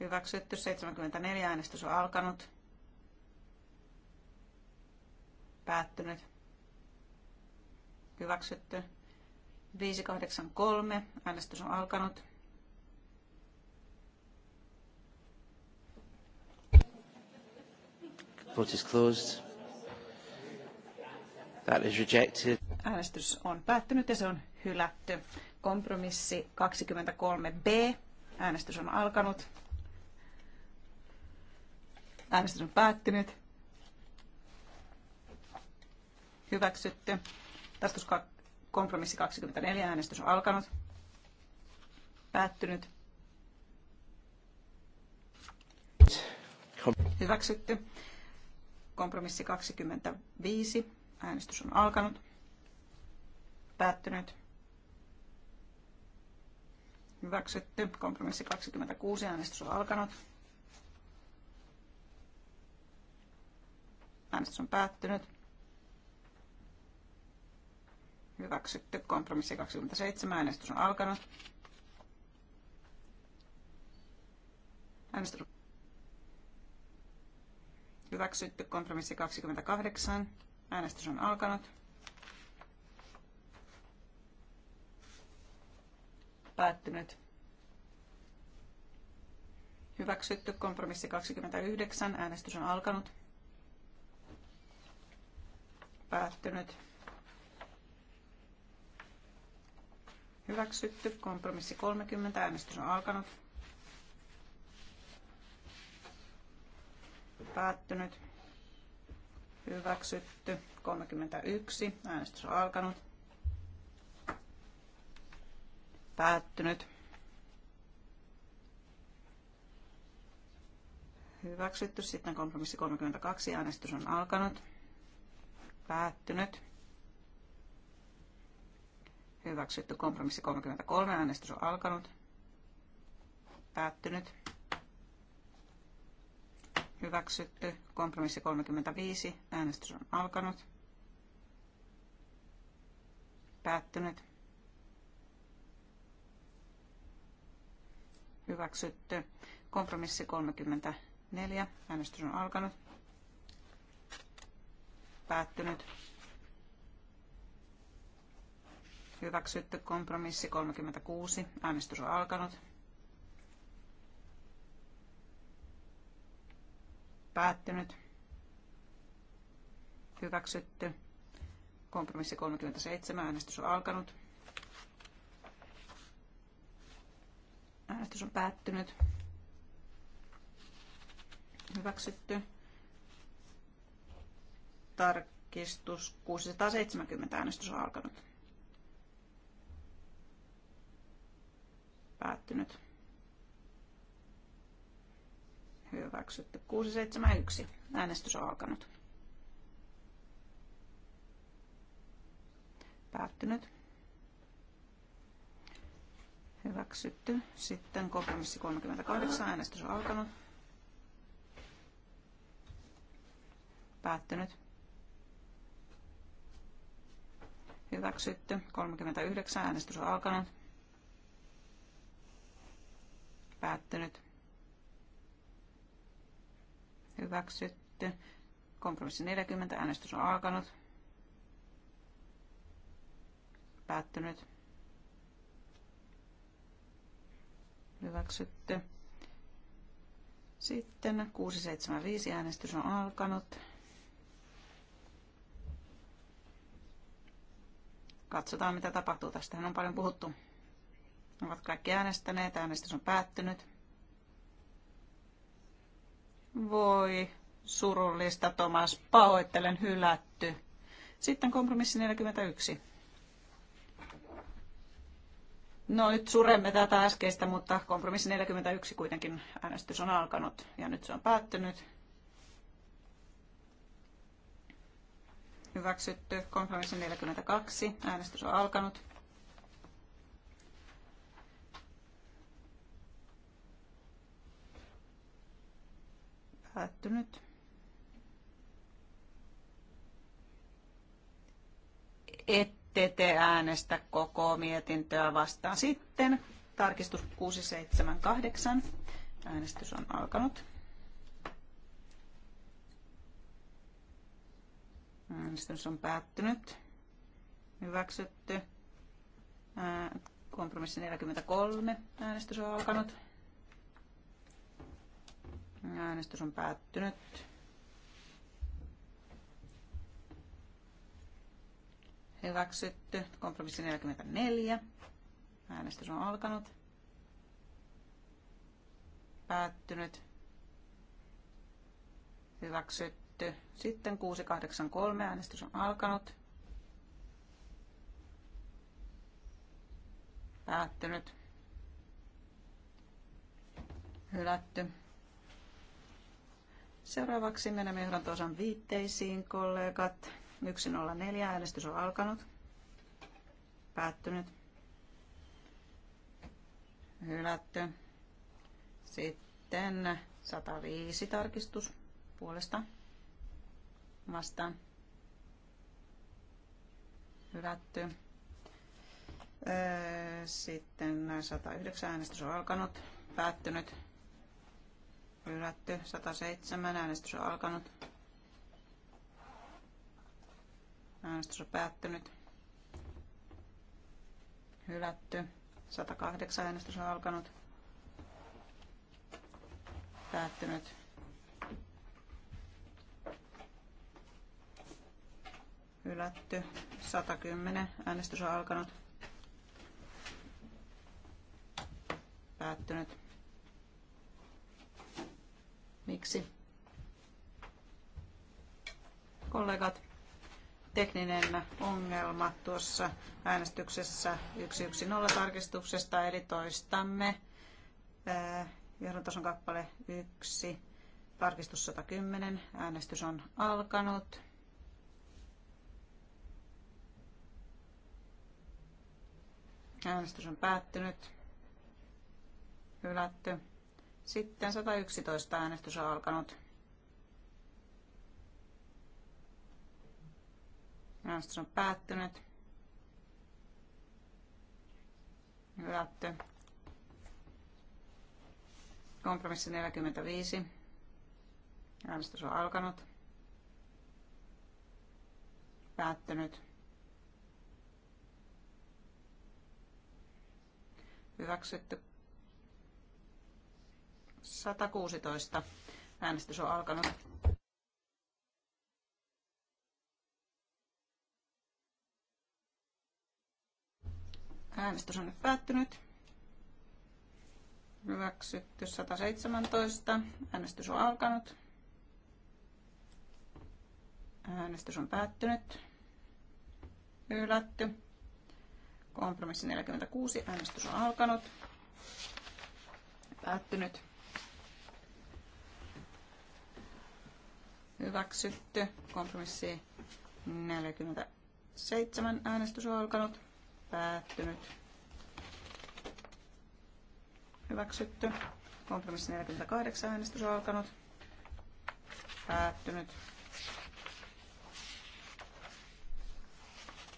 Hyväksytty. 74 äänestys on alkanut. Päättynyt. Hyväksytty. 583 äänestys on alkanut. Vote is closed. That is rejected. Äänestys on päättynyt ja se on hylätty. Kompromissi 23b. Äänestys on alkanut. Äänestys on päättynyt. Hyväksytty. Taskus kompromissi 24. Äänestys on alkanut. Päättynyt. Hyväksytty. Kompromissi 25. Äänestys on alkanut. Päättynyt. Hyväksytty. Kompromissi 26. Äänestys on alkanut. Äänestys on päättynyt. Hyväksytty. Kompromissi 27. Äänestys on alkanut. Äänestys hyväksytty. Kompromissi 28. Äänestys on alkanut. Päättynyt. Hyväksytty. Kompromissi 29. Äänestys on alkanut. Päättynyt. Hyväksytty. Kompromissi 30. Äänestys on alkanut. Päättynyt hyväksytty. 31. Äänestys on alkanut. Päättynyt. Hyväksytty. Sitten kompromissi 32. Äänestys on alkanut. Päättynyt. Hyväksytty. Kompromissi 33. Äänestys on alkanut. Päättynyt Hyväksytty. Kompromissi 35. Äänestys on alkanut. Päättynyt. Hyväksytty. Kompromissi 34. Äänestys on alkanut. Päättynyt. Hyväksytty. Kompromissi 36. Äänestys on alkanut. Päättynyt. Hyväksytty. Kompromissi 37. Äänestys on alkanut. Äänestys on päättynyt. Hyväksytty. Tarkistus 670. Äänestys on alkanut. Päättynyt hyväksytty. 671. Äänestys on alkanut. Päättynyt. Hyväksytty. Sitten kompromissi 38. Äänestys on alkanut. Päättynyt. Hyväksytty. 39. Äänestys on alkanut. Päättynyt hyväksytty. Kompromissi 40, äänestys on alkanut. Päättynyt. Hyväksytty. Sitten 675 äänestys on alkanut. Katsotaan mitä tapahtuu. Tästähän on paljon puhuttu. Ovat kaikki äänestäneet. Äänestys on päättynyt. Voi surullista, Tomas. Pahoittelen, hylätty. Sitten kompromissi 41. No nyt suremme tätä äskeistä, mutta kompromissi 41 kuitenkin äänestys on alkanut ja nyt se on päättynyt. Hyväksytty. Kompromissi 42. Äänestys on alkanut. Päättynyt. Ette te äänestä koko mietintöä vastaan. Sitten tarkistus 678. Äänestys on alkanut. Äänestys on päättynyt. Hyväksytty. Kompromissi 43. Äänestys on alkanut. Äänestys on päättynyt. Hyväksytty. Kompromissi 44. Äänestys on alkanut. Päättynyt. Hyväksytty. Sitten 683. Äänestys on alkanut. Päättynyt. Hylätty. Seuraavaksi menemme johdantoosan viitteisiin, kollegat. 104 äänestys on alkanut. Päättynyt. Hylätty. Sitten 105 tarkistus puolesta vastaan. Hylätty. Öö, sitten 109 äänestys on alkanut, päättynyt. Hylätty. 107. Äänestys on alkanut. Äänestys on päättynyt. Hylätty. 108. Äänestys on alkanut. Päättynyt. Hylätty. 110. Äänestys on alkanut. Päättynyt miksi. Kollegat, tekninen ongelma tuossa äänestyksessä 110 tarkistuksesta, eli toistamme johdontason kappale 1, tarkistus 110, äänestys on alkanut. Äänestys on päättynyt. Hylätty. Sitten 111 äänestys on alkanut. Äänestys on päättynyt. Hylätty. Kompromissi 45. Äänestys on alkanut. Päättynyt. Hyväksytty 116. Äänestys on alkanut. Äänestys on nyt päättynyt. Hyväksytty 117. Äänestys on alkanut. Äänestys on päättynyt. Hylätty. Kompromissi 46. Äänestys on alkanut. Päättynyt. hyväksytty. Kompromissi 47 äänestys on alkanut, päättynyt, hyväksytty. Kompromissi 48 äänestys on alkanut, päättynyt,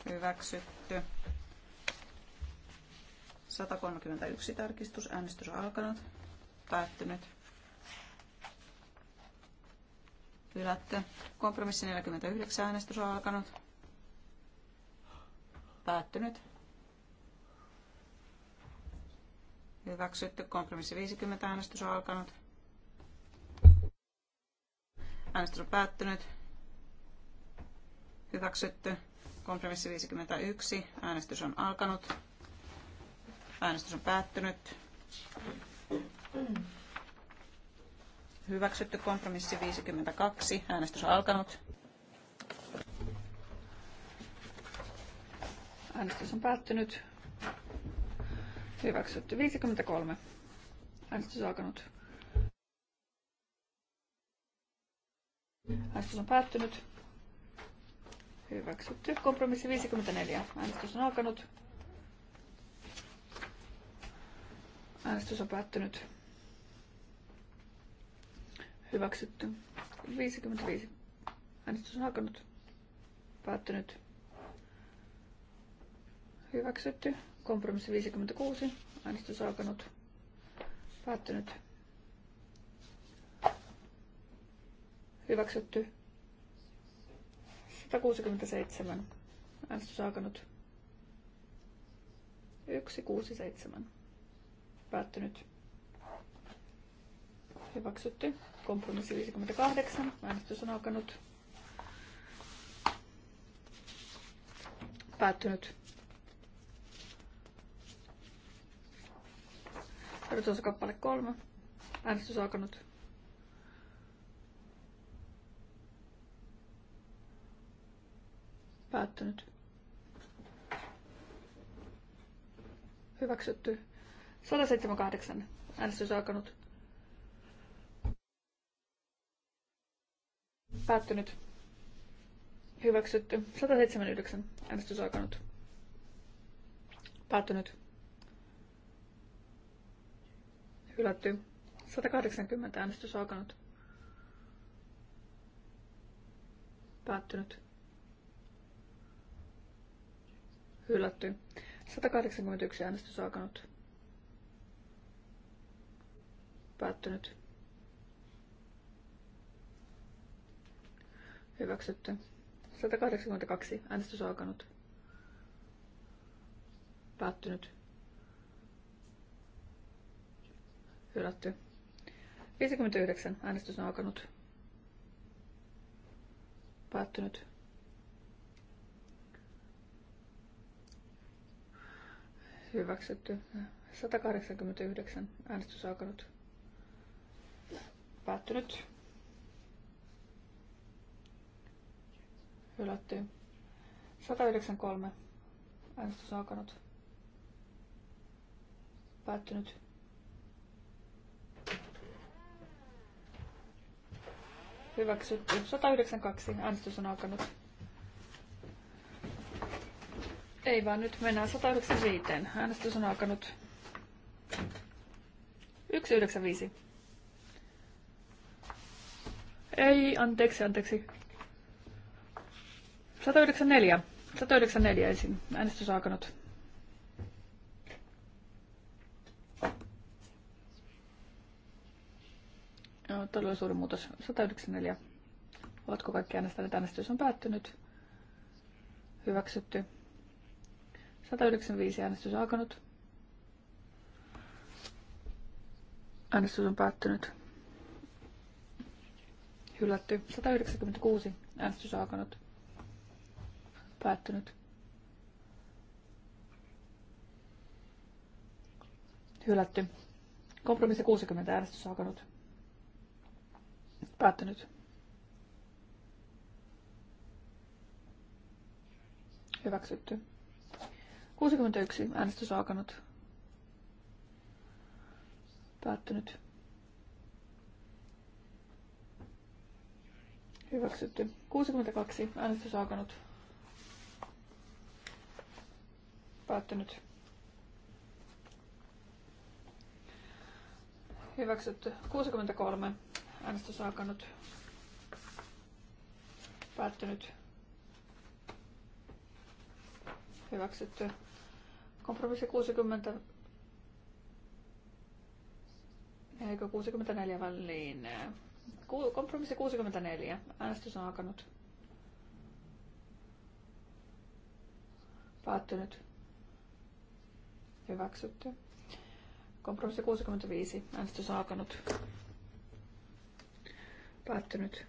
hyväksytty. 131 tarkistus, äänestys on alkanut, päättynyt, hylätty. Kompromissi 49 äänestys on alkanut. Päättynyt. Hyväksytty. Kompromissi 50 äänestys on alkanut. Äänestys on päättynyt. Hyväksytty. Kompromissi 51. Äänestys on alkanut. Äänestys on päättynyt. Hyväksytty kompromissi 52. Äänestys on alkanut. Äänestys on päättynyt. Hyväksytty 53. Äänestys on alkanut. Äänestys on päättynyt. Hyväksytty. Kompromissi 54. Äänestys on alkanut. Äänestys on päättynyt. Hyväksytty. 55. Äänestys on alkanut. Päättynyt. Hyväksytty. Kompromissi 56. Äänestys on alkanut. Päättynyt. Hyväksytty. 167. Äänestys on alkanut. 167. Päättynyt. Hyväksytty. Kompromissi 58. Äänestys on alkanut. Päättynyt. on kappale kolme. Äänestys on alkanut. Päättynyt. Hyväksytty. 178. Äänestys on alkanut. Päättynyt. Hyväksytty. 179. Äänestys alkanut. Päättynyt. Hylätty. 180. Äänestys alkanut. Päättynyt. Hylätty. 181. Äänestys alkanut. Päättynyt Hyväksytty. 182. Äänestys on alkanut. Päättynyt. Hylätty. 59. Äänestys on alkanut. Päättynyt. Hyväksytty. 189. Äänestys on alkanut. Päättynyt. Hylätty. 193. Äänestys on alkanut. Päättynyt. Hyväksytty. 192. Äänestys on alkanut. Ei vaan nyt mennään 195. Äänestys on alkanut. 195. Ei, anteeksi, anteeksi. 194. 194 ensin. Äänestys alkanut. Joo, todella suuri muutos. 194. Ovatko kaikki äänestäneet? Äänestys on päättynyt. Hyväksytty. 195 äänestys on alkanut. Äänestys on päättynyt. Hylätty. 196 äänestys on alkanut. Päättynyt. Hylätty. Kompromissi 60 äänestys alkanut. Päättynyt. Hyväksytty. 61 äänestys alkanut. Päättynyt. Hyväksytty. 62 äänestys alkanut. Päättynyt. Hyväksytty. 63. Äänestys alkanut. Päättynyt. Hyväksytty. Kompromissi 60. Eikö 64 väliin? Kompromissi 64. Äänestys on alkanut. Päättynyt. Hyväksytty. Kompromissi 65. Äänestys on alkanut. Päättynyt.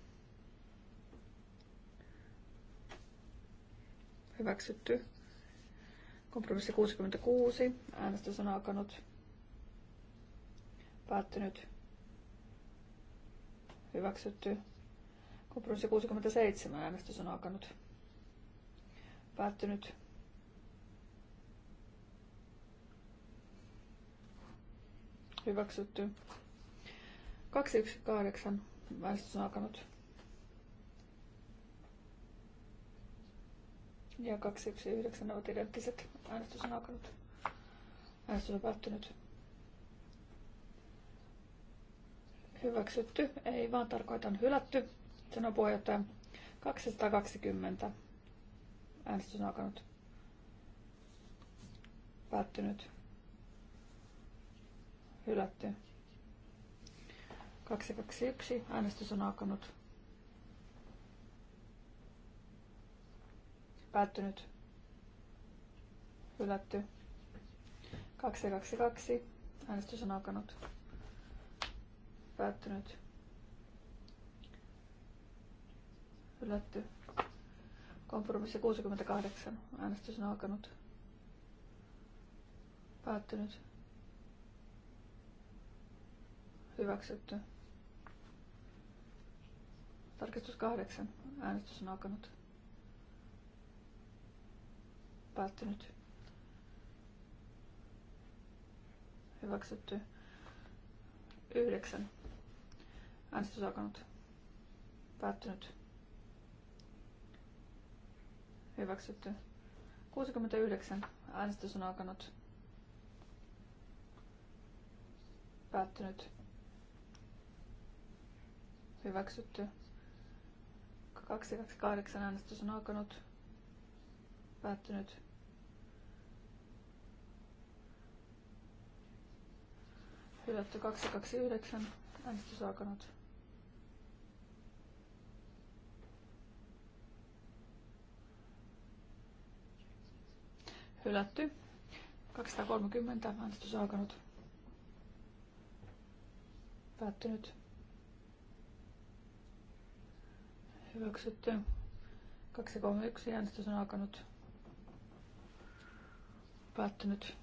Hyväksytty. Kompromissi 66. Äänestys on alkanut. Päättynyt. Hyväksytty. Kompromissi 67. Äänestys on alkanut. Päättynyt. Hyväksytty. 218 äänestys on alkanut. Ja 219 ovat identtiset. Äänestys on alkanut. Äänestys on päättynyt. Hyväksytty. Ei vaan tarkoitan hylätty. on puheenjohtaja. 220. Äänestys on alkanut. Päättynyt. Hylätty. 221. Äänestys on alkanut. Päättynyt. Hylätty. 222. Äänestys on alkanut. Päättynyt. Hylätty. Kompromissi 68. Äänestys on alkanut. Päättynyt. Hyväksytty. Tarkistus kahdeksan. Äänestys on alkanut. Päättynyt. Hyväksytty. Yhdeksän. Äänestys alkanut. Päättynyt. Hyväksytty. 69. Äänestys on alkanut. Päättynyt. Hyväksytty. 228 äänestys on alkanut. Päättynyt. Hylätty 229. Äänestys alkanut. Hylätty. 230. Äänestys alkanut. Päättynyt. hyväksytty. 231 äänestys on alkanut. Päättynyt.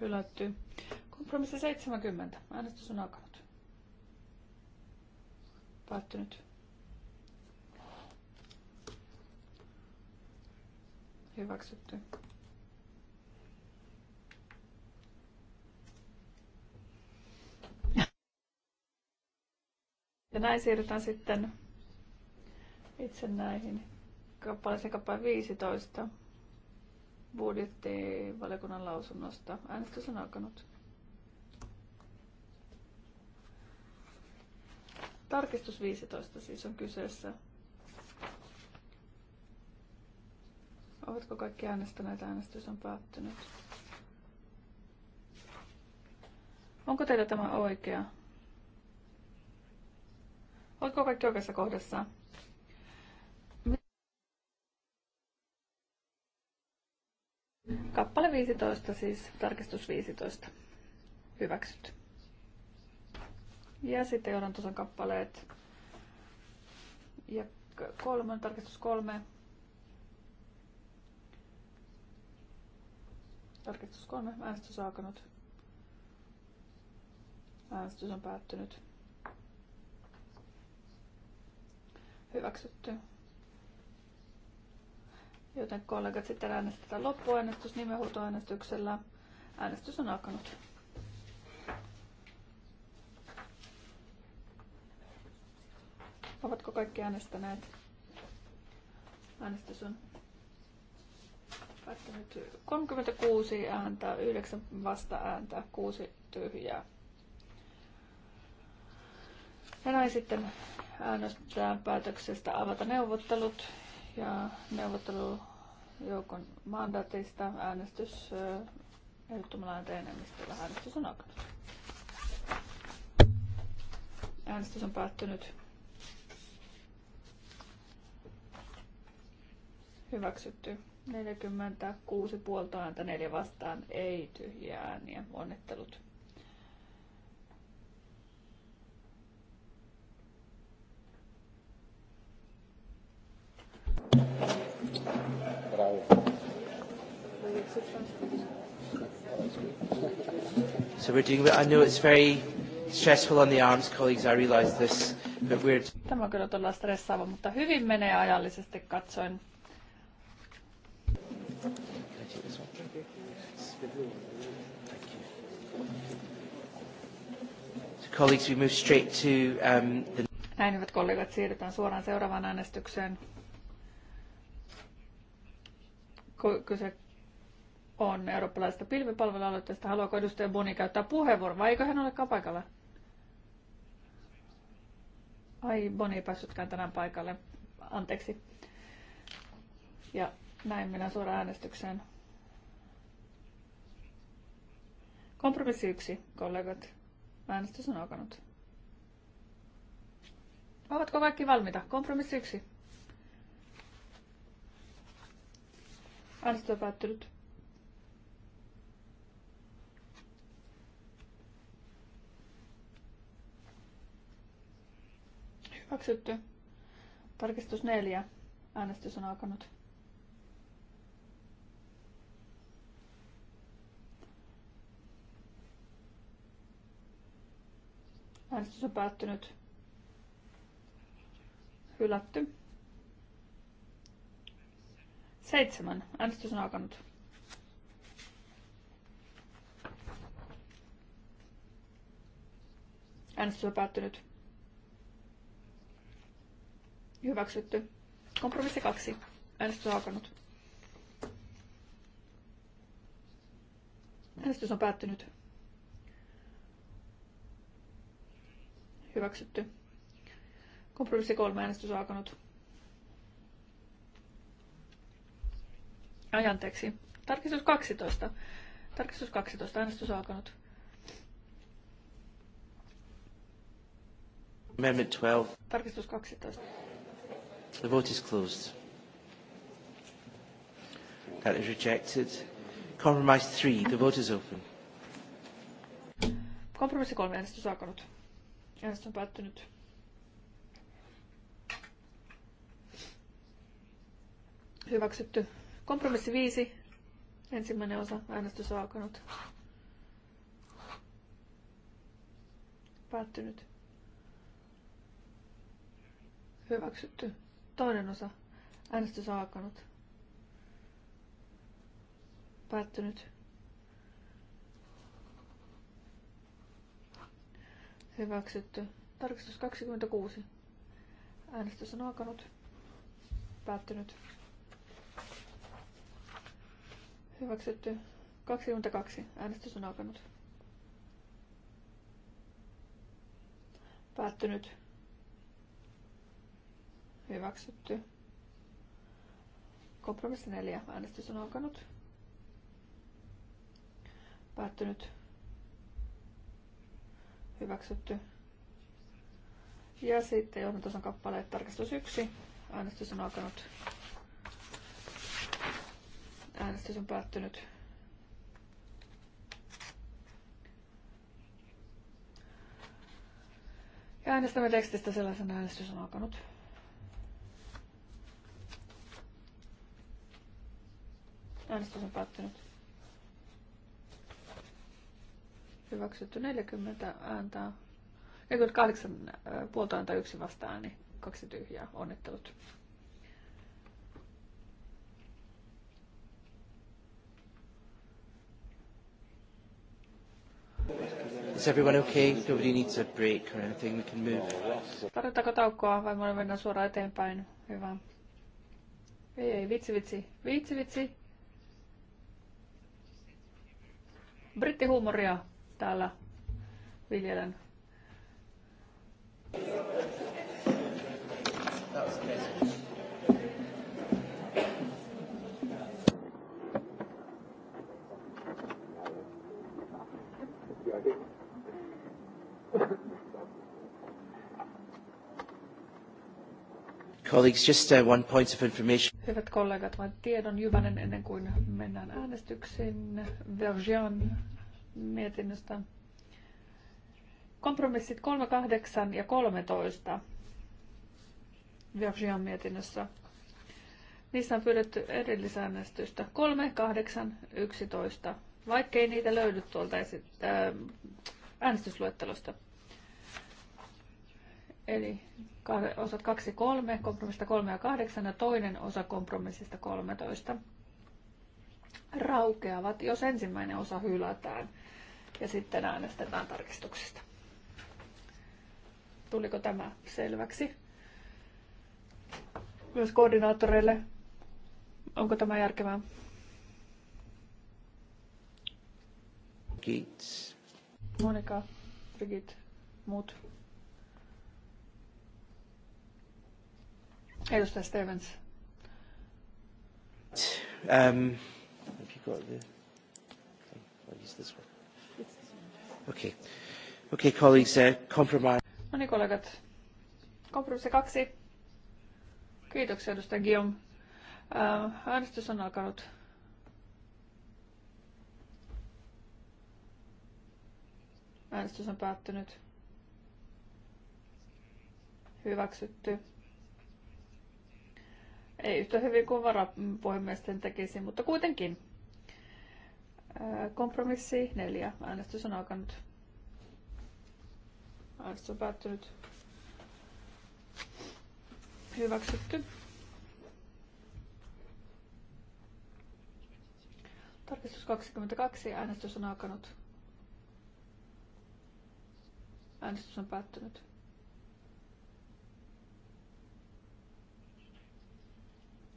Hylätty. Kompromissi 70. Äänestys on alkanut. Päättynyt. Hyväksytty. Ja näin siirrytään sitten itse näihin kappaleeseen kappale 15 budjettivaliokunnan lausunnosta. Äänestys on alkanut. Tarkistus 15 siis on kyseessä. Ovatko kaikki äänestäneet? Äänestys on päättynyt. Onko teillä tämä oikea? Oletko kaikki oikeassa kohdassa? Kappale 15 siis, tarkistus 15. Hyväksytty. Ja sitten johdan tuossa kappaleet. Ja kolme, tarkistus kolme. Tarkistus kolme, äänestys alkanut. Äänestys on päättynyt. Hyväksytty. Joten kollegat sitten äänestetään loppuäänestys nimenhuutoäänestyksellä. Äänestys on alkanut. Ovatko kaikki äänestäneet? Äänestys on päättänyt 36 ääntä, 9 vasta ääntä, 6 tyhjää. Ja näin sitten äänestetään päätöksestä avata neuvottelut ja neuvottelujoukon mandaatista äänestys ehdottomalla ääntä enemmistöllä. Äänestys on alkanut. Äänestys on päättynyt. Hyväksytty. 46 puolta ääntä, 4 vastaan, ei tyhjää ääniä. Onnittelut. Bravo. So we're doing, I know it's very stressful on the arms, colleagues, I realize this, but we're... Tämä on kyllä todella stressaava, mutta hyvin menee ajallisesti katsoen. Colleagues, we move straight to um, the... Näin hyvät kollegat, siirrytään suoraan seuraavaan äänestykseen kyse on eurooppalaisesta pilvipalvelualoitteesta. Haluaako edustaja Boni käyttää puheenvuoron vai eikö hän olekaan paikalla? Ai, Boni ei päässytkään tänään paikalle. Anteeksi. Ja näin minä suoraan äänestykseen. Kompromissi yksi, kollegat. Äänestys on alkanut. Ovatko kaikki valmiita? Kompromissi yksi. Äänestys on päättynyt. Hyväksytty. Tarkistus neljä. Äänestys on alkanut. Äänestys on päättynyt. Hylätty. Seitsemän. Äänestys on alkanut. Äänestys on päättynyt. Hyväksytty. Kompromissi kaksi. Äänestys on alkanut. Äänestys on päättynyt. Hyväksytty. Kompromissi kolme äänestys on alkanut. Ai anteeksi. Tarkistus 12. Tarkistus 12. Äänestys alkanut. Amendment 12. Tarkistus 12. The vote is closed. That is rejected. Compromise 3. The vote is open. Kompromissi 3. Äänestys alkanut. Äänestys on päättynyt. Hyväksytty. Kompromissi 5. Ensimmäinen osa. Äänestys on alkanut. Päättynyt. Hyväksytty. Toinen osa. Äänestys on alkanut. Päättynyt. Hyväksytty. Tarkistus 26. Äänestys on alkanut. Päättynyt. Hyväksytty. 22. Äänestys on alkanut. Päättynyt. Hyväksytty. Kompromissi 4. Äänestys on alkanut. Päättynyt. Hyväksytty. Ja sitten johdantosan kappaleet tarkistus 1. Äänestys on alkanut. Äänestys on päättynyt. Ja äänestämme tekstistä sellaisen äänestys on alkanut. Äänestys on päättynyt. Hyväksytty 40 ääntä. 48 puolta ääntä yksi vastaan, niin kaksi tyhjää. Onnittelut. Is everyone okay? Nobody needs a break or anything. We can move. Tarvitaanko taukoa vai me mennään suoraan eteenpäin? Hyvä. Ei, ei, vitsi, vitsi. Vitsi, vitsi. Brittihuumoria täällä viljelen. That was crazy. Colleagues, just uh, one point of information. Hyvät kollegat, vain tiedon jyvänen ennen kuin mennään äänestyksiin. Vergian mietinnöstä. Kompromissit 3, ja 13 Vergian mietinnössä. Niissä on pyydetty erillisäänestystä 3, 8, 11, vaikkei niitä löydy tuolta äh, äänestysluettelosta. Eli osat 2, ja 3, kompromissista 3 ja 8 ja toinen osa kompromissista 13 raukeavat, jos ensimmäinen osa hylätään ja sitten äänestetään tarkistuksista. Tuliko tämä selväksi? Myös koordinaattoreille. Onko tämä järkevää? Kiitos. Monika, Brigitte, muut. Edustaja Stevens. Um, have you got the... I'll use this one. Okay. Okay, colleagues, uh, compromise. No niin, kollegat. Kompromissi kaksi. Kiitoksia, edustaja Guillaume. Uh, äänestys on alkanut. Äänestys on päättynyt. Hyväksytty. Ei yhtä hyvin kuin varapuhemiesten tekisi, mutta kuitenkin. Kompromissi neljä. Äänestys on alkanut. Äänestys on päättynyt. Hyväksytty. Tarkistus 22. Äänestys on alkanut. Äänestys on päättynyt.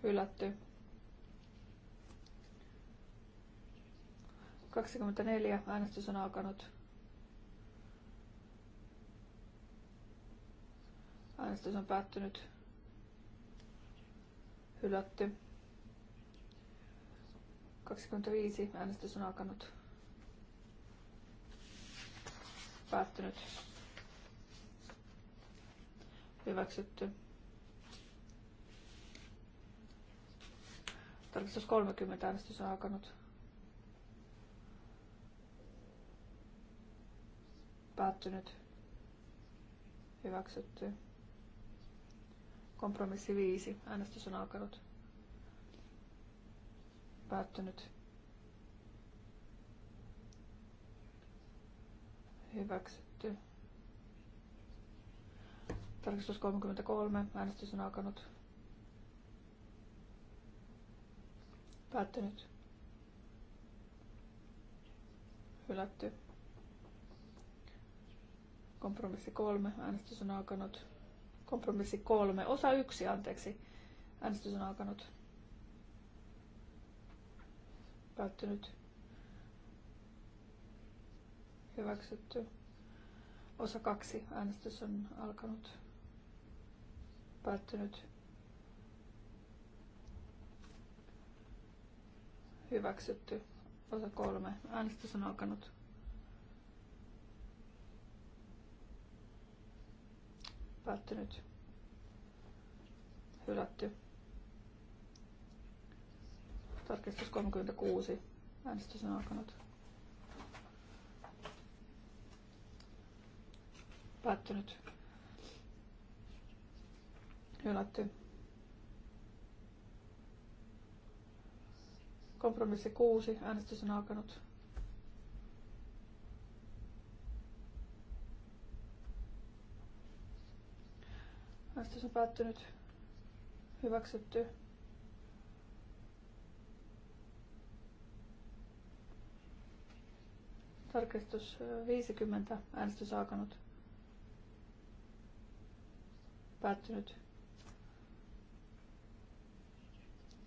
Hylätty. 24. Äänestys on alkanut. Äänestys on päättynyt. Hylätty. 25. Äänestys on alkanut. Päättynyt. Hyväksytty. Tarkistus 30 äänestys on alkanut. Päättynyt. Hyväksytty. Kompromissi 5. Äänestys on alkanut. Päättynyt. Hyväksytty. Tarkistus 33. Äänestys on alkanut. Päättynyt. Hylätty. Kompromissi kolme. Äänestys on alkanut. Kompromissi kolme. Osa yksi, anteeksi. Äänestys on alkanut. Päättynyt. Hyväksytty. Osa kaksi. Äänestys on alkanut. Päättynyt. Hyväksytty. Osa kolme. Äänestys on alkanut. Päättynyt. Hylätty. Tarkistus 36. Äänestys on alkanut. Päättynyt. Hylätty. Kompromissi 6. Äänestys on alkanut. Äänestys on päättynyt. Hyväksytty. Tarkistus 50. Äänestys alkanut. Päättynyt.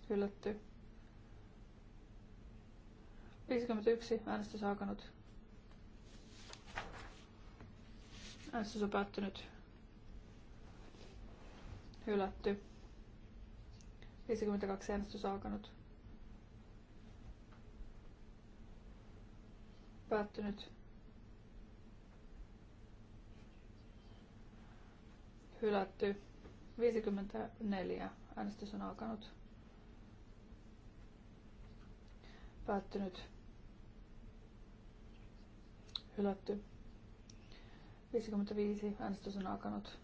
Hylätty. 51. Äänestys alkanut. Äänestys on päättynyt. Hylätty. 52. Äänestys alkanut. Päättynyt. Hylätty. 54. Äänestys on alkanut. Päättynyt. Hylätty. 55. Äänestys on alkanut.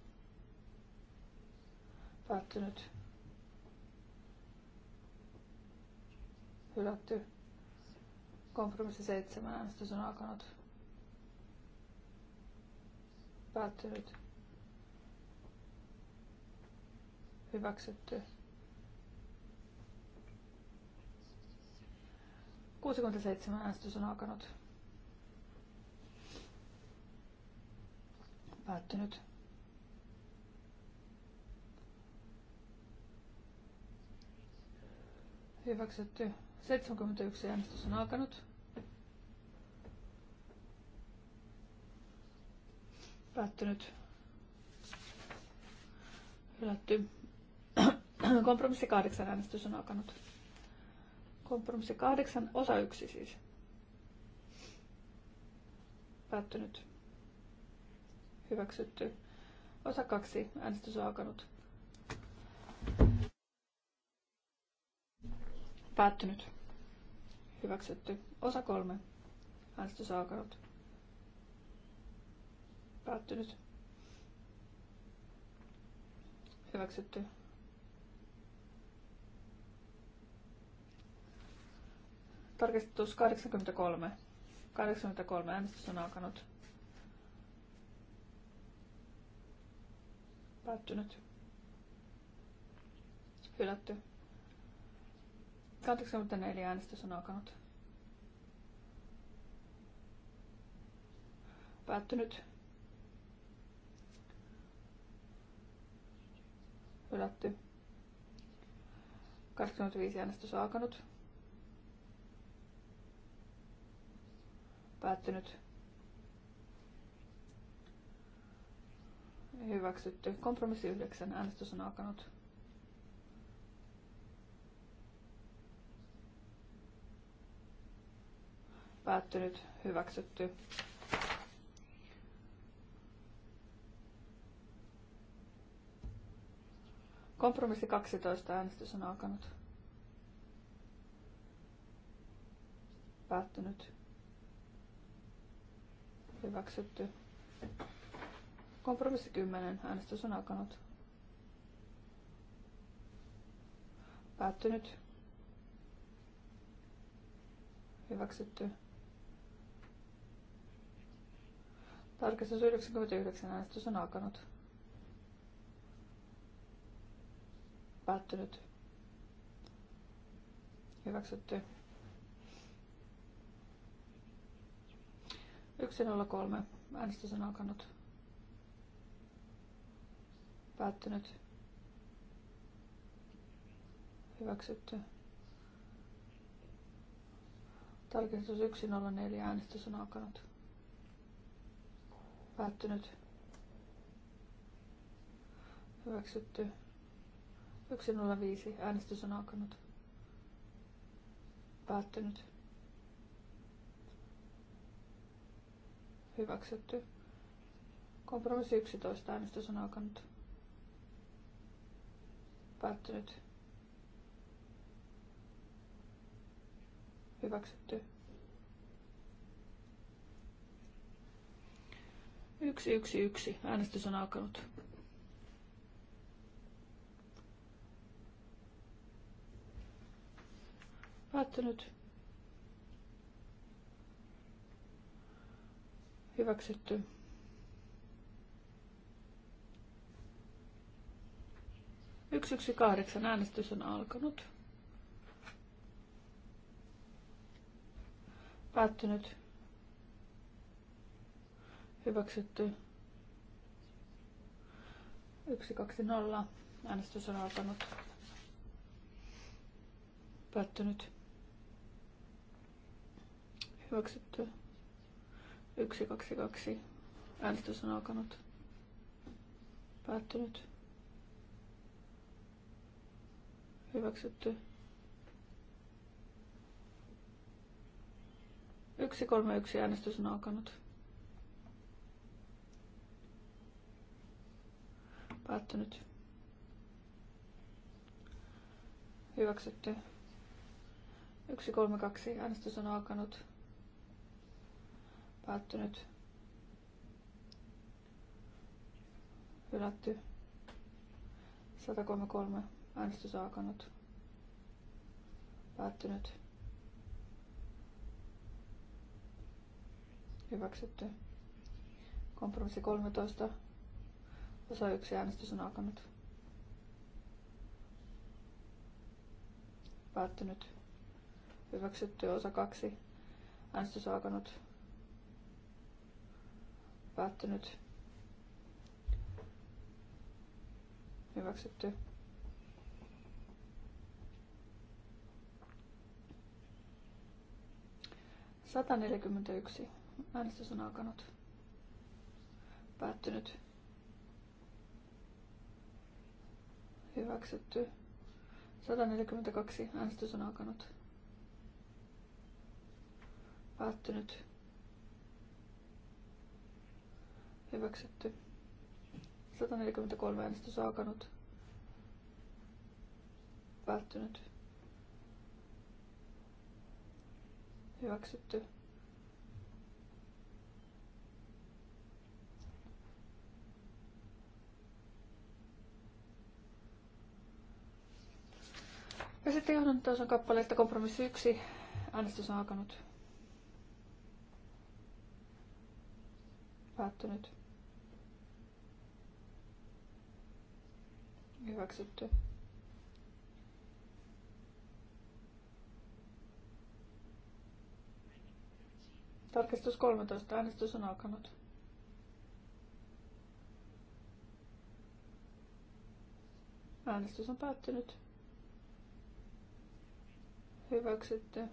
Päättynyt. Hylätty. Kompromissi 7. Äänestys on alkanut. Päättynyt. Hyväksytty. 67 äänestys on alkanut. Päättynyt. Hyväksytty. 71 äänestys on alkanut. Päättynyt. Hylätty. Kompromissi 8 äänestys on alkanut. Kompromissi 8, osa 1 siis. Päättynyt. Hyväksytty. Osa kaksi. Äänestys on alkanut. Päättynyt. Hyväksytty. Osa kolme. Äänestys on alkanut. Päättynyt. Hyväksytty. Tarkistus 83. 83 äänestys on alkanut. Päättynyt. Hylätty. neljä äänestys on alkanut. Päättynyt. Hylätty. 25 äänestys on alkanut. Päättynyt. Hyväksytty. Kompromissi 9. Äänestys on alkanut. Päättynyt. Hyväksytty. Kompromissi 12. Äänestys on alkanut. Päättynyt. Hyväksytty. Kompromissi 10. Äänestys on alkanut. Päättynyt. Hyväksytty. Tarkistus 99. Äänestys on alkanut. Päättynyt. Hyväksytty. 103. Äänestys on alkanut. Päättynyt. Hyväksytty. Tarkistus 104 äänestys on alkanut. Päättynyt. Hyväksytty. 105 äänestys on alkanut. Päättynyt. Hyväksytty. Kompromissi 11 äänestys on alkanut. Päättynyt. Hyväksytty. Yksi, yksi, yksi. Äänestys on alkanut. Päättynyt. Hyväksytty. 118 äänestys on alkanut. Päättynyt. Hyväksytty. 120. Äänestys on alkanut. Päättynyt. Hyväksytty. 122. Äänestys on alkanut. Päättynyt. Hyväksytty. Yksi kolme yksi äänestys on alkanut. Päättynyt. Hyväksytty. Yksi kolme kaksi äänestys on alkanut. Päättynyt. Hylätty. 133 Äänestys alkanut. Päättynyt. Hyväksytty. Kompromissi 13. Osa 1 äänestys on alkanut. Päättynyt. Hyväksytty osa 2. Äänestys on alkanut. Päättynyt. Hyväksytty. 141. Äänestys on alkanut. Päättynyt. Hyväksytty. 142. Äänestys on alkanut. Päättynyt. Hyväksytty. 143. Äänestys on alkanut. Päättynyt. Hyväksytty. Ja sitten johdon toisen kappaleesta kompromissi 1. Äänestys on alkanut. Päättynyt. Hyväksytty. Tarkistus 13. Äänestys on alkanut. Äänestys on päättynyt. Hyväksytty.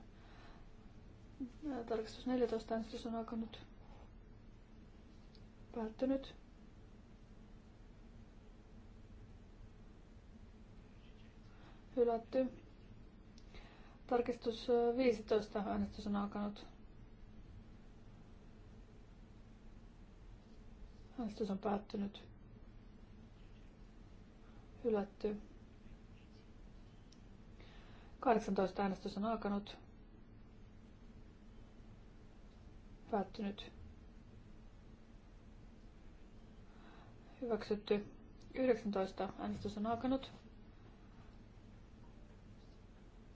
Tarkistus 14. Äänestys on alkanut. Päättynyt. Hylätty. Tarkistus 15. Äänestys on alkanut. Äänestys on päättynyt. Hylätty. 18 äänestys on alkanut. Päättynyt. Hyväksytty. 19 äänestys on alkanut.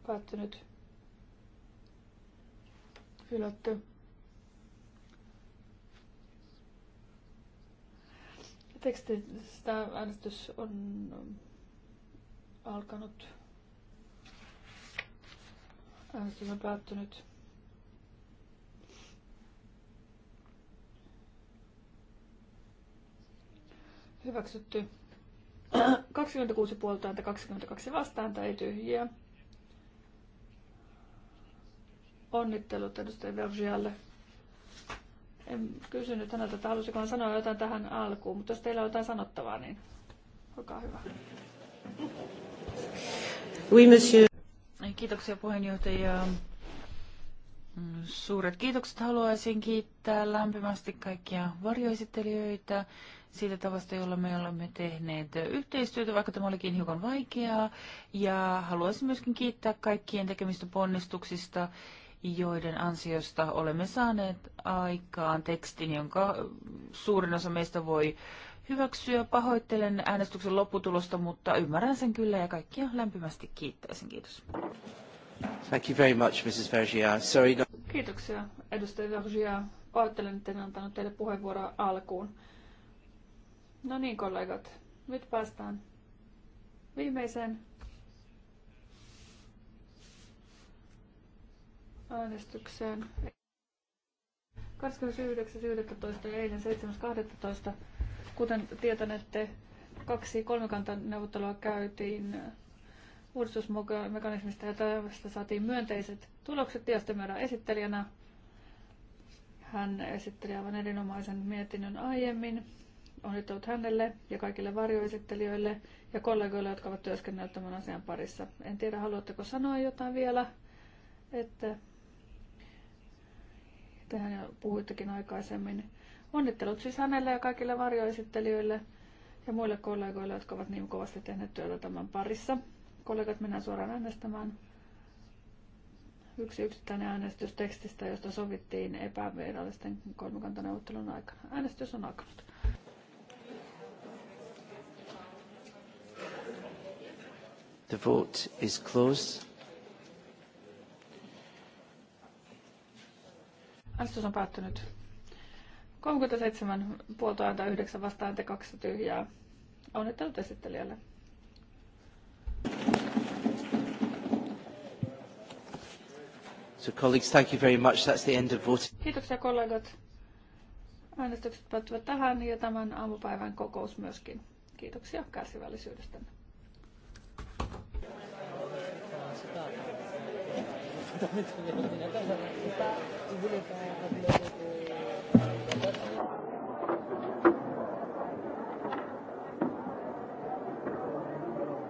Päättynyt. Hylätty. Tekstistä äänestys on alkanut. Äänestys on päättynyt. Hyväksytty. 26 puolta ääntä, 22 vastaääntä, ei tyhjiä. Onnittelut edustaja Vergialle. En kysynyt häneltä, että halusiko hän sanoa jotain tähän alkuun, mutta jos teillä on jotain sanottavaa, niin olkaa hyvä. Oui, monsieur. Kiitoksia puheenjohtaja. Mm, suuret kiitokset haluaisin kiittää lämpimästi kaikkia varjoesittelijöitä siitä tavasta, jolla me olemme tehneet yhteistyötä, vaikka tämä olikin hiukan vaikeaa. Ja haluaisin myöskin kiittää kaikkien tekemistä ponnistuksista joiden ansiosta olemme saaneet aikaan tekstin, jonka suurin osa meistä voi hyväksyä. Pahoittelen äänestyksen lopputulosta, mutta ymmärrän sen kyllä ja kaikkia lämpimästi kiittäisin. Kiitos. Thank you very much, Mrs. Vergia. Sorry. No... Kiitoksia, edustaja Vergia. Pahoittelen, että en antanut teille puheenvuoroa alkuun. No niin, kollegat, nyt päästään viimeiseen äänestykseen. 29.11. eilen 7.12. Kuten tietänette, kaksi neuvottelua käytiin uudistusmekanismista ja tästä saatiin myönteiset tulokset ja sitten meidän esittelijänä. Hän esitteli aivan erinomaisen mietinnön aiemmin. Onnittelut hänelle ja kaikille varjoesittelijöille ja kollegoille, jotka ovat työskennelleet tämän asian parissa. En tiedä, haluatteko sanoa jotain vielä, että Tehän jo puhuittekin aikaisemmin. Onnittelut siis hänelle ja kaikille varjoesittelijöille ja muille kollegoille, jotka ovat niin kovasti tehneet työtä tämän parissa. Kollegat mennään suoraan äänestämään. Yksi yksittäinen äänestys tekstistä, josta sovittiin epävirallisten kolmikantaneuvottelun aikana. Äänestys on alkanut. The vote is closed. Äänestys on päättynyt. 37 puolta ääntä, 9 vastaan ääntä, kaksi tyhjää. Onnittelut esittelijälle. So colleagues, thank you very much. That's the end of voting. Kiitoksia kollegat. Äänestykset päättyvät tähän ja tämän aamupäivän kokous myöskin. Kiitoksia kärsivällisyydestä. Exactamente. La cosa, pas, il voulait pas rappeler.